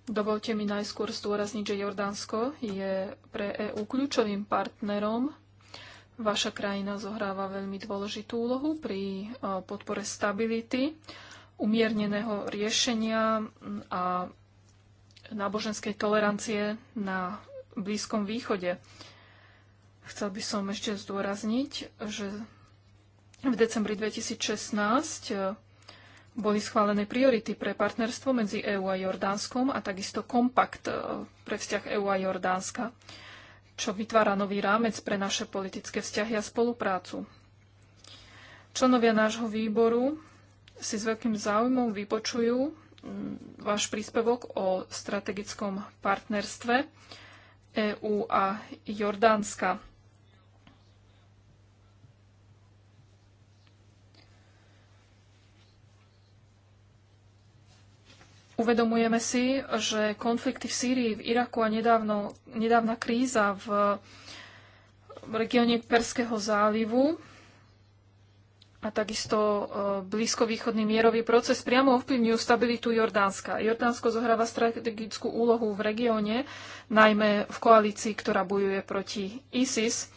dovolte mi najskôr zdôrazniť, že Jordánsko je pre EÚ kľúčovým partnerom. Vaša krajina zohráva veľmi dôležitú úlohu pri podpore stability, umierneného riešenia a náboženskej tolerancie na Blízkom východe. Chcel by som ešte zdôrazniť, že v decembri 2016 e, boli schválené priority pre partnerstvo medzi EÚ a Jordánskom a takisto kompakt e, pre vzťah EÚ a Jordánska, čo vytvára nový rámec pre naše politické vzťahy a spoluprácu. Členovia nášho výboru si s veľkým záujmom vypočujú váš príspevok o strategickom partnerstve EÚ a Jordánska. Uvedomujeme si, že konflikty v Sýrii, v Iraku a nedávno, nedávna kríza v regióne Perského zálivu a takisto e, blízkovýchodný mierový proces priamo ovplyvňujú stabilitu Jordánska. Jordánsko zohráva strategickú úlohu v regióne, najmä v koalícii, ktorá bojuje proti ISIS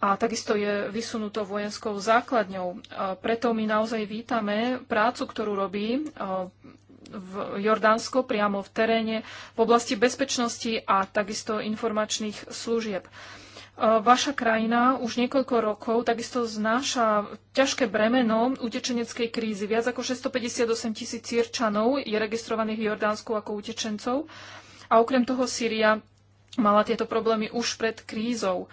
a takisto je vysunuto vojenskou základňou. E, preto my naozaj vítame prácu, ktorú robí e, v Jordánsku, priamo v teréne, v oblasti bezpečnosti a takisto informačných služieb. E, vaša krajina už niekoľko rokov takisto znáša ťažké bremeno utečeneckej krízy. Viac ako 658 tisíc sírčanov je registrovaných v Jordánsku ako utečencov. A okrem toho Sýria mala tieto problémy už pred krízou.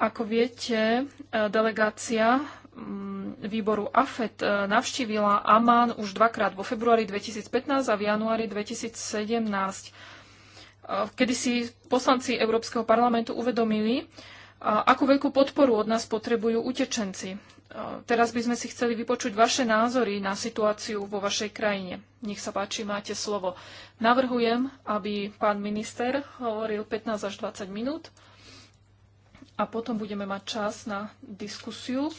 Ako viete, e, delegácia Mm, výboru AFET e, navštívila Amán už dvakrát vo februári 2015 a v januári 2017. E, kedy si poslanci Európskeho parlamentu uvedomili, e, akú veľkú podporu od nás potrebujú utečenci. Teraz by sme si chceli vypočuť vaše názory na situáciu vo vašej krajine. Nech sa páči, máte slovo. Navrhujem, aby pán minister hovoril 15 až 20 minút a potom budeme mať čas na diskusiu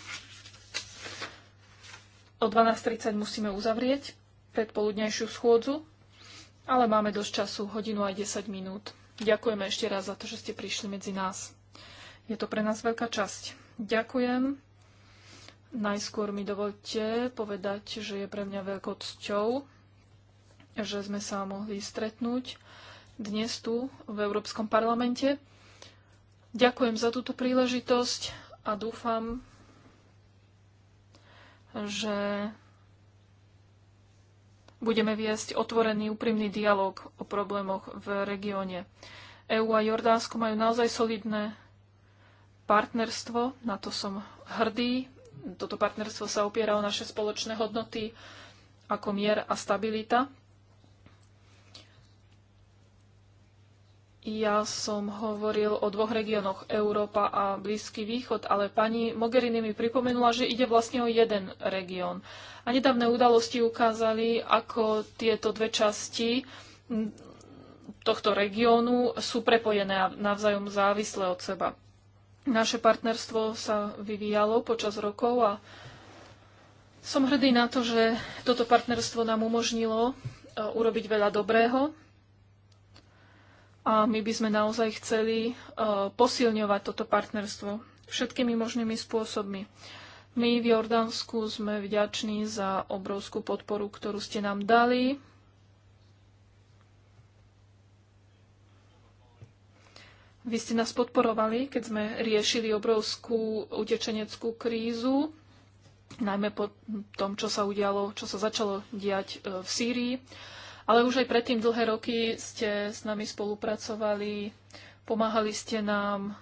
o 12.30 musíme uzavrieť predpoludnejšiu schôdzu, ale máme dosť času, hodinu aj 10 minút. Ďakujeme ešte raz za to, že ste prišli medzi nás. Je to pre nás veľká časť. Ďakujem. Najskôr mi dovolte povedať, že je pre mňa veľkou cťou, že sme sa mohli stretnúť dnes tu v Európskom parlamente. Ďakujem za túto príležitosť a dúfam, že budeme viesť otvorený, úprimný dialog o problémoch v regióne. EÚ a Jordánsko majú naozaj solidné partnerstvo, na to som hrdý. Toto partnerstvo sa opiera o naše spoločné hodnoty ako mier a stabilita. Ja som hovoril o dvoch regiónoch Európa a Blízky východ, ale pani Mogherini mi pripomenula, že ide vlastne o jeden región. A nedávne udalosti ukázali, ako tieto dve časti tohto regiónu sú prepojené a navzájom závislé od seba. Naše partnerstvo sa vyvíjalo počas rokov a som hrdý na to, že toto partnerstvo nám umožnilo e, urobiť veľa dobrého a my by sme naozaj chceli e, posilňovať toto partnerstvo všetkými možnými spôsobmi. My v Jordánsku sme vďační za obrovskú podporu, ktorú ste nám dali. Vy ste nás podporovali, keď sme riešili obrovskú utečeneckú krízu, najmä po tom, čo sa udialo, čo sa začalo diať e, v Sýrii ale už aj predtým dlhé roky ste s nami spolupracovali, pomáhali ste nám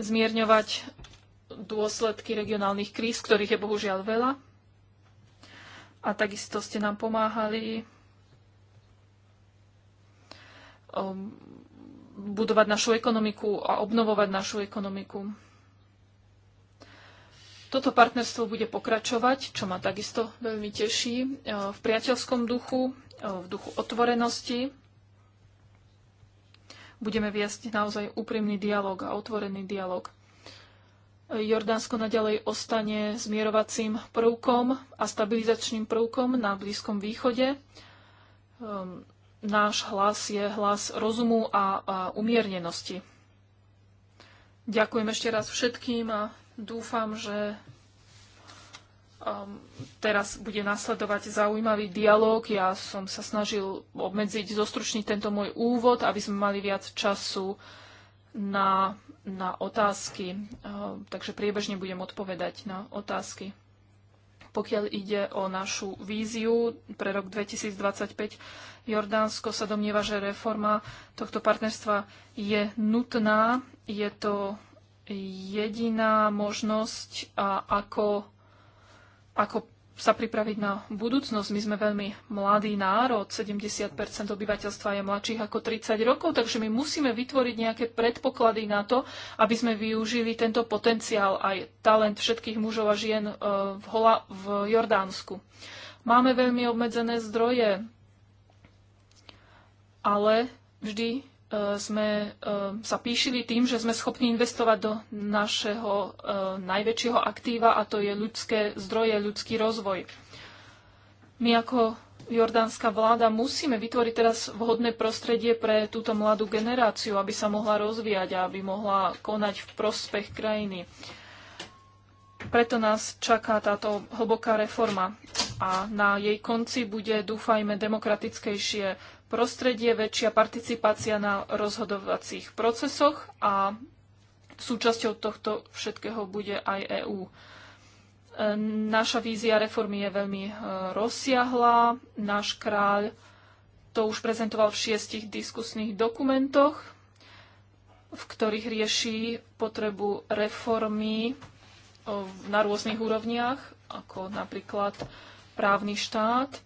zmierňovať dôsledky regionálnych kríz, ktorých je bohužiaľ veľa. A takisto ste nám pomáhali um, budovať našu ekonomiku a obnovovať našu ekonomiku. Toto partnerstvo bude pokračovať, čo ma takisto veľmi teší, uh, v priateľskom duchu, v duchu otvorenosti. Budeme viesť naozaj úprimný dialog a otvorený dialog. Jordánsko nadalej ostane zmierovacím prvkom a stabilizačným prvkom na Blízkom východe. Ehm, náš hlas je hlas rozumu a, a umiernenosti. Ďakujem ešte raz všetkým a dúfam, že um, teraz bude nasledovať zaujímavý dialog. Ja som sa snažil obmedziť, zostručniť tento môj úvod, aby sme mali viac času na, na otázky. Um, takže priebežne budem odpovedať na otázky. Pokiaľ ide o našu víziu pre rok 2025, Jordánsko sa domnieva, že reforma tohto partnerstva je nutná. Je to jediná možnosť, ako ako sa pripraviť na budúcnosť. My sme veľmi mladý národ, 70 obyvateľstva je mladších ako 30 rokov, takže my musíme vytvoriť nejaké predpoklady na to, aby sme využili tento potenciál aj talent všetkých mužov a žien e, v, Hola, v Jordánsku. Máme veľmi obmedzené zdroje, ale vždy E, sme e, sa píšili tým, že sme schopní investovať do našeho e, najväčšieho aktíva a to je ľudské zdroje, ľudský rozvoj. My ako jordánska vláda musíme vytvoriť teraz vhodné prostredie pre túto mladú generáciu, aby sa mohla rozvíjať a aby mohla konať v prospech krajiny. Preto nás čaká táto hlboká reforma a na jej konci bude, dúfajme, demokratickejšie prostredie, väčšia participácia na rozhodovacích procesoch a súčasťou tohto všetkého bude aj EÚ. E, naša vízia reformy je veľmi e, rozsiahla. Náš kráľ to už prezentoval v šiestich diskusných dokumentoch, v ktorých rieši potrebu reformy e, na rôznych úrovniach, ako napríklad právny štát,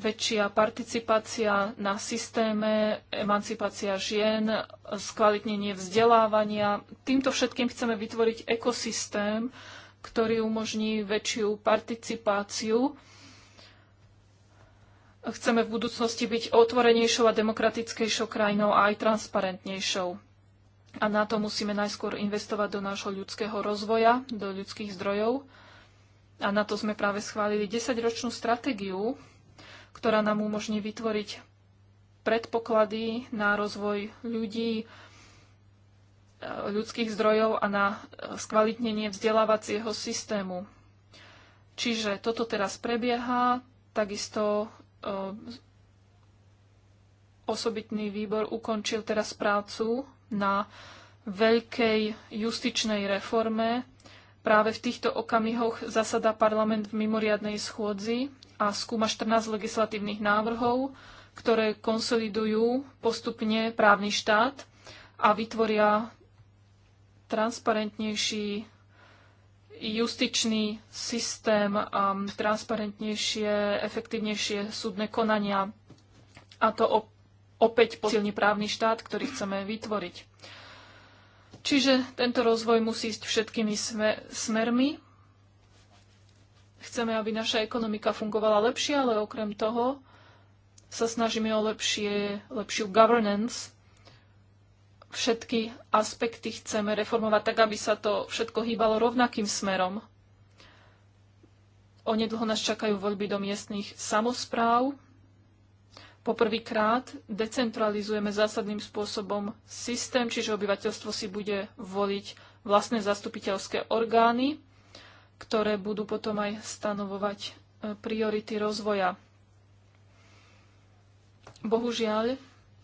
väčšia participácia na systéme, emancipácia žien, skvalitnenie vzdelávania. Týmto všetkým chceme vytvoriť ekosystém, ktorý umožní väčšiu participáciu. Chceme v budúcnosti byť otvorenejšou a demokratickejšou krajinou a aj transparentnejšou. A na to musíme najskôr investovať do nášho ľudského rozvoja, do ľudských zdrojov. A na to sme práve schválili 10-ročnú stratégiu ktorá nám umožní vytvoriť predpoklady na rozvoj ľudí, e, ľudských zdrojov a na e, skvalitnenie vzdelávacieho systému. Čiže toto teraz prebieha, takisto e, osobitný výbor ukončil teraz prácu na veľkej justičnej reforme. Práve v týchto okamihoch zasada parlament v mimoriadnej schôdzi a skúma 14 legislatívnych návrhov, ktoré konsolidujú postupne právny štát a vytvoria transparentnejší justičný systém, transparentnejšie, efektívnejšie súdne konania a to opäť posilní právny štát, ktorý chceme vytvoriť. Čiže tento rozvoj musí ísť všetkými smermi Chceme, aby naša ekonomika fungovala lepšie, ale okrem toho sa snažíme o lepšie, lepšiu governance. Všetky aspekty chceme reformovať tak, aby sa to všetko hýbalo rovnakým smerom. Onedlho nás čakajú voľby do miestných samozpráv. Poprvýkrát decentralizujeme zásadným spôsobom systém, čiže obyvateľstvo si bude voliť vlastné zastupiteľské orgány ktoré budú potom aj stanovovať e, priority rozvoja. Bohužiaľ,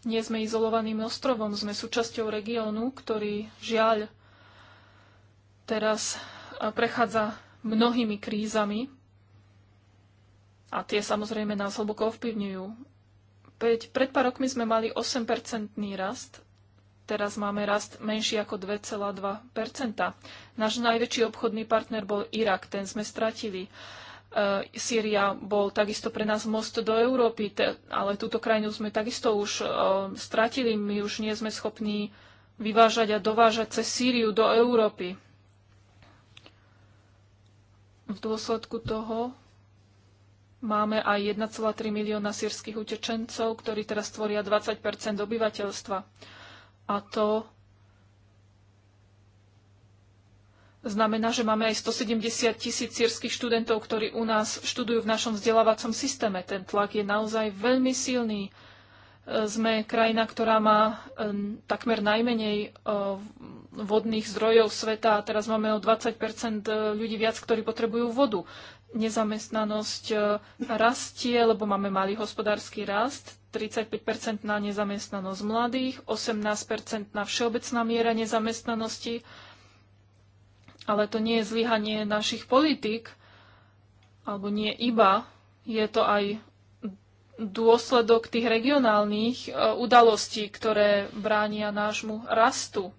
nie sme izolovaným ostrovom, sme súčasťou regiónu, ktorý žiaľ teraz e, prechádza mnohými krízami a tie samozrejme nás hlboko ovplyvňujú. Pred, pár rokmi sme mali 8-percentný rast Teraz máme rast menší ako 2,2 Náš najväčší obchodný partner bol Irak, ten sme stratili. E, Sýria bol takisto pre nás most do Európy, te, ale túto krajinu sme takisto už e, stratili. My už nie sme schopní vyvážať a dovážať cez Sýriu do Európy. V dôsledku toho máme aj 1,3 milióna sírskych utečencov, ktorí teraz tvoria 20 obyvateľstva. A to znamená, že máme aj 170 tisíc sírskych študentov, ktorí u nás študujú v našom vzdelávacom systéme. Ten tlak je naozaj veľmi silný. E, sme krajina, ktorá má e, takmer najmenej e, vodných zdrojov sveta a teraz máme o 20 ľudí viac, ktorí potrebujú vodu nezamestnanosť e, rastie, lebo máme malý hospodársky rast, 35-percentná nezamestnanosť mladých, 18-percentná všeobecná miera nezamestnanosti, ale to nie je zlyhanie našich politík, alebo nie iba, je to aj dôsledok tých regionálnych e, udalostí, ktoré bránia nášmu rastu.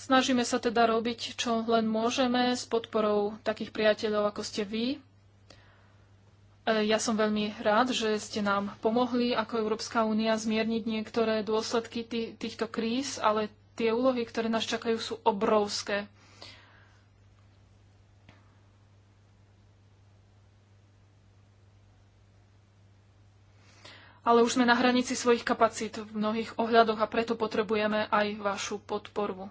Snažíme sa teda robiť, čo len môžeme s podporou takých priateľov, ako ste vy. E, ja som veľmi rád, že ste nám pomohli ako Európska únia zmierniť niektoré dôsledky tý, týchto kríz, ale tie úlohy, ktoré nás čakajú, sú obrovské. ale už sme na hranici svojich kapacít v mnohých ohľadoch a preto potrebujeme aj vašu podporu.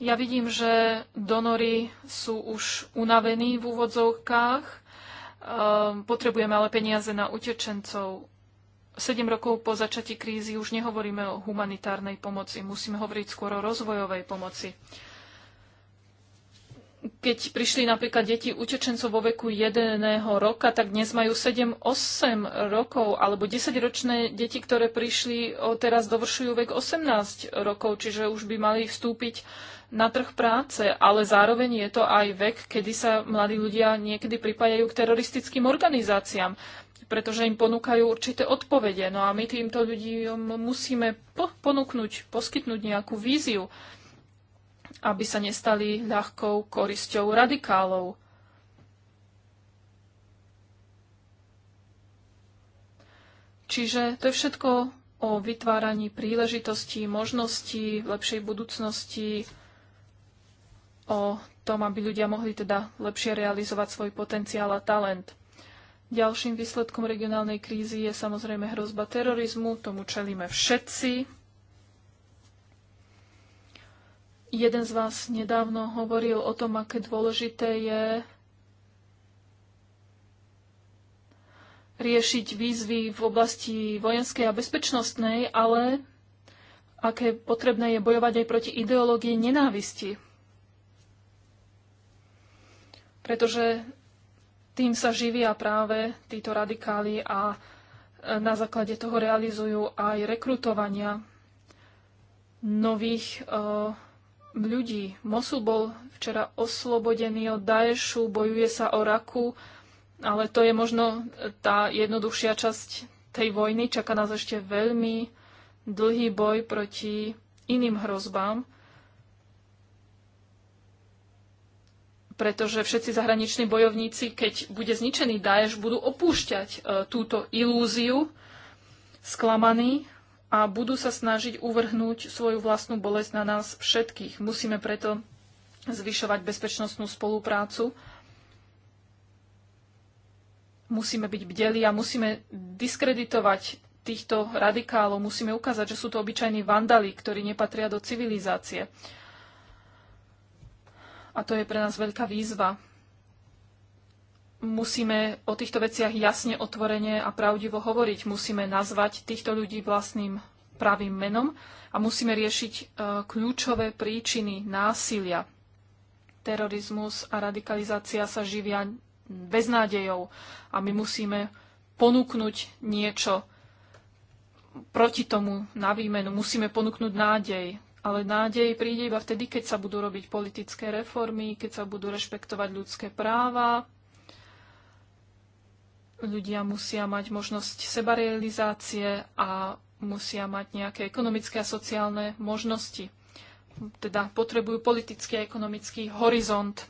Ja vidím, že donory sú už unavení v úvodzovkách. Ehm, potrebujeme ale peniaze na utečencov. Sedem rokov po začati krízy už nehovoríme o humanitárnej pomoci, musíme hovoriť skôr o rozvojovej pomoci keď prišli napríklad deti utečencov vo veku jedného roka, tak dnes majú 7-8 rokov, alebo 10-ročné deti, ktoré prišli teraz dovršujú vek 18 rokov, čiže už by mali vstúpiť na trh práce, ale zároveň je to aj vek, kedy sa mladí ľudia niekedy pripájajú k teroristickým organizáciám, pretože im ponúkajú určité odpovede. No a my týmto ľuďom musíme ponúknuť, poskytnúť nejakú víziu aby sa nestali ľahkou korisťou radikálov. Čiže to je všetko o vytváraní príležitostí, možností, lepšej budúcnosti, o tom, aby ľudia mohli teda lepšie realizovať svoj potenciál a talent. Ďalším výsledkom regionálnej krízy je samozrejme hrozba terorizmu, tomu čelíme všetci, Jeden z vás nedávno hovoril o tom, aké dôležité je riešiť výzvy v oblasti vojenskej a bezpečnostnej, ale aké potrebné je bojovať aj proti ideológii nenávisti. Pretože tým sa živia práve títo radikáli a e, na základe toho realizujú aj rekrutovania nových uh, ľudí. Mosul bol včera oslobodený od Daešu, bojuje sa o Raku, ale to je možno tá jednoduchšia časť tej vojny. Čaká nás ešte veľmi dlhý boj proti iným hrozbám, pretože všetci zahraniční bojovníci, keď bude zničený Daesh, budú opúšťať e, túto ilúziu, sklamaní a budú sa snažiť uvrhnúť svoju vlastnú bolesť na nás všetkých. Musíme preto zvyšovať bezpečnostnú spoluprácu, musíme byť bdeli a musíme diskreditovať týchto radikálov, musíme ukázať, že sú to obyčajní vandali, ktorí nepatria do civilizácie. A to je pre nás veľká výzva musíme o týchto veciach jasne, otvorene a pravdivo hovoriť. Musíme nazvať týchto ľudí vlastným pravým menom a musíme riešiť e, kľúčové príčiny násilia. Terorizmus a radikalizácia sa živia beznádejou a my musíme ponúknuť niečo proti tomu na výmenu. Musíme ponúknuť nádej, ale nádej príde iba vtedy, keď sa budú robiť politické reformy, keď sa budú rešpektovať ľudské práva, Ľudia musia mať možnosť sebarealizácie a musia mať nejaké ekonomické a sociálne možnosti. Teda potrebujú politický a ekonomický horizont.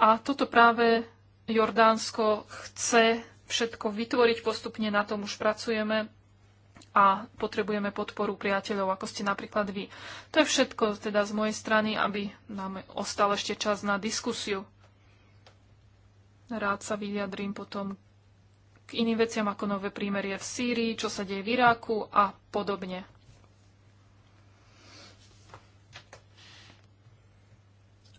A toto práve Jordánsko chce všetko vytvoriť postupne, na tom už pracujeme a potrebujeme podporu priateľov, ako ste napríklad vy. To je všetko teda z mojej strany, aby nám ostal ešte čas na diskusiu. Rád sa vyjadrím potom k iným veciam ako nové prímerie v Sýrii, čo sa deje v Iráku a podobne.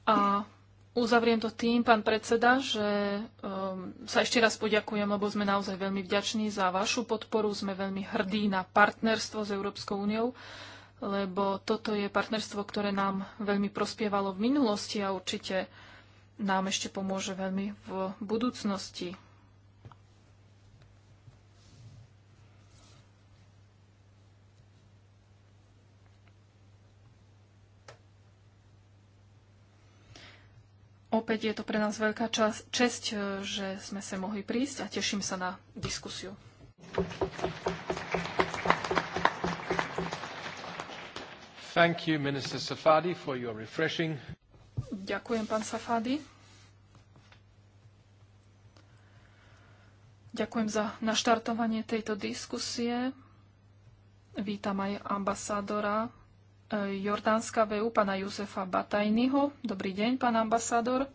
A uzavriem to tým, pán predseda, že um, sa ešte raz poďakujem, lebo sme naozaj veľmi vďační za vašu podporu. Sme veľmi hrdí na partnerstvo s Európskou úniou, lebo toto je partnerstvo, ktoré nám veľmi prospievalo v minulosti a určite nám ešte pomôže veľmi v budúcnosti. Opäť je to pre nás veľká čas- česť, e, že sme sa mohli prísť a teším sa na diskusiu. Thank you, Minister Safadi, for your refreshing. Ďakujem, pán Safadi. Ďakujem za naštartovanie tejto diskusie. Vítam aj ambasádora Jordánska VU, pána Josefa Batajnyho. Dobrý deň, pán ambasádor.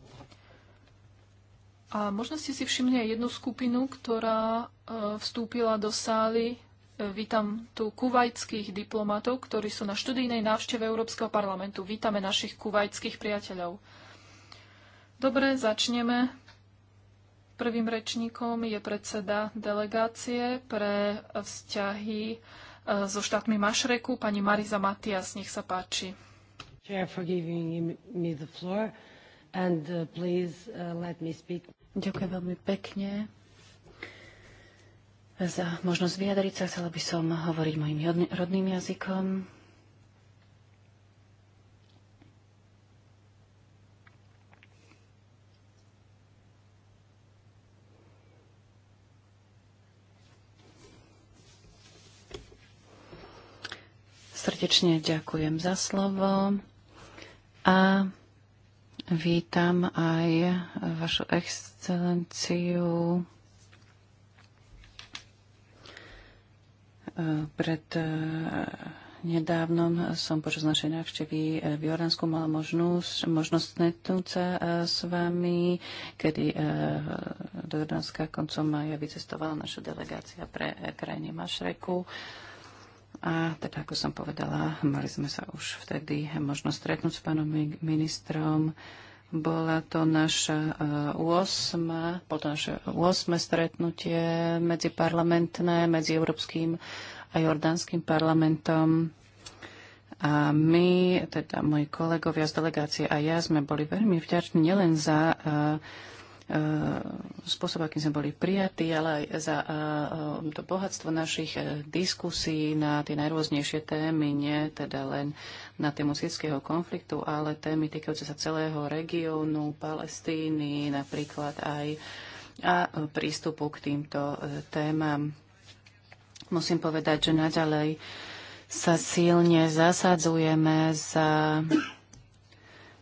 A možno ste si všimli aj jednu skupinu, ktorá e, vstúpila do sály. E, vítam tu kuvajských diplomatov, ktorí sú na študijnej návšteve Európskeho parlamentu. Vítame našich kuvajských priateľov. Dobre, začneme. Prvým rečníkom je predseda delegácie pre vzťahy so štátmi Mašreku. Pani Mariza Matias, nech sa páči. Uh, uh, Ďakujem veľmi pekne za možnosť vyjadriť sa. Chcela by som hovoriť mojim rodným jazykom. Srdečne ďakujem za slovo a vítam aj vašu excelenciu. E, pred e, nedávnom som počas našej návštevy e, v Joránsku mala možnosť, možnosť stretnúť sa s vami, kedy do Jordánska koncom maja vycestovala naša delegácia pre krajiny Mašreku. A teda, ako som povedala, mali sme sa už vtedy možno stretnúť s pánom ministrom. Bola to naša 8, e, bolo to naše 8. stretnutie medziparlamentné medzi Európskym a Jordánskym parlamentom. A my, teda moji kolegovia z delegácie a ja, sme boli veľmi vďační nielen za uh, E, spôsob, akým sme boli prijatí, ale aj za e, e, to bohatstvo našich diskusí na tie najrôznejšie témy, nie teda len na tému sírskeho konfliktu, ale témy týkajúce sa celého regiónu, Palestíny napríklad aj a prístupu k týmto témam. Musím povedať, že naďalej sa silne zasadzujeme za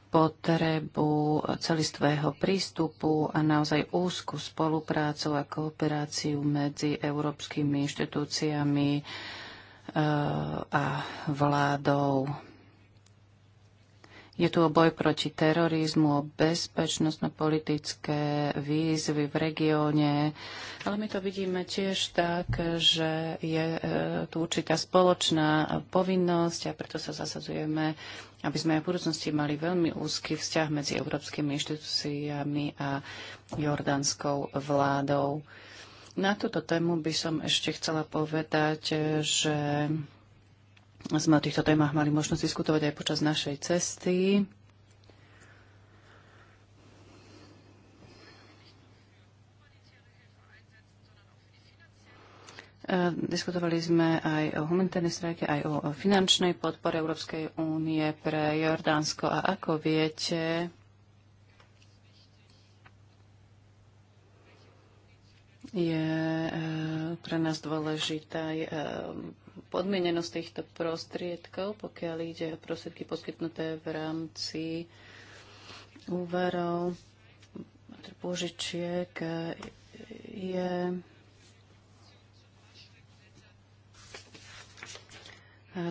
potrebu celistvého prístupu a naozaj úzku spoluprácu a kooperáciu medzi európskymi inštitúciami eh, a vládou. Je tu o boj proti terorizmu, o bezpečnostno-politické výzvy v regióne, ale my to vidíme tiež tak, že je e, tu určitá spoločná povinnosť a preto sa zasadzujeme, aby sme aj v budúcnosti mali veľmi úzky vzťah medzi európskymi inštitúciami a jordánskou vládou. Na túto tému by som ešte chcela povedať, že sme o týchto témach mali možnosť diskutovať aj počas našej cesty. E, diskutovali sme aj o humanitárnej strajke, aj o finančnej podpore Európskej únie pre Jordánsko. A ako viete, je e, pre nás dôležitá e, podmienenosť týchto prostriedkov, pokiaľ ide o prostriedky poskytnuté v rámci úverov, požičiek, e, je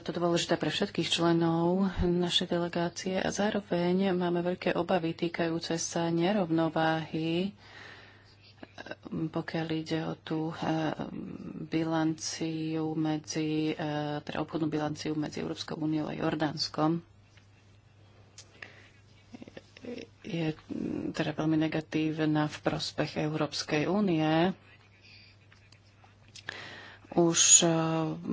to dôležité pre všetkých členov našej delegácie a zároveň máme veľké obavy týkajúce sa nerovnováhy, pokiaľ ide o tú e, bilanciu medzi, e, teda obchodnú bilanciu medzi Európskou úniou a Jordánskom. Je teda veľmi negatívna v prospech Európskej únie. Už e,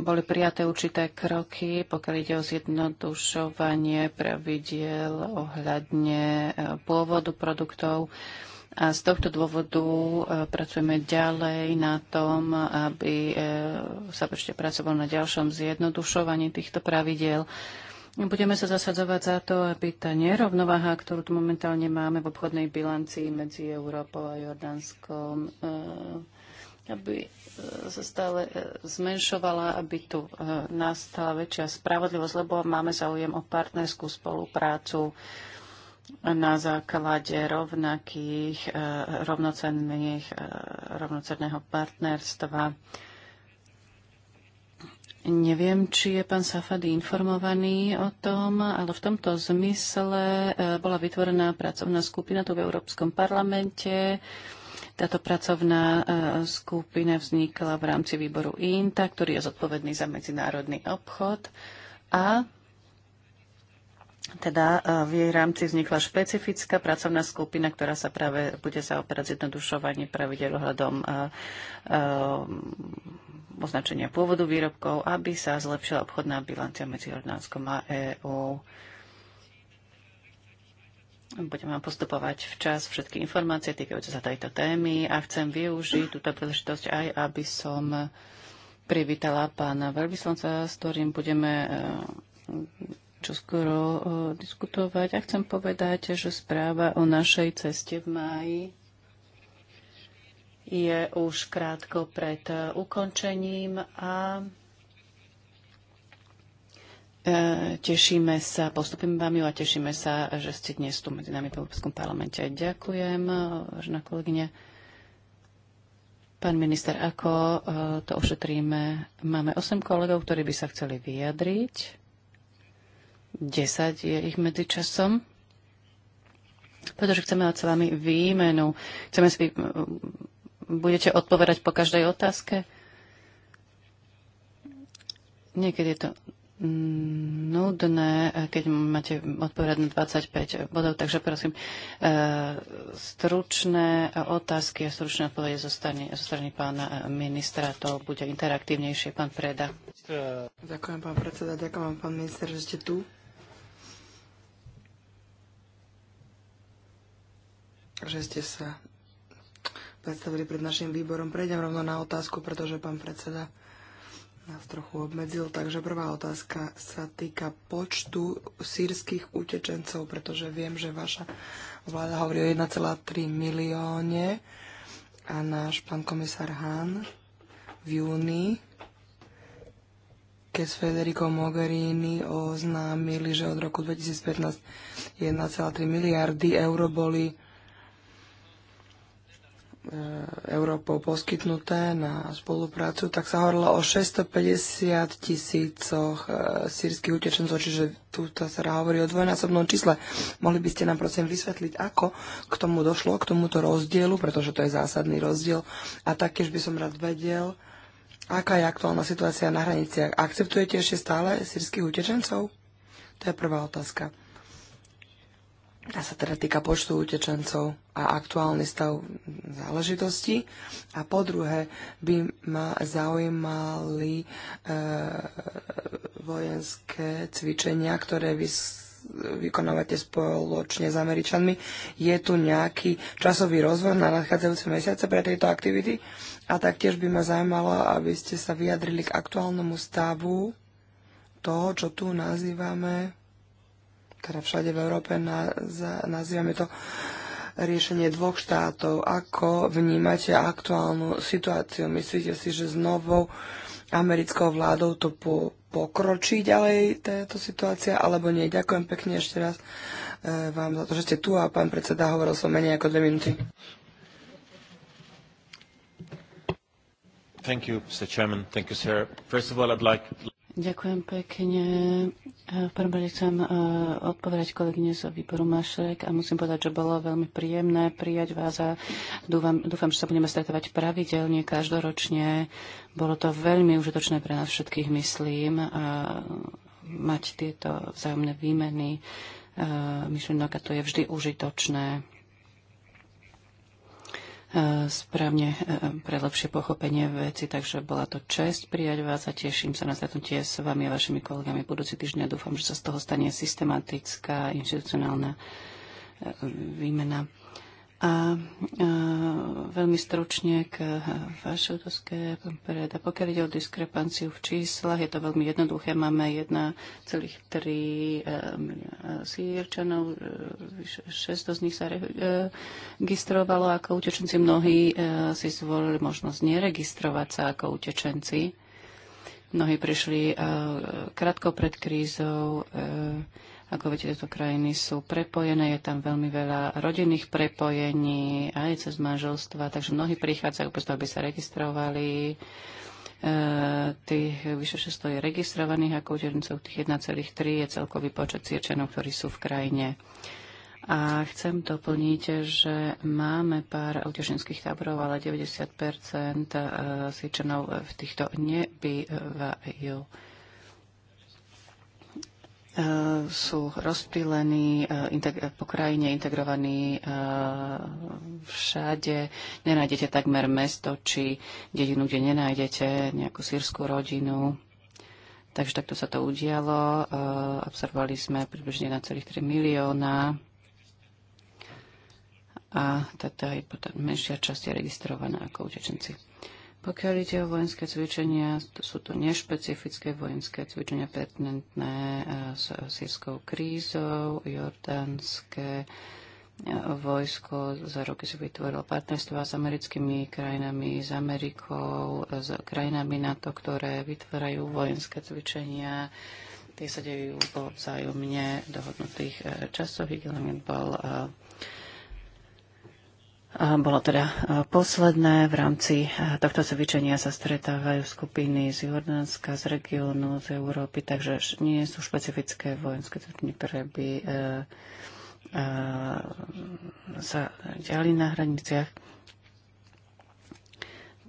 boli prijaté určité kroky, pokiaľ ide o zjednodušovanie pravidiel ohľadne e, pôvodu produktov a z tohto dôvodu e, pracujeme ďalej na tom, aby e, sa ešte pracovalo na ďalšom zjednodušovaní týchto pravidiel. Budeme sa zasadzovať za to, aby tá nerovnováha, ktorú tu momentálne máme v obchodnej bilancii medzi Európou a Jordánskom, e, aby sa stále zmenšovala, aby tu nastala väčšia spravodlivosť, lebo máme záujem o partnerskú spoluprácu na základe rovnakých, e, rovnocenných, e, rovnocenného partnerstva. Neviem, či je pán Safady informovaný o tom, ale v tomto zmysle e, bola vytvorená pracovná skupina tu v Európskom parlamente. Táto pracovná skupina vznikla v rámci výboru INTA, ktorý je zodpovedný za medzinárodný obchod a teda e, v jej rámci vznikla špecifická pracovná skupina, ktorá sa práve bude zaoperať zjednodušovanie pravidel ohľadom e, e, označenia pôvodu výrobkov, aby sa zlepšila obchodná bilancia medzi Jordánskom a EÚ. Budem vám postupovať včas všetky informácie týkajúce sa tejto témy a chcem využiť túto príležitosť aj, aby som privítala pána veľvyslanca, s ktorým budeme čo skoro e, diskutovať. A chcem povedať, že správa o našej ceste v máji je už krátko pred e, ukončením a e, Tešíme sa, postupím vám ju a tešíme sa, že ste dnes tu medzi nami v Európskom parlamente. Ďakujem, vážená kolegyňa. Pán minister, ako to ošetríme? Máme 8 kolegov, ktorí by sa chceli vyjadriť. 10 je ich medzičasom, pretože chceme od celami vami výmenu. Chceme si, budete odpovedať po každej otázke? Niekedy je to nudné, keď máte odpovedať na 25 bodov, takže prosím, e, stručné otázky a stručné odpovede zo strany, zo strany pána ministra, to bude interaktívnejšie. Pán Preda. Ďakujem, pán predseda, ďakujem pán minister, že ste tu. že ste sa predstavili pred našim výborom. Prejdem rovno na otázku, pretože pán predseda nás trochu obmedzil. Takže prvá otázka sa týka počtu sírskych utečencov, pretože viem, že vaša vláda hovorí o 1,3 milióne a náš pán komisár Hahn v júni, keď s Federico Mogherini oznámili, že od roku 2015 1,3 miliardy eur boli E, Európou poskytnuté na spoluprácu, tak sa hovorilo o 650 tisícoch e, sírskych utečencov, čiže tu sa hovorí o dvojnásobnom čísle. Mohli by ste nám prosím vysvetliť, ako k tomu došlo, k tomuto rozdielu, pretože to je zásadný rozdiel. A taktiež by som rád vedel, aká je aktuálna situácia na hraniciach. Akceptujete ešte stále sírskych utečencov? To je prvá otázka ktorá sa teda týka počtu utečencov a aktuálny stav záležitosti. A po druhé by ma zaujímali e, vojenské cvičenia, ktoré vy vykonávate spoločne s Američanmi. Je tu nejaký časový rozvoj na nadchádzajúce mesiace pre tejto aktivity? A taktiež by ma zaujímalo, aby ste sa vyjadrili k aktuálnemu stavu toho, čo tu nazývame teda všade v Európe na, za, nazývame to riešenie dvoch štátov. Ako vnímate aktuálnu situáciu? Myslíte si, že s novou americkou vládou to po, pokročí ďalej táto situácia, alebo nie? Ďakujem pekne ešte raz e, vám za to, že ste tu a pán predseda hovoril som menej ako dve minúty. Thank you, Mr. Chairman. Thank you, sir. First of all, I'd like... Ďakujem pekne. E, v prvom rade chcem e, odpovedať kolegyne z výboru Mašek a musím povedať, že bolo veľmi príjemné prijať vás a dúfam, dúfam, že sa budeme stretávať pravidelne, každoročne. Bolo to veľmi užitočné pre nás všetkých, myslím, a mať tieto vzájomné výmeny e, myšlienok a to je vždy užitočné. Eh, správne eh, pre lepšie pochopenie veci, takže bola to čest prijať vás a teším sa na stretnutie s vami a vašimi kolegami budúci týždeň a dúfam, že sa z toho stane systematická inštitucionálna eh, výmena. A, a veľmi stručne k e, vašej otázke, pán Pereda. Pokiaľ ide o diskrepanciu v číslach, je to veľmi jednoduché. Máme 1,3 e, milióna sírčanov, 600 e, z nich sa registrovalo ako utečenci. Mnohí si zvolili možnosť neregistrovať sa ako utečenci. Mnohí prišli krátko pred krízou ako viete, tieto krajiny sú prepojené, je tam veľmi veľa rodinných prepojení, aj cez manželstva, takže mnohí prichádzajú, preto aby sa registrovali. E, tých vyše 600 je registrovaných ako utečencov, tých 1,3 je celkový počet Sýrčanov, ktorí sú v krajine. A chcem doplniť, že máme pár utečenských táborov, ale 90 Sýrčanov e, v týchto nebývajú. Eh, sú rozptýlení eh, eh, po krajine, integrovaní všade. Nenájdete takmer mesto či dedinu, kde nenájdete nejakú sírskú rodinu. Takže takto sa to udialo. Absorbovali sme približne na celých 3 milióna a teda je potom menšia časť je registrovaná ako utečenci. Pokiaľ ide o vojenské cvičenia, to sú to nešpecifické vojenské cvičenia pertinentné e, s sírskou krízou, jordánske e, vojsko za roky si vytvorilo partnerstva s americkými krajinami, s Amerikou, e, s krajinami NATO, ktoré vytvárajú vojenské cvičenia. Tie sa dejú po vzájomne dohodnutých časových, Element bol bolo teda e, posledné. V rámci e, tohto cvičenia sa stretávajú skupiny z Jordánska, z regiónu, z Európy, takže nie sú špecifické vojenské cvičenie, ktoré by e, sa diali na hraniciach.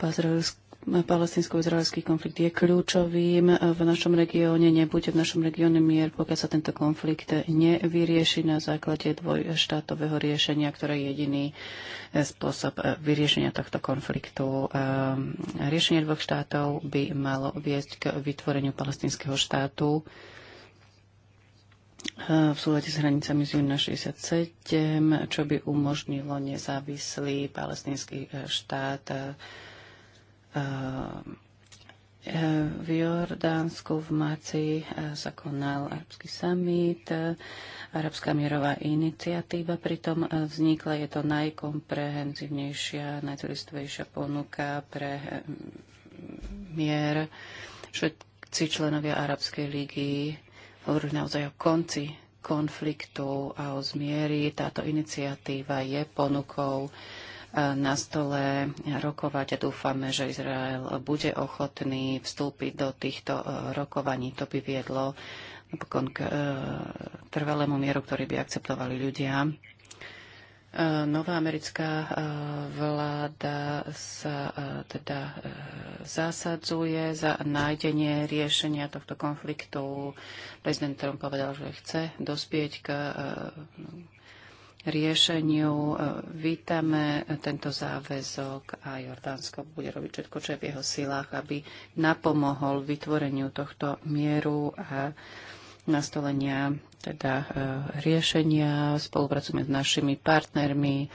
Pozdravujú Palestinsko-izraelský konflikt je kľúčovým v našom regióne, nebude v našom regióne mier, pokiaľ sa tento konflikt nevyrieši na základe dvojštátového riešenia, ktoré je jediný eh, spôsob eh, vyriešenia tohto konfliktu. Eh, riešenie dvoch štátov by malo viesť k vytvoreniu palestinského štátu v súlade s hranicami z júna 67, čo by umožnilo nezávislý palestinský štát Ehm, ehm, v Jordánsku v marci ehm, sa konal arabský summit, arabská mierová iniciatíva pritom vznikla. Je to najkomprehenzívnejšia, najcelistvejšia ponuka pre mier. Všetci členovia Arabskej ligy hovorili naozaj o konci konfliktu a o zmieri. Táto iniciatíva je ponukou na stole rokovať a dúfame, že Izrael bude ochotný vstúpiť do týchto e, rokovaní. To by viedlo napokon k e, trvalému mieru, ktorý by akceptovali ľudia. E, nová americká vláda sa teda zásadzuje za nájdenie riešenia tohto konfliktu. Prezident Trump povedal, že chce dospieť k riešeniu. E, Vítame tento záväzok a Jordánsko bude robiť všetko, čo je v jeho silách, aby napomohol vytvoreniu tohto mieru a nastolenia teda e, riešenia. Spolupracujeme s našimi partnermi,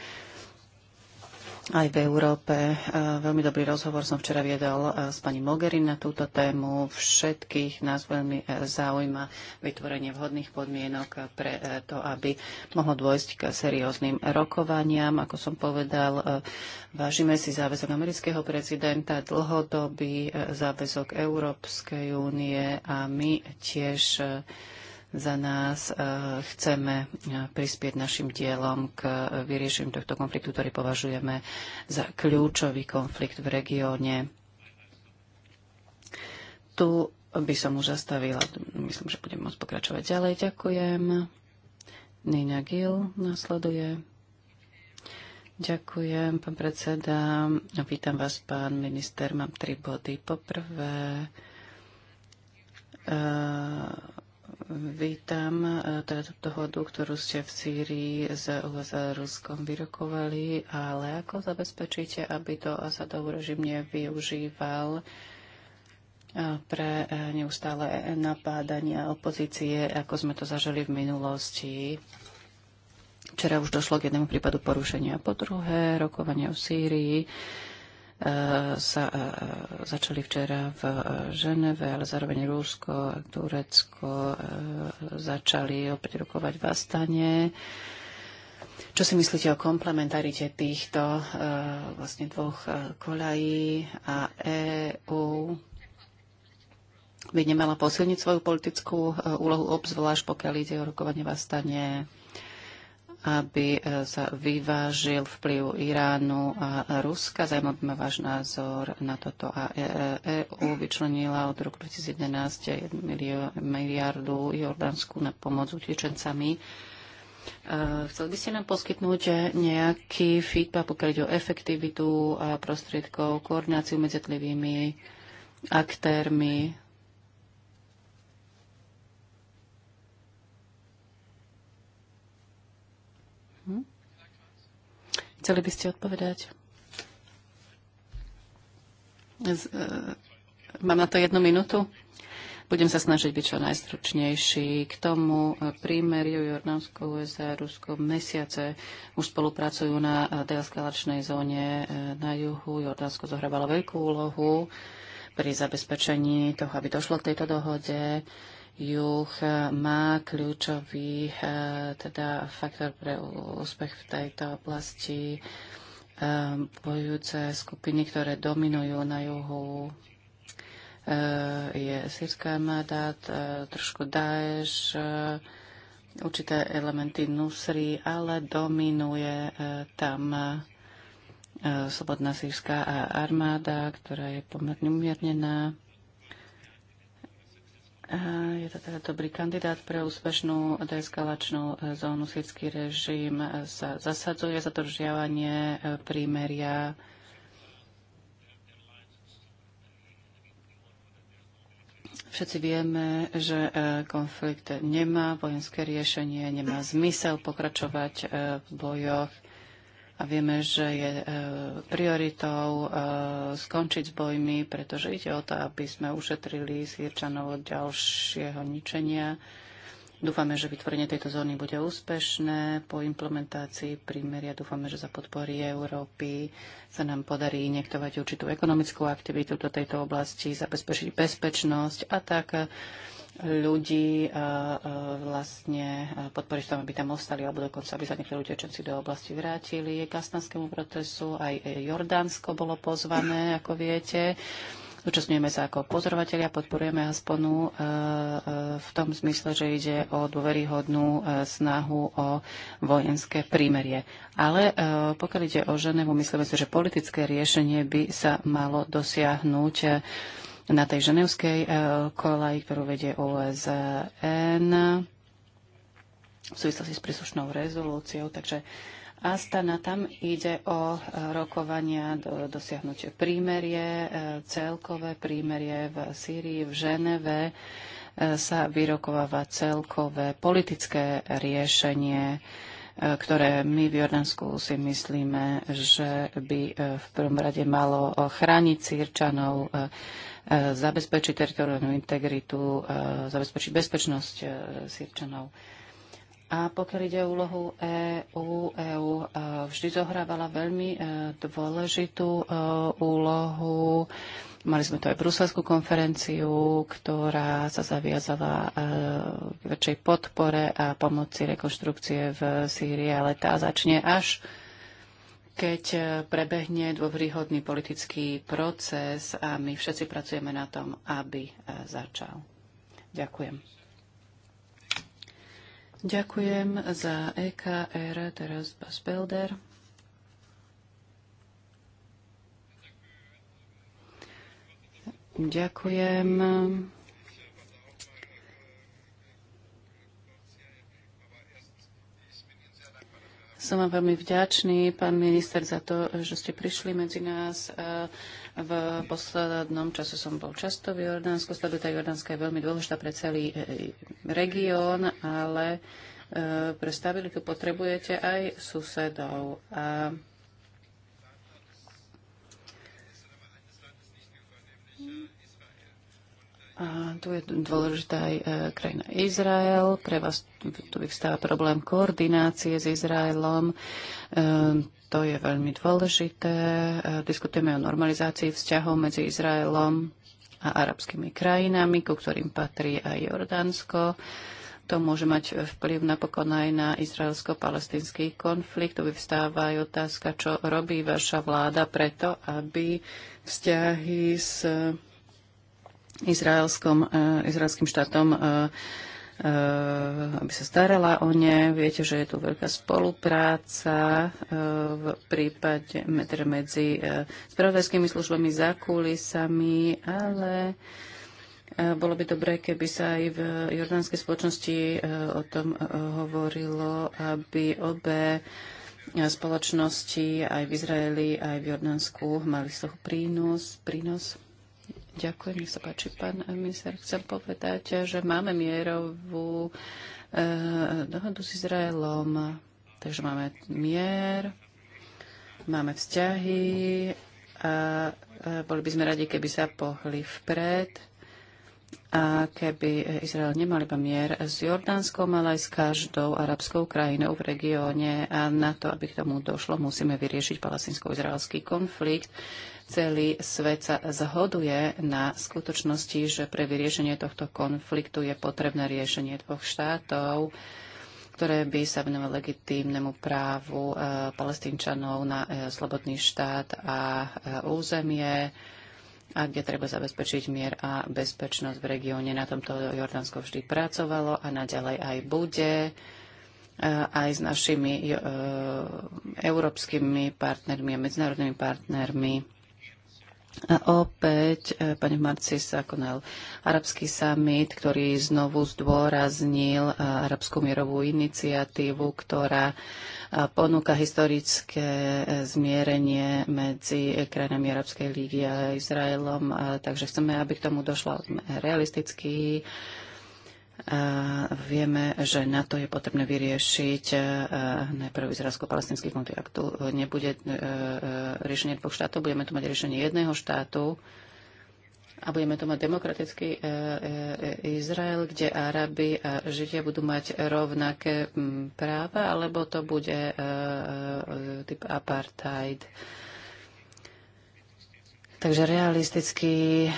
aj v Európe. E, veľmi dobrý rozhovor som včera viedol e, s pani Mogherin na túto tému. Všetkých nás veľmi e, zaujíma vytvorenie vhodných podmienok pre to, aby mohlo dôjsť k serióznym rokovaniam. Ako som povedal, vážime si záväzok amerického prezidenta, dlhodobý záväzok Európskej únie a my tiež za nás. E, chceme e, prispieť našim dielom k e, vyriešeniu tohto konfliktu, ktorý považujeme za kľúčový konflikt v regióne. Tu by som už zastavila. Myslím, že budem môcť pokračovať ďalej. Ďakujem. Nina Gil nasleduje. Ďakujem, pán predseda. Vítam vás, pán minister. Mám tri body. Poprvé, Vítam e, teda tú dohodu, ktorú ste v Sýrii s USA Ruskom vyrokovali, ale ako zabezpečíte, aby to Asadov režim nevyužíval e, pre e, neustále napádania opozície, ako sme to zažili v minulosti? Včera už došlo k jednému prípadu porušenia. Po druhé, rokovania v Sýrii E, sa e, e, začali včera v Ženeve, ale zároveň Rúsko a Turecko začali opäť rokovať v Astane. Čo si myslíte o komplementarite týchto vlastne dvoch koľají a EÚ? by nemala posilniť svoju politickú úlohu, obzvlášť pokiaľ ide o rokovanie v Astane aby e, sa vyvážil vplyv Iránu a Ruska. Zajímavý ma váš názor na toto. A EU e, e vyčlenila od roku 2011 1 miliardu Jordánsku na pomoc utečencami. Chceli by ste nám poskytnúť nejaký feedback, pokiaľ ide o efektivitu a prostriedkov, koordináciu medzi aktérmi Chceli by ste odpovedať? Z, e, mám na to jednu minútu. Budem sa snažiť byť čo najstručnejší. K tomu e, prímeriu Jordánsko, USA, Rusko mesiace už spolupracujú na e, deeskalačnej zóne e, na juhu. Jordánsko zohrávalo veľkú úlohu pri zabezpečení toho, aby došlo k tejto dohode juh eh, má kľúčový eh, teda faktor pre úspech v tejto oblasti. Eh, bojujúce skupiny, ktoré dominujú na juhu, je sírska armáda, trošku Daesh, určité elementy Nusri, ale dominuje tam slobodná sírska armáda, ktorá je pomerne umiernená. Je to teda dobrý kandidát pre úspešnú deeskalačnú e, zónu. Sýrsky režim e, sa zasadzuje za držiavanie e, prímeria. Všetci vieme, že konflikt nemá vojenské riešenie, nemá zmysel pokračovať v bojoch a vieme, že je e, prioritou e, skončiť s bojmi, pretože ide o to, aby sme ušetrili Sýrčanov od ďalšieho ničenia Dúfame, že vytvorenie tejto zóny bude úspešné. Po implementácii prímeria dúfame, že za podpory Európy sa nám podarí injektovať určitú ekonomickú aktivitu do tejto oblasti, zabezpečiť bezpečnosť a tak ľudí vlastne podporiť tom, aby tam ostali, alebo dokonca, aby sa niektorí utečenci do oblasti vrátili. K asnanskému procesu aj Jordánsko bolo pozvané, ako viete. Zúčastňujeme sa ako pozorovateľia, podporujeme Asponu e, e, v tom zmysle, že ide o dôveryhodnú e, snahu o vojenské prímerie. Ale pokiaľ ide o Ženevu, myslíme si, že politické riešenie by sa malo dosiahnuť na tej ženevskej kolaj, ktorú vedie OSN v súvislosti s príslušnou rezolúciou. Takže Astana. Tam ide o e, rokovania, do, dosiahnutie prímerie, e, celkové prímerie v Sýrii, v Ženeve e, sa vyrokováva celkové politické riešenie, ktoré my v Jordánsku si myslíme, že by v prvom rade malo chrániť Sýrčanov, zabezpečiť teritoriálnu integritu, zabezpečiť bezpečnosť Sýrčanov. A pokiaľ ide o úlohu EÚ, EU e, vždy zohrávala veľmi e, dôležitú e, úlohu. Mali sme tu aj bruselskú konferenciu, ktorá sa zaviazala k väčšej podpore a pomoci rekonštrukcie v Sýrii, ale tá začne až keď prebehne dôvryhodný politický proces a my všetci pracujeme na tom, aby začal. Ďakujem. Ďakujem za EKR, teraz Bas Belder. Ďakujem. Som vám veľmi vďačný, pán minister, za to, že ste prišli medzi nás. V poslednom čase som bol často v Jordánsku. Stabilita Jordánska je veľmi dôležitá pre celý e, e, región, ale e, pre stabilitu potrebujete aj susedov. A A tu je dôležitá aj e, krajina Izrael. Pre vás tu vyvstáva problém koordinácie s Izraelom. E, to je veľmi dôležité. E, diskutujeme o normalizácii vzťahov medzi Izraelom a arabskými krajinami, ku ktorým patrí aj Jordánsko. To môže mať vplyv napokon aj na izraelsko-palestinský konflikt. Tu vyvstáva aj otázka, čo robí vaša vláda preto, aby vzťahy s e, izraelským štátom e, aby sa starala o ne. Viete, že je tu veľká spolupráca e, v prípade teda medzi e, spravodajskými službami za kulisami, ale e, bolo by dobré, keby sa aj v jordánskej spoločnosti o tom hovorilo, aby obe spoločnosti aj v Izraeli, aj v Jordánsku mali z toho prínos. prínos. Ďakujem, nech sa páči, pán minister. Chcem povedať, že máme mierovú eh, dohodu s Izraelom. Takže máme mier, máme vzťahy a eh, boli by sme radi, keby sa pohli vpred a keby Izrael nemal iba mier s Jordánskom, ale aj s každou arabskou krajinou v regióne. A na to, aby k tomu došlo, musíme vyriešiť palestinsko-izraelský konflikt Celý svet sa zhoduje na skutočnosti, že pre vyriešenie tohto konfliktu je potrebné riešenie dvoch štátov, ktoré by sa venovali legitímnemu právu e, palestínčanov na e, slobodný štát a e, územie a kde treba zabezpečiť mier a bezpečnosť v regióne. Na tomto Jordánsko vždy pracovalo a naďalej aj bude aj s našimi e, európskymi partnermi a medzinárodnými partnermi. A opäť, e, pani marci sa konal arabský summit, ktorý znovu zdôraznil e, arabskú mierovú iniciatívu, ktorá e, ponúka historické zmierenie medzi krajinami Arabskej lígy a Izraelom. Takže chceme, aby k tomu došlo. realisticky. Eh, vieme, že na to je potrebné vyriešiť eh, eh, najprv izraelsko-palestinský konflikt. tu nebude riešenie dvoch štátov, budeme tu mať riešenie jedného štátu a budeme tu mať demokratický Izrael, kde Arabi a Židia budú mať rovnaké mm, práva, alebo to bude typ apartheid. Takže realisticky e,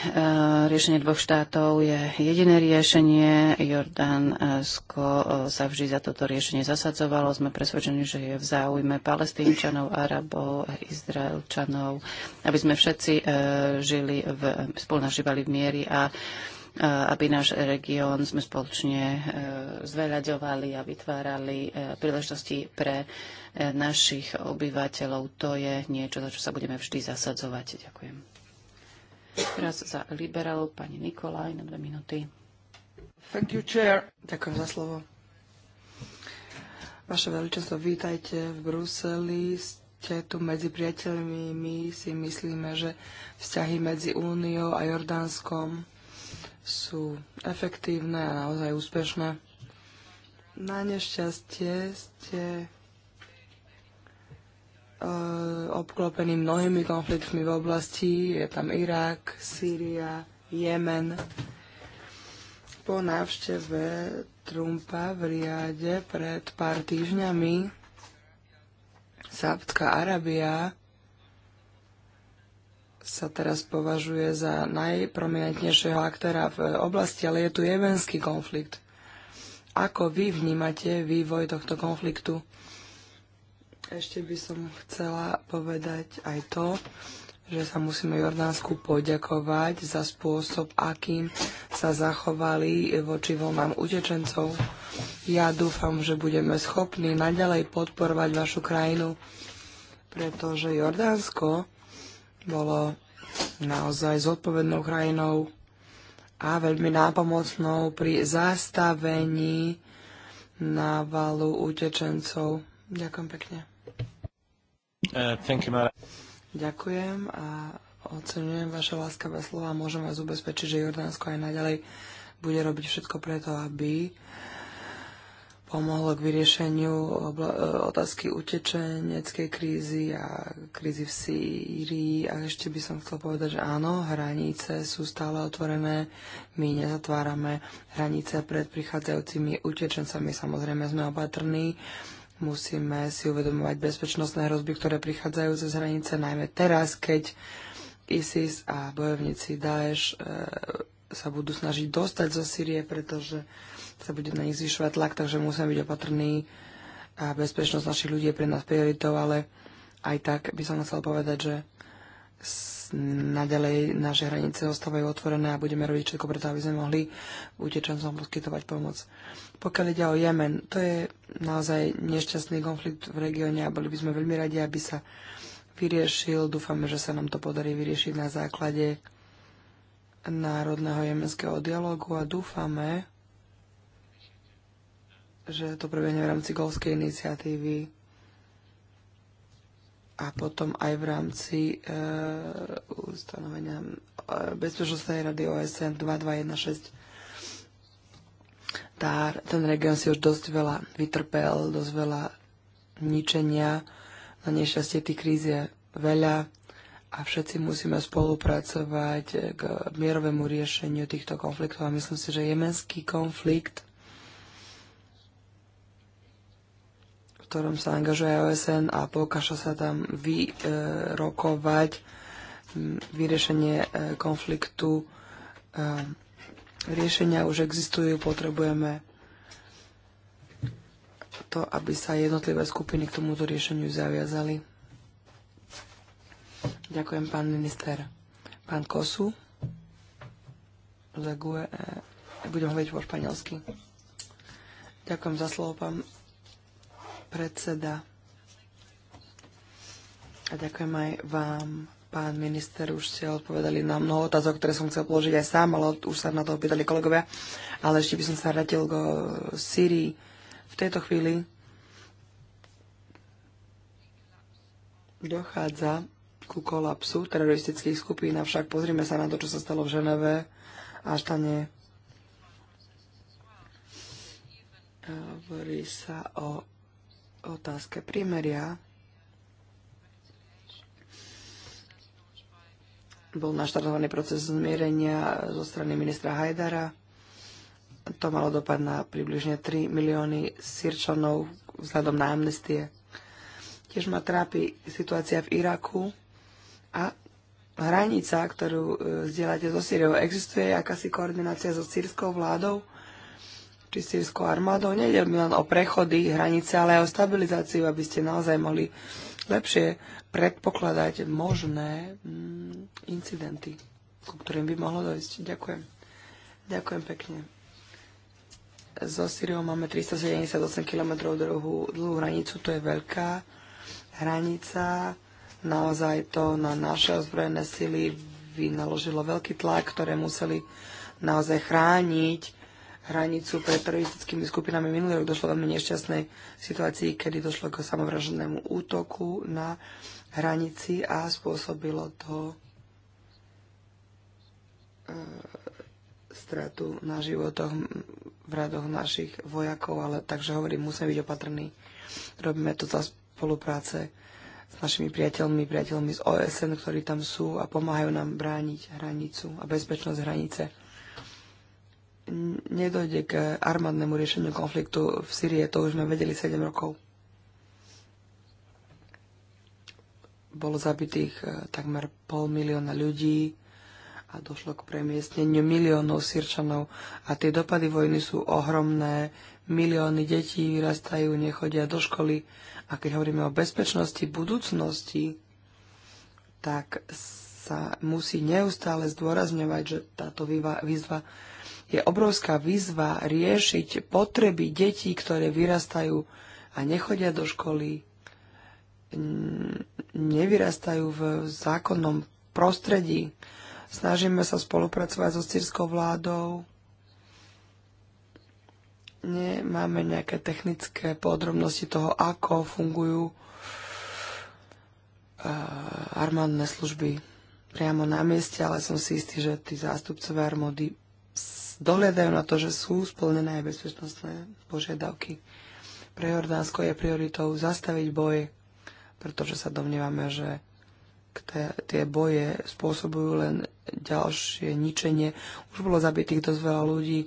riešenie dvoch štátov je jediné riešenie. Jordánsko e, e, sa vždy za toto riešenie zasadzovalo. Sme presvedčení, že je v záujme palestínčanov, arabov, izraelčanov, aby sme všetci žili v, spolu nažívali v miery a aby náš región sme spoločne zveľaďovali a vytvárali príležitosti pre našich obyvateľov. To je niečo, za čo sa budeme vždy zasadzovať. Ďakujem. Teraz za liberálov pani Nikolaj na dve minúty. Thank you, chair. Ďakujem za slovo. Vaše veličenstvo, vítajte v Bruseli. Ste tu medzi priateľmi. My si myslíme, že vzťahy medzi Úniou a Jordánskom sú efektívne a naozaj úspešné. Na nešťastie ste Eh, obklopený mnohými konfliktmi v oblasti. Je tam Irak, Sýria, Jemen. Po návšteve Trumpa v Riade pred pár týždňami Sábtka Arabia sa teraz považuje za najprominentnejšieho aktéra v oblasti, ale je tu jemenský konflikt. Ako vy vnímate vývoj tohto konfliktu? Ešte by som chcela povedať aj to, že sa musíme Jordánsku poďakovať za spôsob, akým sa zachovali voči voľnám utečencov. Ja dúfam, že budeme schopní naďalej podporovať vašu krajinu, pretože Jordánsko bolo naozaj zodpovednou krajinou a veľmi nápomocnou pri zastavení návalu utečencov. Ďakujem pekne. Uh, Ďakujem a oceňujem vaše láskavé slova môžem vás ubezpečiť, že Jordánsko aj naďalej bude robiť všetko preto, aby pomohlo k vyriešeniu e, otázky utečeneckej krízy a krízy v Sýrii. A ešte by som chcel povedať, že áno, hranice sú stále otvorené, my nezatvárame hranice pred prichádzajúcimi utečencami. Samozrejme sme opatrní, Musíme si uvedomovať bezpečnostné hrozby, ktoré prichádzajú cez hranice, najmä teraz, keď ISIS a bojovníci Daesh e, sa budú snažiť dostať zo Sýrie, pretože sa bude na nich zvyšovať tlak, takže musíme byť opatrní a bezpečnosť našich ľudí je pre nás prioritou, ale aj tak by som chcel povedať, že naďalej naše hranice ostávajú otvorené a budeme robiť všetko preto, aby sme mohli utečencom poskytovať pomoc. Pokiaľ ide o Jemen, to je naozaj nešťastný konflikt v regióne a boli by sme veľmi radi, aby sa vyriešil. Dúfame, že sa nám to podarí vyriešiť na základe národného jemenského dialogu a dúfame, že to prebehne v rámci golskej iniciatívy a potom aj v rámci e, ustanovenia e, Bezpečnostnej rady OSN 2216 tá, ten región si už dosť veľa vytrpel, dosť veľa ničenia. Na nešťastie tých kríz je veľa a všetci musíme spolupracovať k mierovému riešeniu týchto konfliktov. A myslím si, že jemenský konflikt ktorom sa angažuje OSN a pokáša sa tam vyrokovať mm, vyriešenie e, konfliktu. E, riešenia už existujú, potrebujeme to, aby sa jednotlivé skupiny k tomuto riešeniu zaviazali. Ďakujem, pán minister. Pán Kosu, e, budem hovoriť po španielsky. Ďakujem za slovo, pán predseda. A ďakujem aj vám, pán minister, už ste odpovedali na mnoho otázok, ktoré som chcel položiť aj sám, ale už sa na to opýtali kolegovia. Ale ešte by som sa vrátil k Syrii. V tejto chvíli dochádza ku kolapsu teroristických skupín, avšak pozrime sa na to, čo sa stalo v Ženeve a Štane. Hovorí sa o otázke prímeria bol naštartovaný proces zmierenia zo strany ministra Hajdara. To malo dopad na približne 3 milióny sírčanov vzhľadom na amnestie. Tiež ma trápi situácia v Iraku a hranica, ktorú e, zdieľate so Sýriou. Existuje akási koordinácia so sírskou vládou? či sírskou armádou. Nejde len o prechody, hranice, ale aj o stabilizáciu, aby ste naozaj mohli lepšie predpokladať možné mm, incidenty, ku ktorým by mohlo dojsť. Ďakujem. Ďakujem pekne. So Syriou máme 378 km dlhú, dlhú hranicu, to je veľká hranica. Naozaj to na naše ozbrojené sily vynaložilo veľký tlak, ktoré museli naozaj chrániť hranicu pred teroristickými skupinami. Minulý rok došlo veľmi nešťastnej situácii, kedy došlo k samovraženému útoku na hranici a spôsobilo to e, stratu na životoch v radoch našich vojakov, ale takže hovorím, musíme byť opatrní. Robíme to za spolupráce s našimi priateľmi, priateľmi z OSN, ktorí tam sú a pomáhajú nám brániť hranicu a bezpečnosť hranice nedojde k armádnemu riešeniu konfliktu v Syrii, to už sme vedeli 7 rokov. Bolo zabitých e, takmer pol milióna ľudí a došlo k premiestneniu miliónov Syrčanov a tie dopady vojny sú ohromné. Milióny detí vyrastajú, nechodia do školy a keď hovoríme o bezpečnosti budúcnosti, tak sa musí neustále zdôrazňovať, že táto výzva je obrovská výzva riešiť potreby detí, ktoré vyrastajú a nechodia do školy, nevyrastajú v zákonnom prostredí. Snažíme sa spolupracovať so sírskou vládou. Nemáme nejaké technické podrobnosti toho, ako fungujú armádne služby priamo na mieste, ale som si istý, že tí zástupcové armády dohľadajú na to, že sú splnené aj bezpečnostné požiadavky. Pre Jordánsko je prioritou zastaviť boj, pretože sa domnievame, že tie boje spôsobujú len ďalšie ničenie. Už bolo zabitých dosť veľa ľudí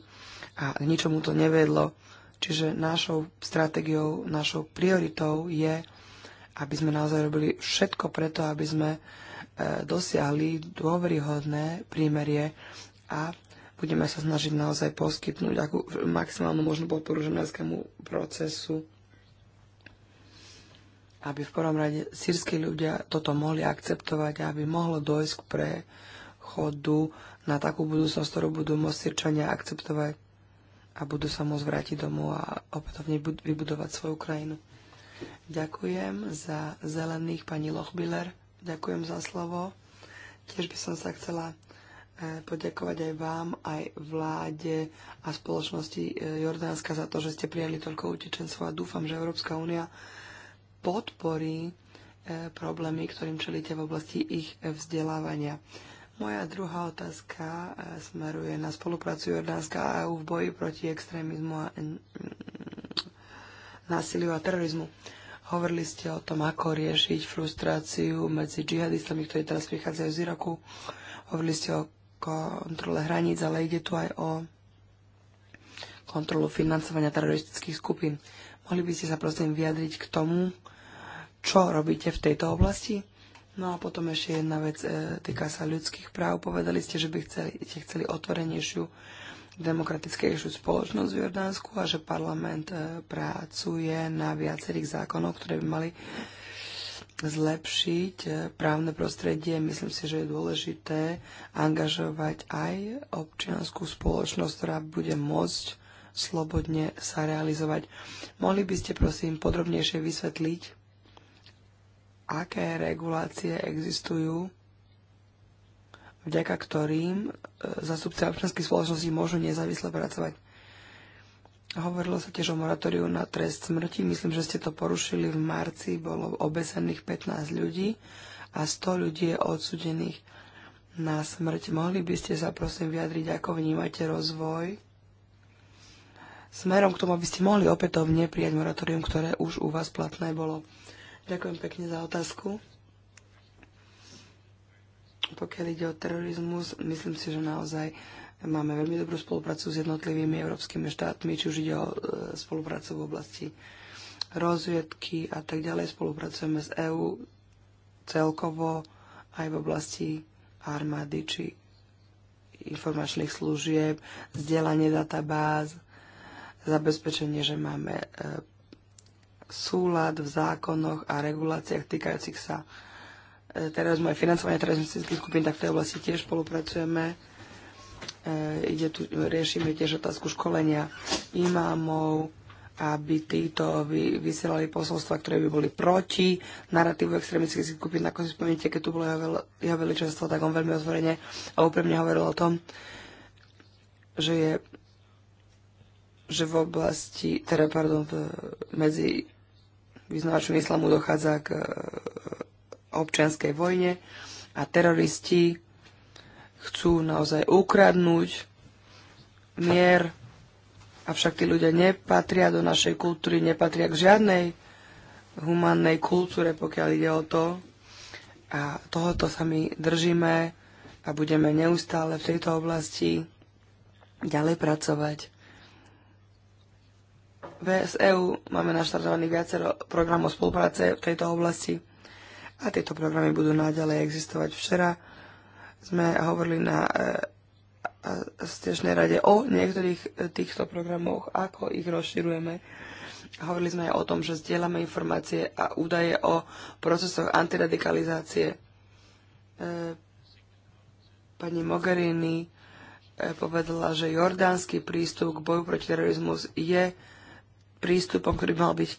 a ničomu to nevedlo. Čiže našou stratégiou, našou prioritou je, aby sme naozaj robili všetko preto, aby sme e, dosiahli dôveryhodné prímerie a Budeme sa snažiť naozaj poskytnúť akú maximálnu možnú podporu ženevskému procesu, aby v prvom rade sírsky ľudia toto mohli akceptovať aby mohlo dojsť k prechodu na takú budúcnosť, ktorú budú môcť sírčania akceptovať a budú sa môcť vrátiť domov a opätovne vybudovať svoju krajinu. Ďakujem za zelených pani Lochbiller. Ďakujem za slovo. Tiež by som sa chcela E, poďakovať aj vám, aj vláde a spoločnosti e, Jordánska za to, že ste prijali toľko utečencov a dúfam, že Európska únia podporí e, problémy, ktorým čelíte v oblasti ich vzdelávania. Moja druhá otázka smeruje na spoluprácu Jordánska a EU v boji proti extrémizmu a násiliu a terorizmu. Hovorili ste o tom, ako riešiť frustráciu medzi džihadistami, ktorí teraz prichádzajú z Iraku. Hovorili ste o kontrole hraníc, ale ide tu aj o kontrolu financovania teroristických skupín. Mohli by ste sa prosím vyjadriť k tomu, čo robíte v tejto oblasti? No a potom ešte jedna vec, e, týka sa ľudských práv. Povedali ste, že by chceli, ste chceli otvorenejšiu, demokratickejšiu spoločnosť v Jordánsku a že parlament e, pracuje na viacerých zákonoch, ktoré by mali zlepšiť eh, právne prostredie. Myslím si, že je dôležité angažovať aj občianskú spoločnosť, ktorá bude môcť slobodne sa realizovať. Mohli by ste prosím podrobnejšie vysvetliť, aké regulácie existujú, vďaka ktorým eh, zastupci občianskej spoločnosti môžu nezávisle pracovať. Hovorilo sa tiež o moratóriu na trest smrti. Myslím, že ste to porušili v marci. Bolo obesených 15 ľudí a 100 ľudí je odsudených na smrť. Mohli by ste sa prosím vyjadriť, ako vnímate rozvoj smerom k tomu, aby ste mohli opätovne prijať moratórium, ktoré už u vás platné bolo. Ďakujem pekne za otázku. Pokiaľ ide o terorizmus, myslím si, že naozaj Máme veľmi dobrú spoluprácu s jednotlivými európskymi štátmi, či už ide o e, spoluprácu v oblasti rozviedky a tak ďalej. Spolupracujeme s EÚ celkovo aj v oblasti armády či informačných služieb, vzdelanie databáz, zabezpečenie, že máme e, súlad v zákonoch a reguláciách týkajúcich sa e, aj financovania teroristických skupín, tak v tej oblasti tiež spolupracujeme. E, ide tu, riešime tiež otázku školenia imámov, aby títo vy, vysielali posolstva, ktoré by boli proti narratívu extrémistických skupín. Ako si spomínate, keď tu bolo jeho, jeho veličenstvo, tak on veľmi otvorene a úprimne hovoril o tom, že je že v oblasti, teda pardon, v, medzi vyznávačmi islamu dochádza k e, občianskej vojne a teroristi chcú naozaj ukradnúť mier, avšak tí ľudia nepatria do našej kultúry, nepatria k žiadnej humannej kultúre, pokiaľ ide o to. A tohoto sa my držíme a budeme neustále v tejto oblasti ďalej pracovať. VS EU máme naštartovaných viacero programov spolupráce v tejto oblasti a tieto programy budú naďalej existovať. Včera sme hovorili na stežnej e, rade o niektorých e, týchto programoch, ako ich rozširujeme. Hovorili sme aj o tom, že zdieľame informácie a údaje o procesoch antiradikalizácie. E, pani Mogherini povedala, že jordánsky prístup k boju proti terorizmu je prístupom, ktorý mal byť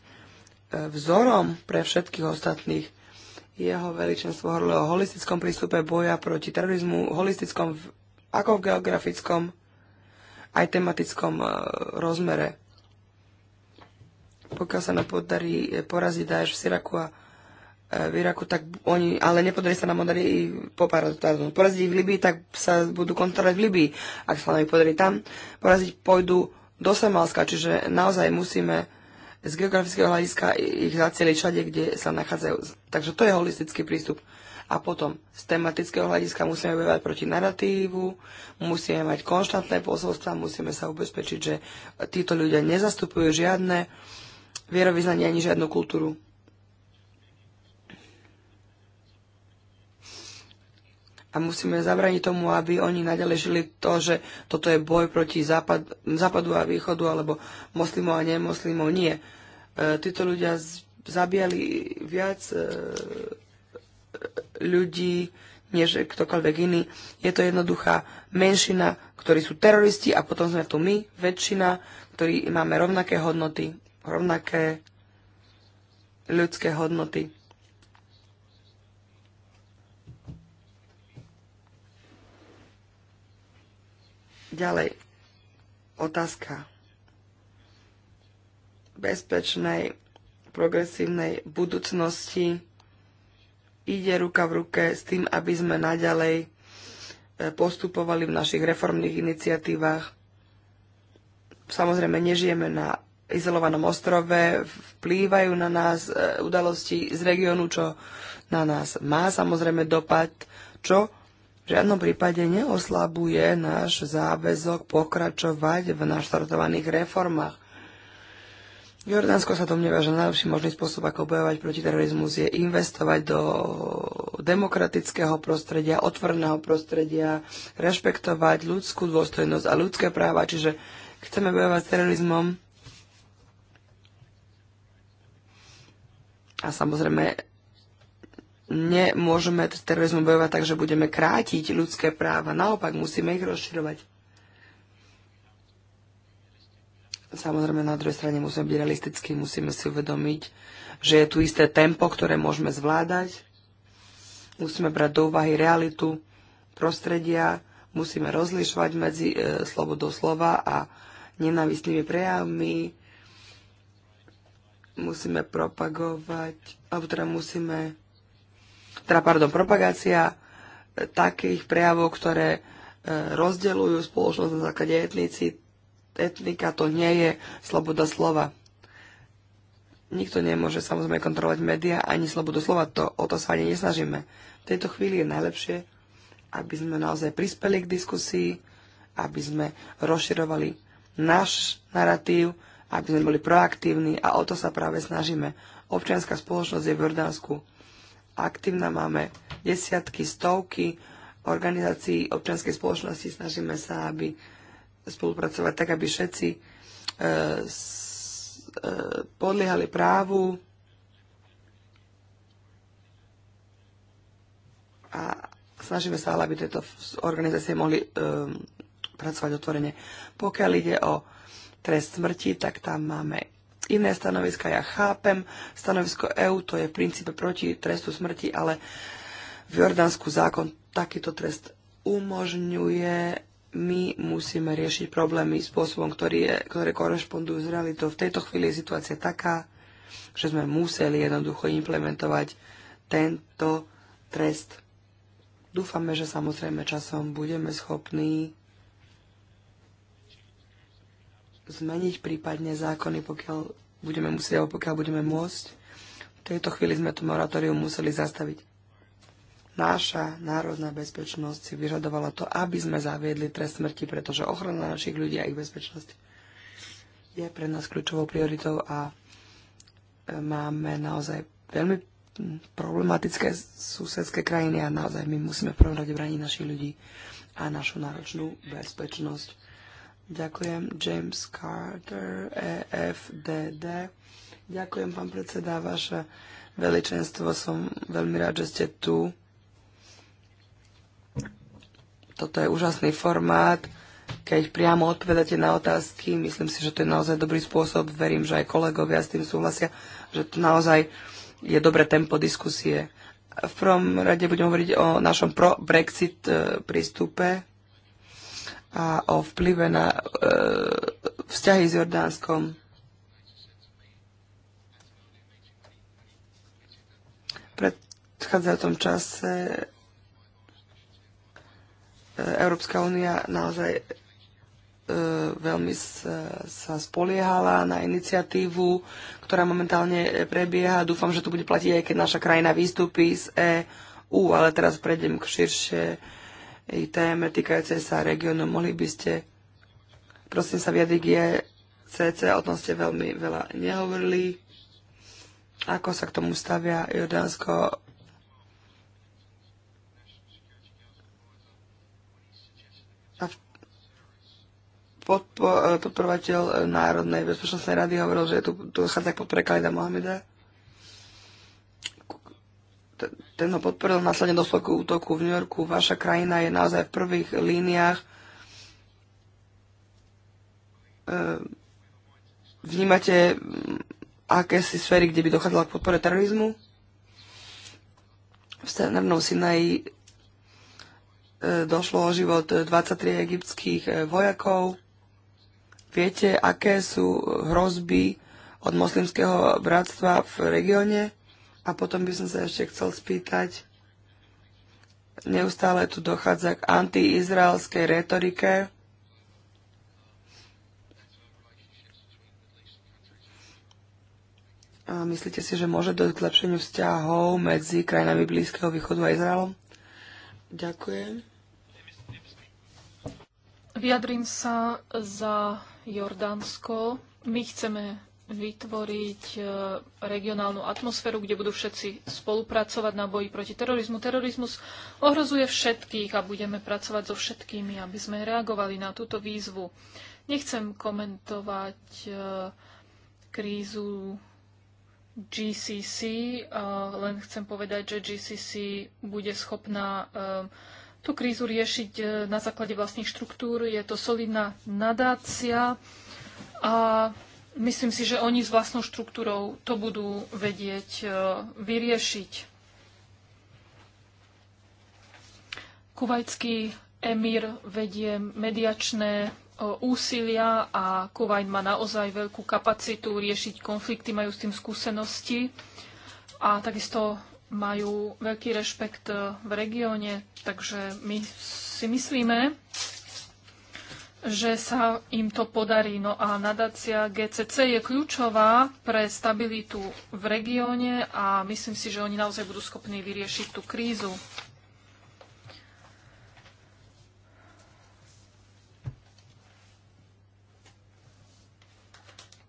vzorom pre všetkých ostatných. Jeho veličenstvo hovorilo o holistickom prístupe boja proti terorizmu, holistickom ako v geografickom, aj tematickom e, rozmere. Pokiaľ sa nám podarí e, poraziť Daesh v Siraku a e, v Iraku, tak oni, ale nepodarí sa nám podarí poraziť ich v Libii, tak sa budú kontrolovať v Libii. Ak sa nám podarí tam poraziť, pôjdu do Samalska, čiže naozaj musíme z geografického hľadiska ich zacieli všade, kde sa nachádzajú. Takže to je holistický prístup. A potom z tematického hľadiska musíme bojovať proti narratívu, musíme mať konštantné posolstva, musíme sa ubezpečiť, že títo ľudia nezastupujú žiadne vierovýznanie ani žiadnu kultúru. a musíme zabraniť tomu, aby oni nadalej žili to, že toto je boj proti západ, západu a východu, alebo moslimov a nemoslimov. Nie. E, títo ľudia z, zabíjali viac e, ľudí, než ktokoľvek iný. Je to jednoduchá menšina, ktorí sú teroristi a potom sme tu my, väčšina, ktorí máme rovnaké hodnoty, rovnaké ľudské hodnoty. Ďalej, otázka bezpečnej, progresívnej budúcnosti ide ruka v ruke s tým, aby sme naďalej e, postupovali v našich reformných iniciatívach. Samozrejme, nežijeme na izolovanom ostrove, vplývajú na nás e, udalosti z regiónu, čo na nás má samozrejme dopad, čo v žiadnom prípade neoslabuje náš záväzok pokračovať v naštartovaných reformách. Jordánsko sa domnieva, že najlepší možný spôsob, ako bojovať proti terorizmu, je investovať do demokratického prostredia, otvorného prostredia, rešpektovať ľudskú dôstojnosť a ľudské práva. Čiže chceme bojovať s terorizmom a samozrejme nemôžeme s terorizmom bojovať tak, že budeme krátiť ľudské práva. Naopak, musíme ich rozširovať. Samozrejme, na druhej strane musíme byť realistickí, musíme si uvedomiť, že je tu isté tempo, ktoré môžeme zvládať. Musíme brať do úvahy realitu prostredia, musíme rozlišovať medzi e, slobodou slova a nenávistnými prejavmi, musíme propagovať, alebo teda musíme teda pardon, propagácia e, takých prejavov, ktoré e, rozdeľujú spoločnosť na základe etnici, etnika, to nie je sloboda slova. Nikto nemôže samozrejme kontrolovať médiá ani slobodu slova, to, o to sa ani nesnažíme. V tejto chvíli je najlepšie, aby sme naozaj prispeli k diskusii, aby sme rozširovali náš narratív, aby sme boli proaktívni a o to sa práve snažíme. Občianská spoločnosť je v Jordánsku aktívna, máme desiatky, stovky organizácií občianskej spoločnosti, snažíme sa, aby spolupracovať tak, aby všetci e, s, e, podliehali právu a snažíme sa, aby tieto organizácie mohli e, pracovať otvorene. Pokiaľ ide o trest smrti, tak tam máme iné stanoviska ja chápem. Stanovisko EÚ to je v princípe proti trestu smrti, ale v Jordánsku zákon takýto trest umožňuje. My musíme riešiť problémy spôsobom, ktorý je, ktoré korešpondujú s realitou. V tejto chvíli je situácia taká, že sme museli jednoducho implementovať tento trest. Dúfame, že samozrejme časom budeme schopní zmeniť prípadne zákony, pokiaľ budeme musieť, alebo pokiaľ budeme môcť. V tejto chvíli sme to moratórium museli zastaviť. Náša národná bezpečnosť si vyžadovala to, aby sme zaviedli trest smrti, pretože ochrana našich ľudí a ich bezpečnosť je pre nás kľúčovou prioritou a e, máme naozaj veľmi problematické susedské krajiny a naozaj my musíme v prvom rade brániť našich ľudí a našu náročnú bezpečnosť. Ďakujem James Carter, EFDD. Ďakujem, pán predseda, vaše veličenstvo. Som veľmi rád, že ste tu. Toto je úžasný formát. Keď priamo odpovedáte na otázky, myslím si, že to je naozaj dobrý spôsob. Verím, že aj kolegovia s tým súhlasia, že to naozaj je dobré tempo diskusie. V prvom rade budem hovoriť o našom pro-Brexit e, prístupe a o vplyve na e, vzťahy s Jordánskom. Predchádza tom čase e, Európska únia naozaj e, veľmi sa, e, sa spoliehala na iniciatívu, ktorá momentálne prebieha. Dúfam, že to bude platiť aj keď naša krajina vystúpi z EU, ale teraz prejdem k širšie téme týkajúcej sa regiónu. Mohli by ste, prosím sa, vyjadriť GCC, o tom ste veľmi veľa nehovorili. Ako sa k tomu stavia Jordánsko? Eh, podporovateľ Národnej bezpečnostnej rady hovoril, že tu, tu chádza k podpore Kalida Mohameda ten ho podporil, následne došlo k útoku v New Yorku. Vaša krajina je naozaj v prvých líniách. Eh, vnímate mm, aké si sféry, kde by dochádzala k podpore terorizmu? V Stenernom Sinaji eh, došlo o život 23 egyptských eh, vojakov. Viete, aké sú hrozby od moslimského bratstva v regióne? A potom by som sa ešte chcel spýtať, neustále tu dochádza k antiizraelskej retorike. A myslíte si, že môže dojť k lepšeniu vzťahov medzi krajinami Blízkeho východu a Izraelom? Ďakujem. Vyjadrím sa za Jordánsko. My chceme vytvoriť e, regionálnu atmosféru, kde budú všetci spolupracovať na boji proti terorizmu. Terorizmus ohrozuje všetkých a budeme pracovať so všetkými, aby sme reagovali na túto výzvu. Nechcem komentovať e, krízu GCC, e, len chcem povedať, že GCC bude schopná tú krízu riešiť na základe vlastných štruktúr. Je to solidná nadácia a Myslím si, že oni s vlastnou štruktúrou to budú vedieť e, vyriešiť. Kuvajský emír vedie mediačné e, úsilia a Kuwait má naozaj veľkú kapacitu riešiť konflikty, majú s tým skúsenosti a takisto majú veľký rešpekt e, v regióne, takže my si myslíme, že sa im to podarí. No a nadácia GCC je kľúčová pre stabilitu v regióne a myslím si, že oni naozaj budú schopní vyriešiť tú krízu.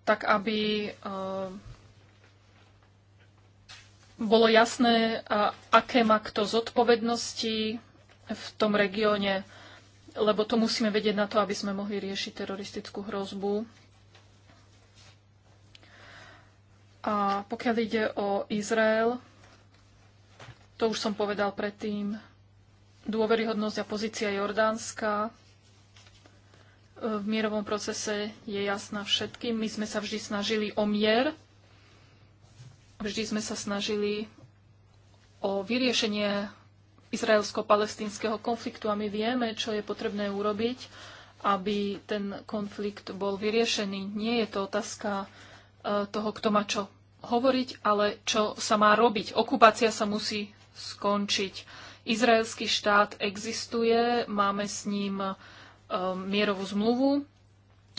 Tak aby eh, bolo jasné, aké má kto zodpovednosti v tom regióne lebo to musíme vedieť na to, aby sme mohli riešiť teroristickú hrozbu. A pokiaľ ide o Izrael, to už som povedal predtým, dôveryhodnosť a pozícia Jordánska e, v mierovom procese je jasná všetkým. My sme sa vždy snažili o mier, vždy sme sa snažili o vyriešenie izraelsko-palestínskeho konfliktu a my vieme, čo je potrebné urobiť, aby ten konflikt bol vyriešený. Nie je to otázka e, toho, kto má čo hovoriť, ale čo sa má robiť. Okupácia sa musí skončiť. Izraelský štát existuje, máme s ním e, mierovú zmluvu,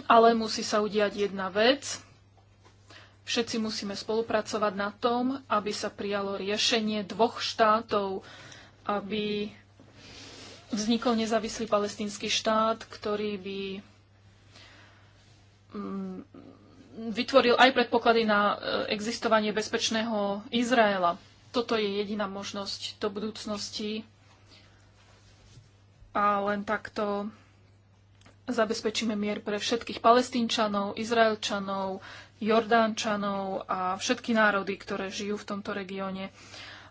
ale musí sa udiať jedna vec. Všetci musíme spolupracovať na tom, aby sa prijalo riešenie dvoch štátov aby vznikol nezávislý palestínsky štát, ktorý by mm, vytvoril aj predpoklady na e, existovanie bezpečného Izraela. Toto je jediná možnosť do budúcnosti a len takto zabezpečíme mier pre všetkých palestínčanov, izraelčanov, jordánčanov a všetky národy, ktoré žijú v tomto regióne.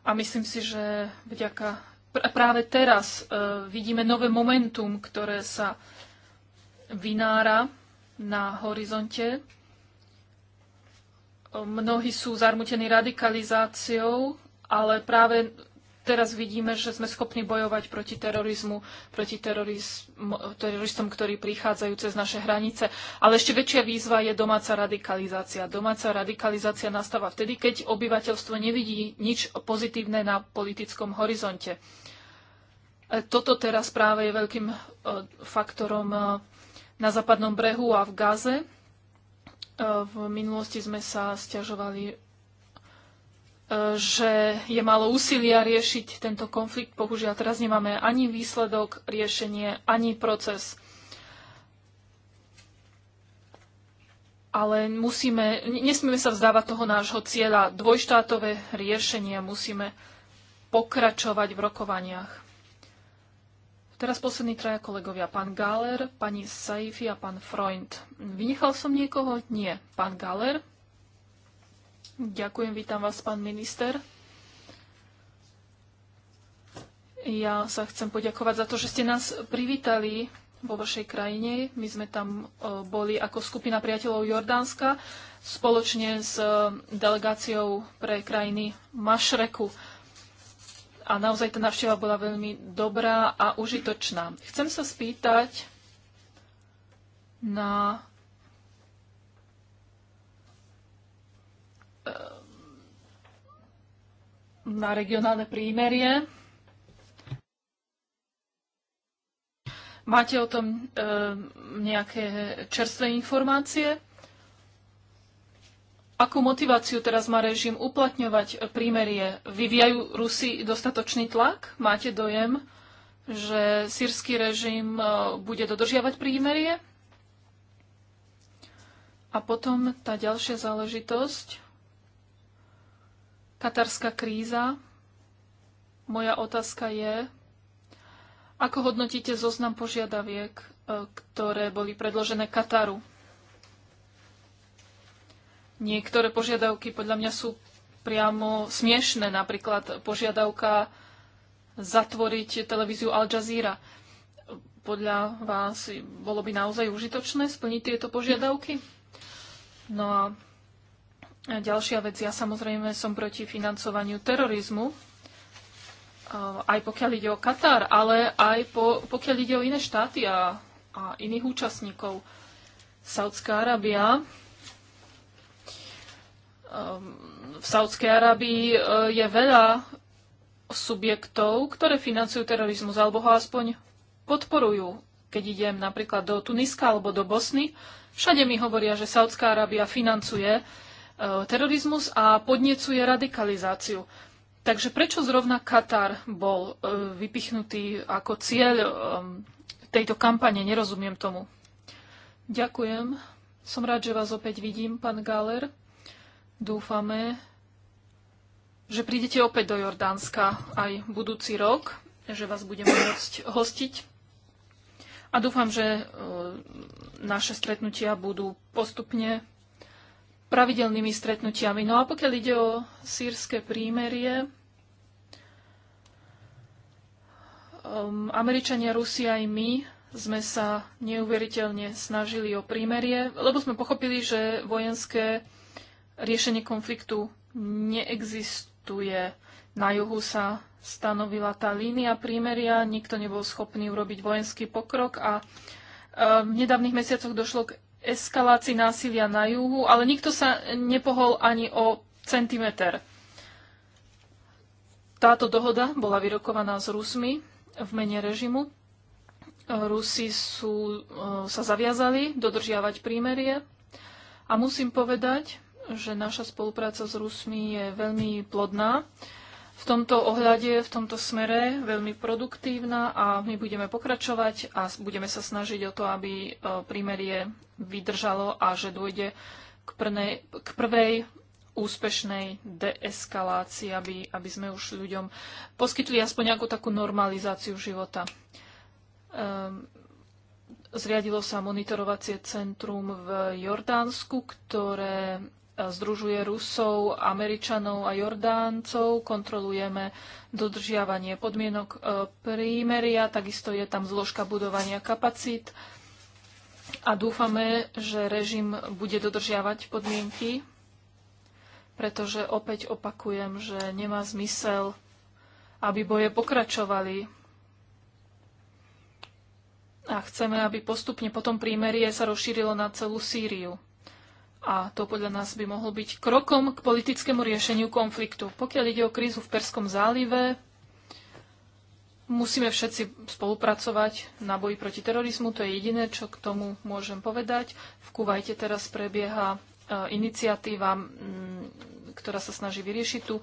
A myslím si, že vďaka práve teraz e, vidíme nové momentum, ktoré sa vynára na horizonte. E, mnohí sú zarmutení radikalizáciou, ale práve teraz vidíme, že sme schopní bojovať proti terorizmu, proti terorizm, teroristom, ktorí prichádzajú cez naše hranice. Ale ešte väčšia výzva je domáca radikalizácia. Domáca radikalizácia nastáva vtedy, keď obyvateľstvo nevidí nič pozitívne na politickom horizonte. E, toto teraz práve je veľkým e, faktorom e, na západnom brehu a v Gaze. V minulosti sme sa stiažovali že je málo úsilia riešiť tento konflikt. Bohužiaľ, teraz nemáme ani výsledok, riešenie, ani proces. Ale musíme, nesmieme sa vzdávať toho nášho cieľa. Dvojštátové riešenie musíme pokračovať v rokovaniach. Teraz poslední traja kolegovia. Pán Galer, pani Saifi a pán Freund. Vynechal som niekoho? Nie. Pán Galer, Ďakujem, vítam vás, pán minister. Ja sa chcem poďakovať za to, že ste nás privítali vo vašej krajine. My sme tam e, boli ako skupina priateľov Jordánska spoločne s e, delegáciou pre krajiny Mašreku. A naozaj tá návšteva bola veľmi dobrá a užitočná. Chcem sa spýtať na Ehm, na regionálne prímerie. Máte o tom e, nejaké čerstvé informácie? Akú motiváciu teraz má režim uplatňovať prímerie? Vyvíjajú Rusi dostatočný tlak? Máte dojem, že sírsky režim e, bude dodržiavať prímerie? A potom tá ďalšia záležitosť katarská kríza. Moja otázka je, ako hodnotíte zoznam požiadaviek, e, ktoré boli predložené Kataru? Niektoré požiadavky podľa mňa sú priamo smiešné, napríklad požiadavka zatvoriť televíziu Al Jazeera. Podľa vás bolo by naozaj užitočné splniť tieto požiadavky? No a ďalšia vec, ja samozrejme som proti financovaniu terorizmu, aj pokiaľ ide o Katar, ale aj po, pokiaľ ide o iné štáty a, a iných účastníkov. Saudská Arábia. V Saudskej Arábii e, je veľa subjektov, ktoré financujú terorizmus alebo ho aspoň podporujú. Keď idem napríklad do Tuniska alebo do Bosny, všade mi hovoria, že Saudská Arábia financuje uh, E, terorizmus a podnecuje radikalizáciu. Takže prečo zrovna Katar bol e, vypichnutý ako cieľ e, tejto kampane? Nerozumiem tomu. Ďakujem. Som rád, že vás opäť vidím, pán Galer. Dúfame, že prídete opäť do Jordánska aj budúci rok, že vás budeme môcť hostiť. A dúfam, že naše stretnutia budú postupne pravidelnými stretnutiami. No a pokiaľ ide o sírske prímerie, um, Američania, Rusia aj my sme sa neuveriteľne snažili o prímerie, lebo sme pochopili, že vojenské riešenie konfliktu neexistuje. Na juhu sa stanovila tá línia prímeria, nikto nebol schopný urobiť vojenský pokrok a um, v nedávnych mesiacoch došlo k eskalácii násilia na juhu, ale nikto sa nepohol ani o centimeter. Táto dohoda bola vyrokovaná s Rusmi v mene režimu. Rusi sú, e, sa zaviazali dodržiavať prímerie a musím povedať, že naša spolupráca s Rusmi je veľmi plodná v tomto ohľade, v tomto smere veľmi produktívna a my budeme pokračovať a budeme sa snažiť o to, aby e, prímerie vydržalo a že dôjde k, prnej, k prvej úspešnej deeskalácii, aby, aby sme už ľuďom poskytli aspoň nejakú takú normalizáciu života. Um, zriadilo sa monitorovacie centrum v Jordánsku, ktoré združuje Rusov, Američanov a Jordáncov, kontrolujeme dodržiavanie podmienok e, prímeria, takisto je tam zložka budovania kapacít a dúfame, že režim bude dodržiavať podmienky, pretože opäť opakujem, že nemá zmysel, aby boje pokračovali. A chceme, aby postupne potom prímerie sa rozšírilo na celú Sýriu. A to podľa nás by mohlo byť krokom k politickému riešeniu konfliktu. Pokiaľ ide o krízu v Perskom zálive, musíme všetci spolupracovať na boji proti terorizmu. To je jediné, čo k tomu môžem povedať. V Kuvajte teraz prebieha e, iniciatíva, ktorá sa snaží vyriešiť tú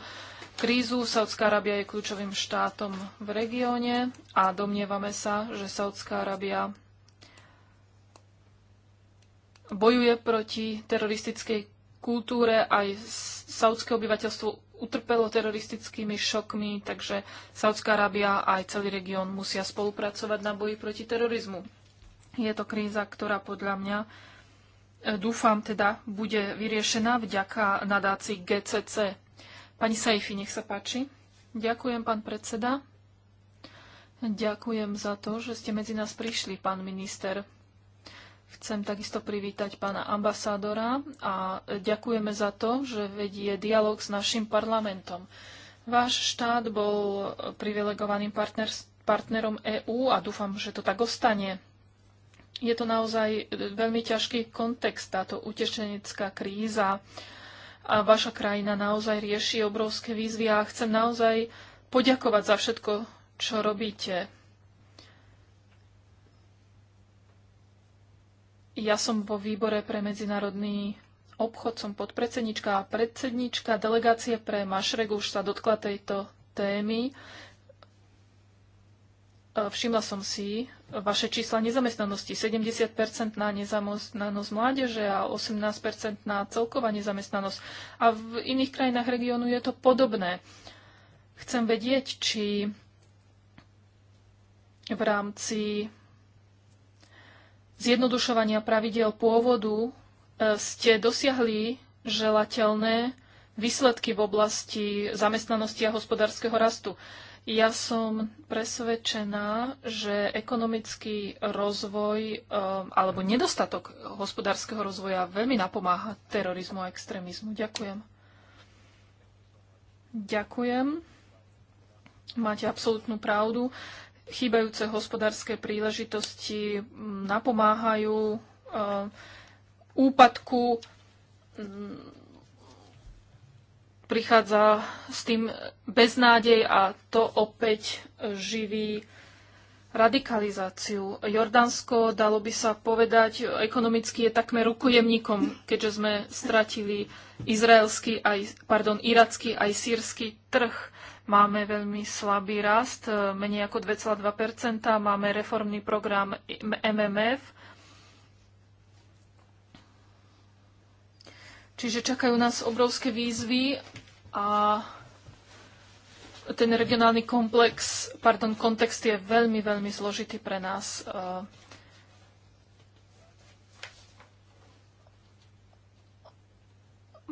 krízu. Saudská Arábia je kľúčovým štátom v regióne a domnievame sa, že Saudská Arábia bojuje proti teroristickej kultúre, aj saudské obyvateľstvo utrpelo teroristickými šokmi, takže Saudská Arábia a aj celý región musia spolupracovať na boji proti terorizmu. Je to kríza, ktorá podľa mňa, e, dúfam teda, bude vyriešená vďaka nadácii GCC. Pani Saifi, nech sa páči. Ďakujem, pán predseda. Ďakujem za to, že ste medzi nás prišli, pán minister. Chcem takisto privítať pána ambasádora a ďakujeme za to, že vedie dialog s našim parlamentom. Váš štát bol privilegovaným partner, partnerom EÚ a dúfam, že to tak ostane. Je to naozaj veľmi ťažký kontext, táto utečenecká kríza. A vaša krajina naozaj rieši obrovské výzvy a chcem naozaj poďakovať za všetko, čo robíte. Ja som vo výbore pre medzinárodný obchod, som podpredsednička a predsednička delegácie pre Mašreg už sa dotkla tejto témy. E, všimla som si vaše čísla nezamestnanosti. 70% na nezamestnanosť mládeže a 18% na celková nezamestnanosť. A v iných krajinách regiónu je to podobné. Chcem vedieť, či v rámci zjednodušovania pravidel pôvodu e, ste dosiahli želateľné výsledky v oblasti zamestnanosti a hospodárskeho rastu. Ja som presvedčená, že ekonomický rozvoj e, alebo nedostatok hospodárskeho rozvoja veľmi napomáha terorizmu a extrémizmu. Ďakujem. Ďakujem. Máte absolútnu pravdu chýbajúce hospodárske príležitosti napomáhajú e, úpadku. Prichádza s tým beznádej a to opäť živí radikalizáciu. Jordánsko, dalo by sa povedať, ekonomicky je takmer rukojemníkom, keďže sme stratili izraelský, aj, pardon, iracký aj sírsky trh. Máme veľmi slabý rast, e, menej ako 2,2 máme reformný program MMF. Čiže čakajú nás obrovské výzvy a ten regionálny komplex, pardon, kontext je veľmi, veľmi zložitý pre nás. E,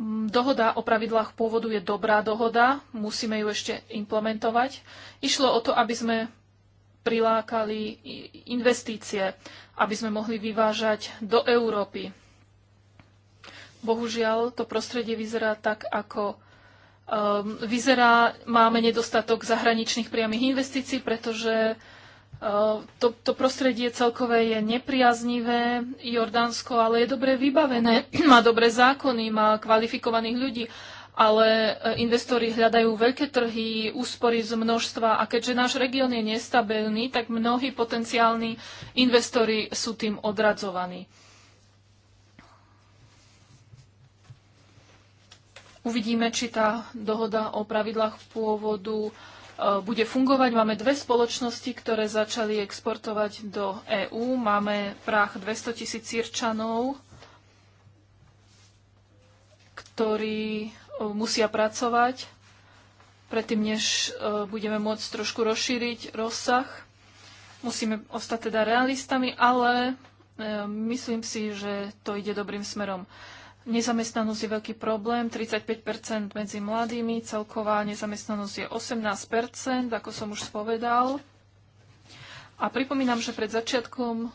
Mm, dohoda o pravidlách pôvodu je dobrá dohoda, musíme ju ešte implementovať. Išlo o to, aby sme prilákali investície, aby sme mohli vyvážať do Európy. Bohužiaľ, to prostredie vyzerá tak, ako um, vyzerá. Máme nedostatok zahraničných priamých investícií, pretože uh, Eh, to, to prostredie celkové je nepriaznivé, Jordánsko ale je dobre vybavené, (clears throat) má dobré zákony, má kvalifikovaných ľudí, ale eh, investori hľadajú veľké trhy, úspory z množstva a keďže náš región je nestabilný, tak mnohí potenciálni investori sú tým odradzovaní. Uvidíme, či tá dohoda o pravidlách pôvodu E, bude fungovať. Máme dve spoločnosti, ktoré začali exportovať do EÚ. Máme prach 200 tisíc sírčanov, ktorí e, musia pracovať predtým, než e, budeme môcť trošku rozšíriť rozsah. Musíme ostať teda realistami, ale myslím si, že to ide dobrým smerom. Nezamestnanosť je veľký problém, 35 medzi mladými, celková nezamestnanosť je 18 ako som už spovedal. A pripomínam, že pred začiatkom